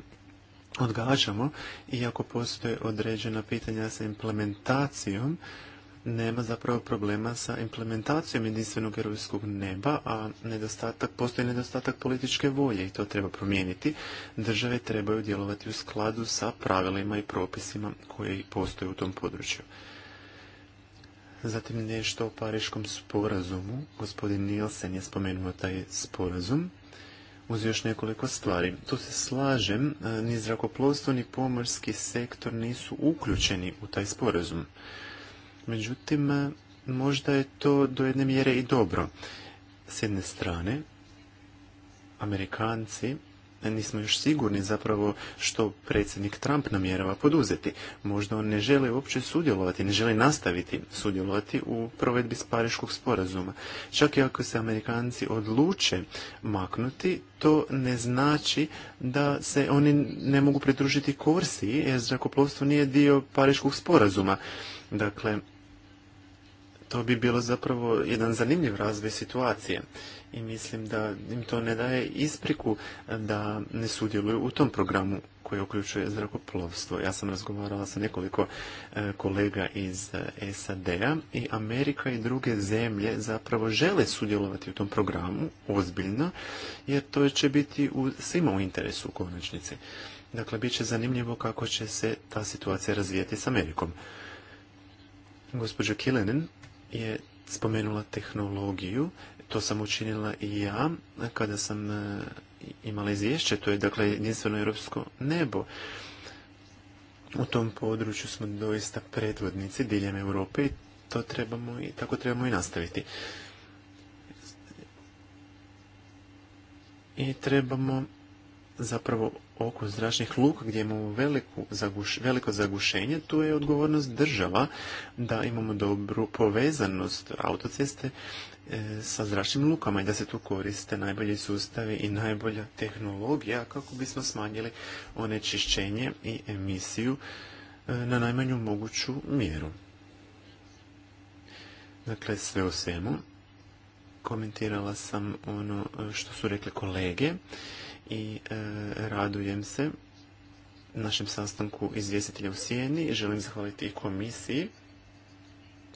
odgađamo, iako postoje određena pitanja sa implementacijom, nema zapravo problema sa implementacijom jedinstvenog europskog neba, a nedostatak, postoji nedostatak političke volje i to treba promijeniti. Države trebaju djelovati u skladu sa pravilima i propisima koji postoje u tom području. Zatim nešto o pariškom sporazumu. Gospodin Nielsen je spomenuo taj sporazum uz još nekoliko stvari. Tu se slažem, eh, ni zrakoplovstvo ni pomorski sektor nisu uključeni u taj sporazum. Međutim, možda je to do jedne mjere i dobro. S jedne strane, Amerikanci nismo još sigurni zapravo što predsjednik Trump namjerava poduzeti. Možda on ne želi uopće sudjelovati, ne želi nastaviti sudjelovati u provedbi Pariškog sporazuma. Čak i ako se Amerikanci odluče maknuti, to ne znači da se oni ne mogu pridružiti Korsiji jer zrakoplovstvo nije dio Pariškog sporazuma. Dakle, to bi bilo zapravo jedan zanimljiv razvoj situacije i mislim da im to ne daje ispriku da ne sudjeluju u tom programu koji uključuje zrakoplovstvo. Ja sam razgovarala sa nekoliko e, kolega iz e, SAD-a i Amerika i druge zemlje zapravo žele sudjelovati u tom programu ozbiljno jer to će biti u, svima u interesu u konačnici. Dakle, bit će zanimljivo kako će se ta situacija razvijati s Amerikom. Gospođo Kilenin, je spomenula tehnologiju. To sam učinila i ja kada sam e, imala izvješće. To je dakle jedinstveno europsko nebo. U tom području smo doista predvodnici diljem Europe i to trebamo i tako trebamo i nastaviti. I trebamo zapravo oko zračnih luka gdje imamo veliko zagušenje, tu je odgovornost država da imamo dobru povezanost autoceste e, sa zračnim lukama i da se tu koriste najbolji sustavi i najbolja tehnologija kako bismo smanjili onečišćenje i emisiju e, na najmanju moguću mjeru. Dakle, sve o svemu. Komentirala sam ono što su rekli kolege i e, radujem se našem sastanku izvjestitelja u Sijeni. Želim zahvaliti i komisiji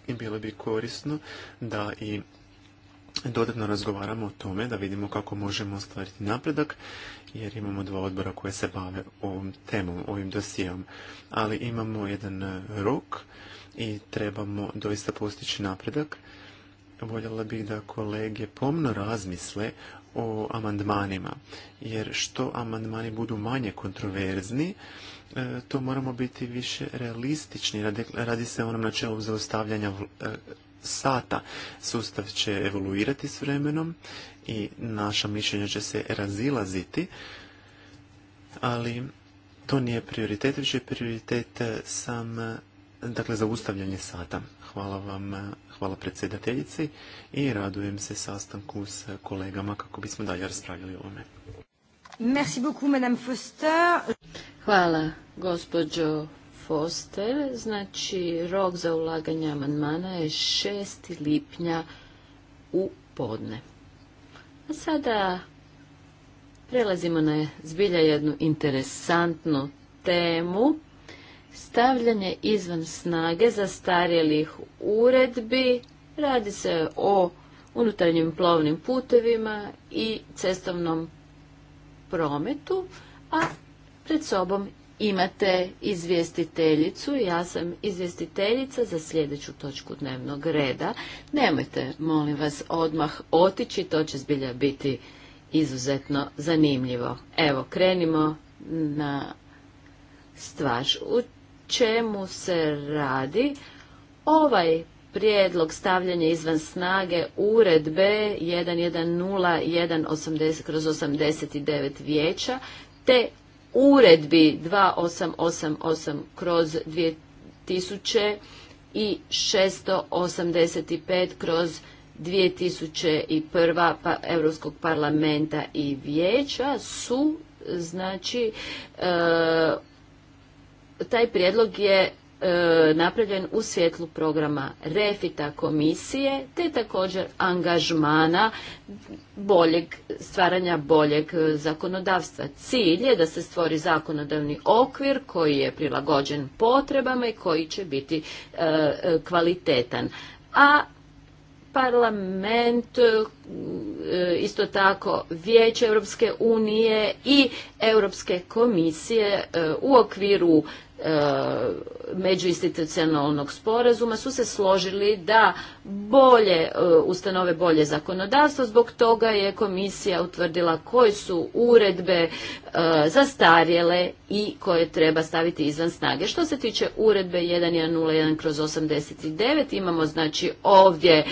i bilo bi korisno da i dodatno razgovaramo o tome, da vidimo kako možemo ostvariti napredak, jer imamo dva odbora koje se bave ovom temom, ovim dosijom. Ali imamo jedan e, rok i trebamo doista postići napredak. Voljela bih da kolege pomno razmisle o amandmanima. Jer što amandmani budu manje kontroverzni, e, to moramo biti više realistični. Radi se o onom načelu zaustavljanja e, sata. Sustav će evoluirati s vremenom i naša mišljenja će se razilaziti, ali to nije prioritet, već je prioritet e, sam dakle, zaustavljanje sata. Hvala vam, hvala predsjedateljici i radujem se sastanku s kolegama kako bismo dalje raspravljali o ovome. Merci beaucoup, Madame Foster. Hvala, gospođo Foster. Znači, rok za ulaganje amandmana je 6. lipnja u podne. A sada prelazimo na zbilja jednu interesantnu temu stavljanje izvan snage zastarjelih uredbi, radi se o unutarnjim plovnim putevima i cestovnom prometu, a pred sobom imate izvjestiteljicu, ja sam izvjestiteljica za sljedeću točku dnevnog reda. Nemojte, molim vas, odmah otići, to će zbilja biti izuzetno zanimljivo. Evo, krenimo na stvar. U čemu se radi. Ovaj prijedlog stavljanja izvan snage uredbe 110180 kroz 89 vijeća te uredbi 2888 kroz 2000 i 685 kroz 2001 pa, Europskog parlamenta i vijeća su znači e, taj prijedlog je e, napravljen u svjetlu programa refita komisije te također angažmana boljeg stvaranja boljeg zakonodavstva cilj je da se stvori zakonodavni okvir koji je prilagođen potrebama i koji će biti e, e, kvalitetan a parlament, isto tako Vijeće Europske unije i Europske komisije u okviru E, međuinstitucionalnog sporazuma su se složili da bolje e, ustanove bolje zakonodavstvo, zbog toga je komisija utvrdila koje su uredbe e, zastarjele i koje treba staviti izvan snage. Što se tiče uredbe 1101 kroz 89 imamo znači ovdje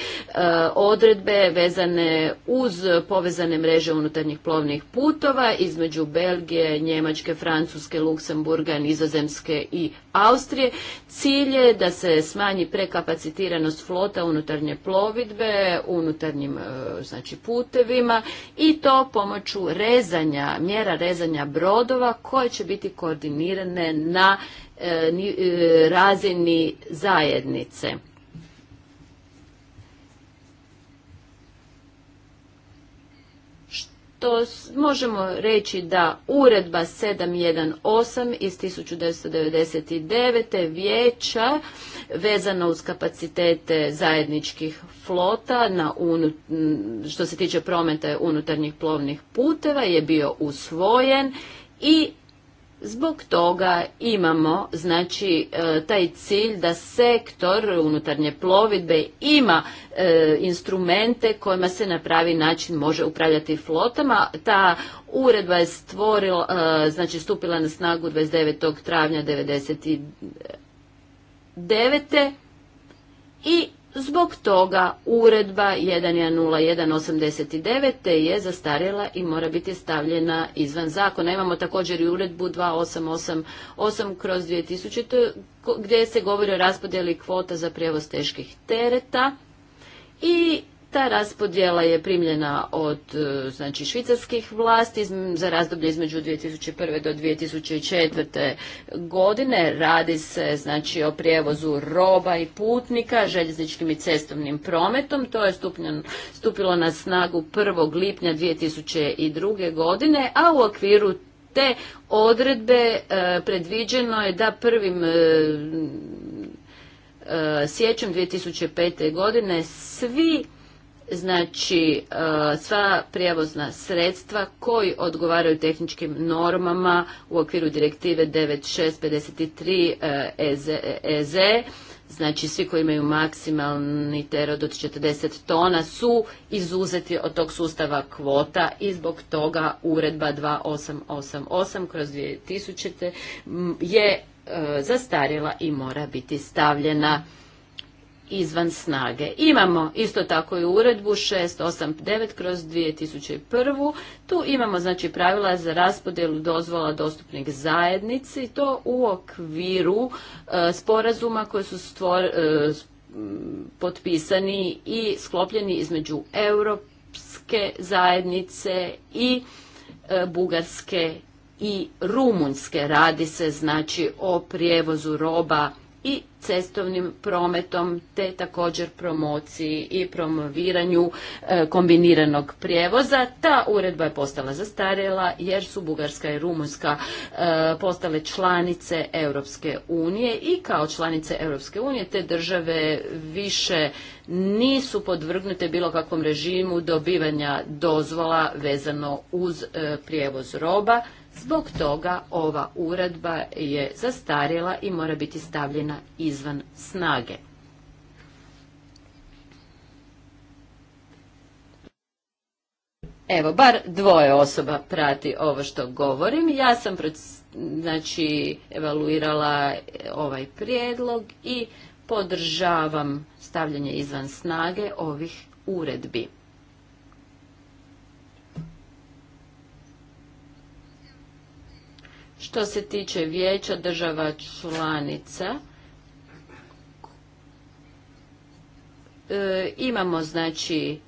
odredbe vezane uz povezane mreže unutarnjih plovnih putova između Belgije, Njemačke, Francuske, Luksemburga, Nizozemske i Austrije. Cilj je da se smanji prekapacitiranost flota unutarnje plovidbe, unutarnjim e, znači, putevima i to pomoću rezanja, mjera rezanja brodova koje će biti koordinirane na e, e, razini zajednice. to možemo reći da uredba 718 iz 1999. vijeća vezana uz kapacitete zajedničkih flota na što se tiče prometa unutarnjih plovnih puteva je bio usvojen i Zbog toga imamo znači e, taj cilj da sektor unutarnje plovidbe ima e, instrumente kojima se na pravi način može upravljati flotama. Ta uredba je stvorila, e, znači stupila na snagu 29. travnja 99. i Zbog toga uredba 1.01.89 te je zastarjela i mora biti stavljena izvan zakona. Imamo također i uredbu 2.888 kroz 2000 gdje se govori o raspodjeli kvota za prijevoz teških tereta i ta raspodjela je primljena od e, znači, švicarskih vlasti za razdoblje između 2001. do 2004. godine. Radi se znači, o prijevozu roba i putnika željezničkim i cestovnim prometom. To je stupilo na snagu 1. lipnja 2002. godine, a u okviru te odredbe e, predviđeno je da prvim e, e, sjećom 2005. godine svi znači e, sva prijevozna sredstva koji odgovaraju tehničkim normama u okviru direktive 9653 EZ, e e znači svi koji imaju maksimalni terod od 40 tona su izuzeti od tog sustava kvota i zbog toga uredba 2888 kroz 2000 je zastarjela i mora biti stavljena izvan snage. Imamo isto tako i uredbu 689 kroz 2001. Tu imamo znači pravila za raspodjelu dozvola dostupnih zajednici. To u okviru e, sporazuma koji su e, potpisani i sklopljeni između Europske zajednice i e, Bugarske i rumunske Radi se znači o prijevozu roba i cestovnim prometom te također promociji i promoviranju e, kombiniranog prijevoza. Ta uredba je postala zastarjela jer su Bugarska i Rumunjska e, postale članice Europske unije i kao članice Europske unije te države više nisu podvrgnute bilo kakvom režimu dobivanja dozvola vezano uz e, prijevoz roba Zbog toga ova uredba je zastarjela i mora biti stavljena izvan snage. Evo, bar dvoje osoba prati ovo što govorim. Ja sam znači, evaluirala e, ovaj prijedlog i podržavam stavljanje izvan snage ovih uredbi. Što se tiče vijeća država članica, e, imamo znači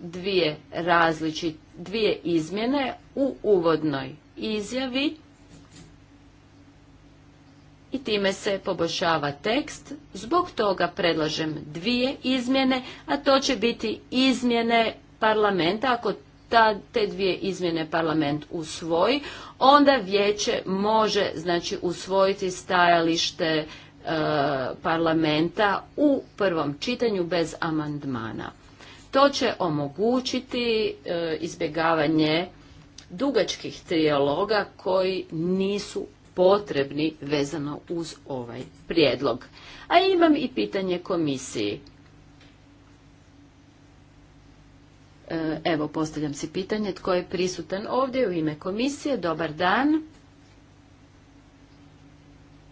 dvije različite, dvije izmjene u uvodnoj izjavi i time se poboljšava tekst. Zbog toga predlažem dvije izmjene, a to će biti izmjene parlamenta ako ta, te dvije izmjene parlament usvoji, onda vijeće može znači usvojiti stajalište e, parlamenta u prvom čitanju bez amandmana. To će omogućiti e, izbjegavanje dugačkih trijaloga koji nisu potrebni vezano uz ovaj prijedlog. A imam i pitanje komisiji. E, evo, postavljam si pitanje tko je prisutan ovdje u ime komisije. Dobar dan.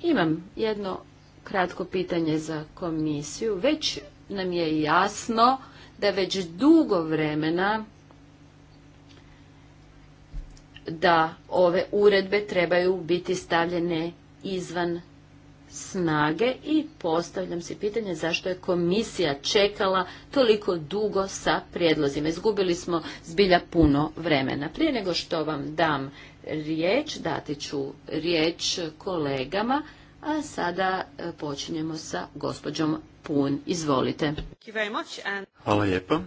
Imam jedno kratko pitanje za komisiju. Već nam je jasno da već dugo vremena da ove uredbe trebaju biti stavljene izvan snage i postavljam si pitanje zašto je komisija čekala toliko dugo sa prijedlozima. Izgubili smo zbilja puno vremena. Prije nego što vam dam riječ, dati ću riječ kolegama, a sada e, počinjemo sa gospođom Pun. Izvolite. Hvala lijepo.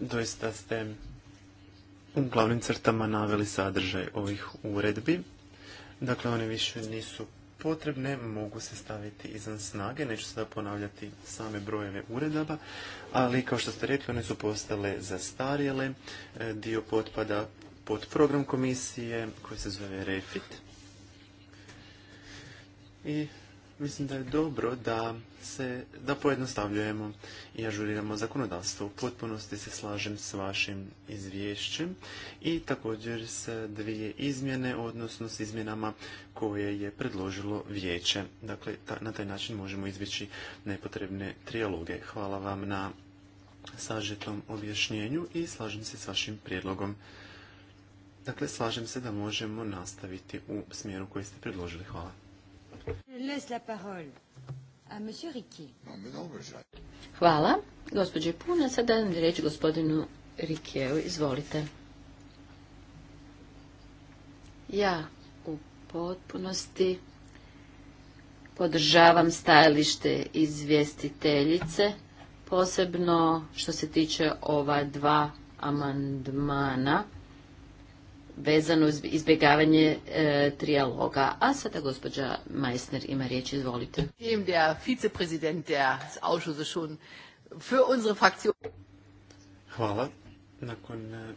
Doista ste u glavnim crtama naveli sadržaj ovih uredbi. Dakle, one više nisu potrebne mogu se staviti izan snage. Neću sada ponavljati same brojeve uredaba, ali kao što ste rekli, one su postale zastarjele. E, dio potpada pod program komisije koji se zove REFIT. I Mislim da je dobro da se, da pojednostavljujemo i ažuriramo zakonodavstvo. U potpunosti se slažem s vašim izvješćem i također s dvije izmjene, odnosno s izmjenama koje je predložilo vijeće. Dakle, na taj način možemo izbjeći nepotrebne trijaloge. Hvala vam na sažetom objašnjenju i slažem se s vašim prijedlogom. Dakle, slažem se da možemo nastaviti u smjeru koji ste predložili. Hvala. Hvala. Gospođe Puna, sada dajem riječ gospodinu Rikeu. Izvolite. Ja u potpunosti podržavam stajalište izvjestiteljice, posebno što se tiče ova dva amandmana vezano uz izbjegavanje e, trijaloga. A sada gospođa Meissner ima riječ, izvolite. Hvala. Nakon e,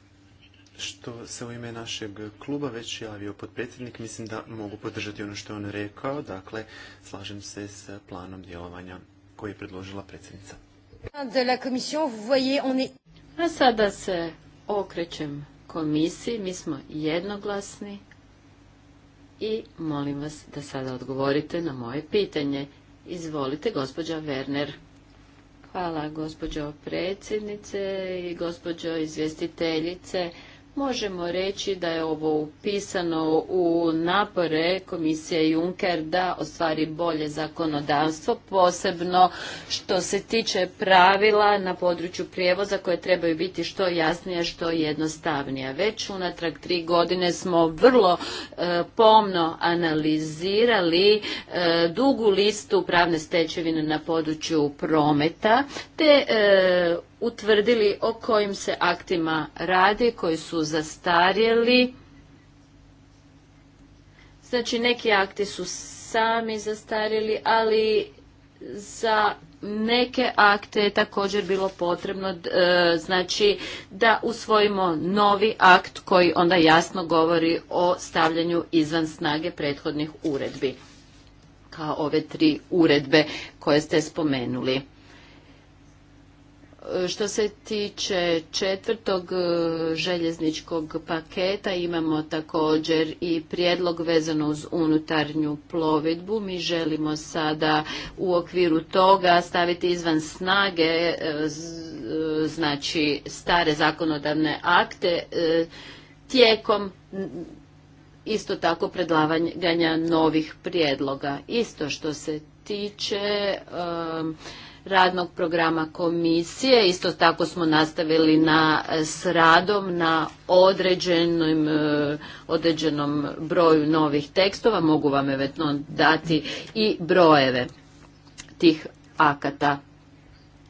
što se u ime našeg kluba već javio potpredsjednik, mislim da mogu podržati ono što je on rekao, dakle slažem se s planom djelovanja koji je predložila predsjednica. A sada se okrećem komisiji. Mi smo jednoglasni i molim vas da sada odgovorite na moje pitanje. Izvolite, gospođa Werner. Hvala, gospođo predsjednice i gospođo izvjestiteljice. Možemo reći da je ovo upisano u napore Komisije Juncker da ostvari bolje zakonodavstvo, posebno što se tiče pravila na području prijevoza koje trebaju biti što jasnije, što jednostavnija. Već unatrag tri godine smo vrlo e, pomno analizirali e, dugu listu pravne stečevine na području prometa te e, utvrdili o kojim se aktima radi, koji su zastarjeli. Znači neki akti su sami zastarjeli, ali za neke akte je također bilo potrebno e, znači da usvojimo novi akt koji onda jasno govori o stavljanju izvan snage prethodnih uredbi kao ove tri uredbe koje ste spomenuli što se tiče četvrtog e, željezničkog paketa imamo također i prijedlog vezano uz unutarnju plovidbu. Mi želimo sada u okviru toga staviti izvan snage e, e, znači stare zakonodavne akte tijekom isto tako predlaganja novih prijedloga. Isto što se tiče radnog programa komisije. Isto tako smo nastavili na, e, s radom na određenom, e, određenom broju novih tekstova. Mogu vam evetno dati i brojeve tih akata.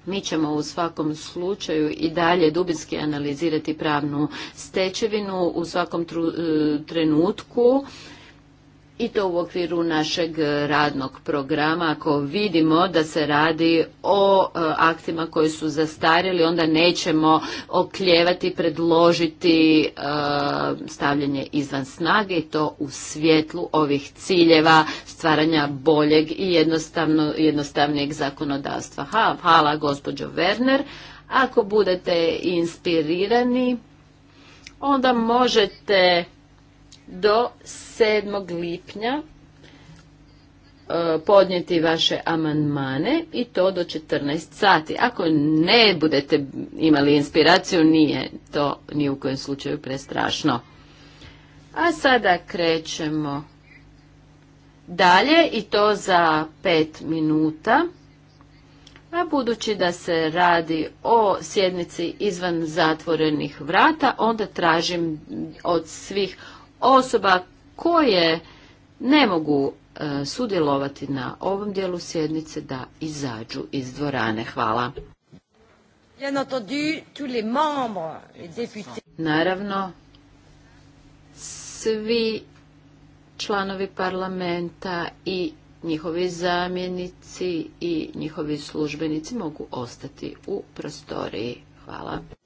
Mi ćemo u svakom slučaju i dalje dubinski analizirati pravnu stečevinu u svakom e, trenutku i to u okviru našeg e, radnog programa. Ako vidimo da se radi o e, aktima koji su zastarjeli, onda nećemo okljevati, predložiti e, stavljanje izvan snage i to u svjetlu ovih ciljeva stvaranja boljeg i jednostavnijeg zakonodavstva. hvala gospođo Werner. Ako budete inspirirani, onda možete do 7. lipnja e, podnijeti vaše amandmane i to do 14 sati. Ako ne budete imali inspiraciju, nije to ni u kojem slučaju prestrašno. A sada krećemo dalje i to za 5 minuta. A budući da se radi o sjednici izvan zatvorenih vrata, onda tražim od svih osoba koje ne mogu e, sudjelovati na ovom dijelu sjednice da izađu iz dvorane. Hvala. Naravno, svi članovi parlamenta i njihovi zamjenici i njihovi službenici mogu ostati u prostoriji. Hvala.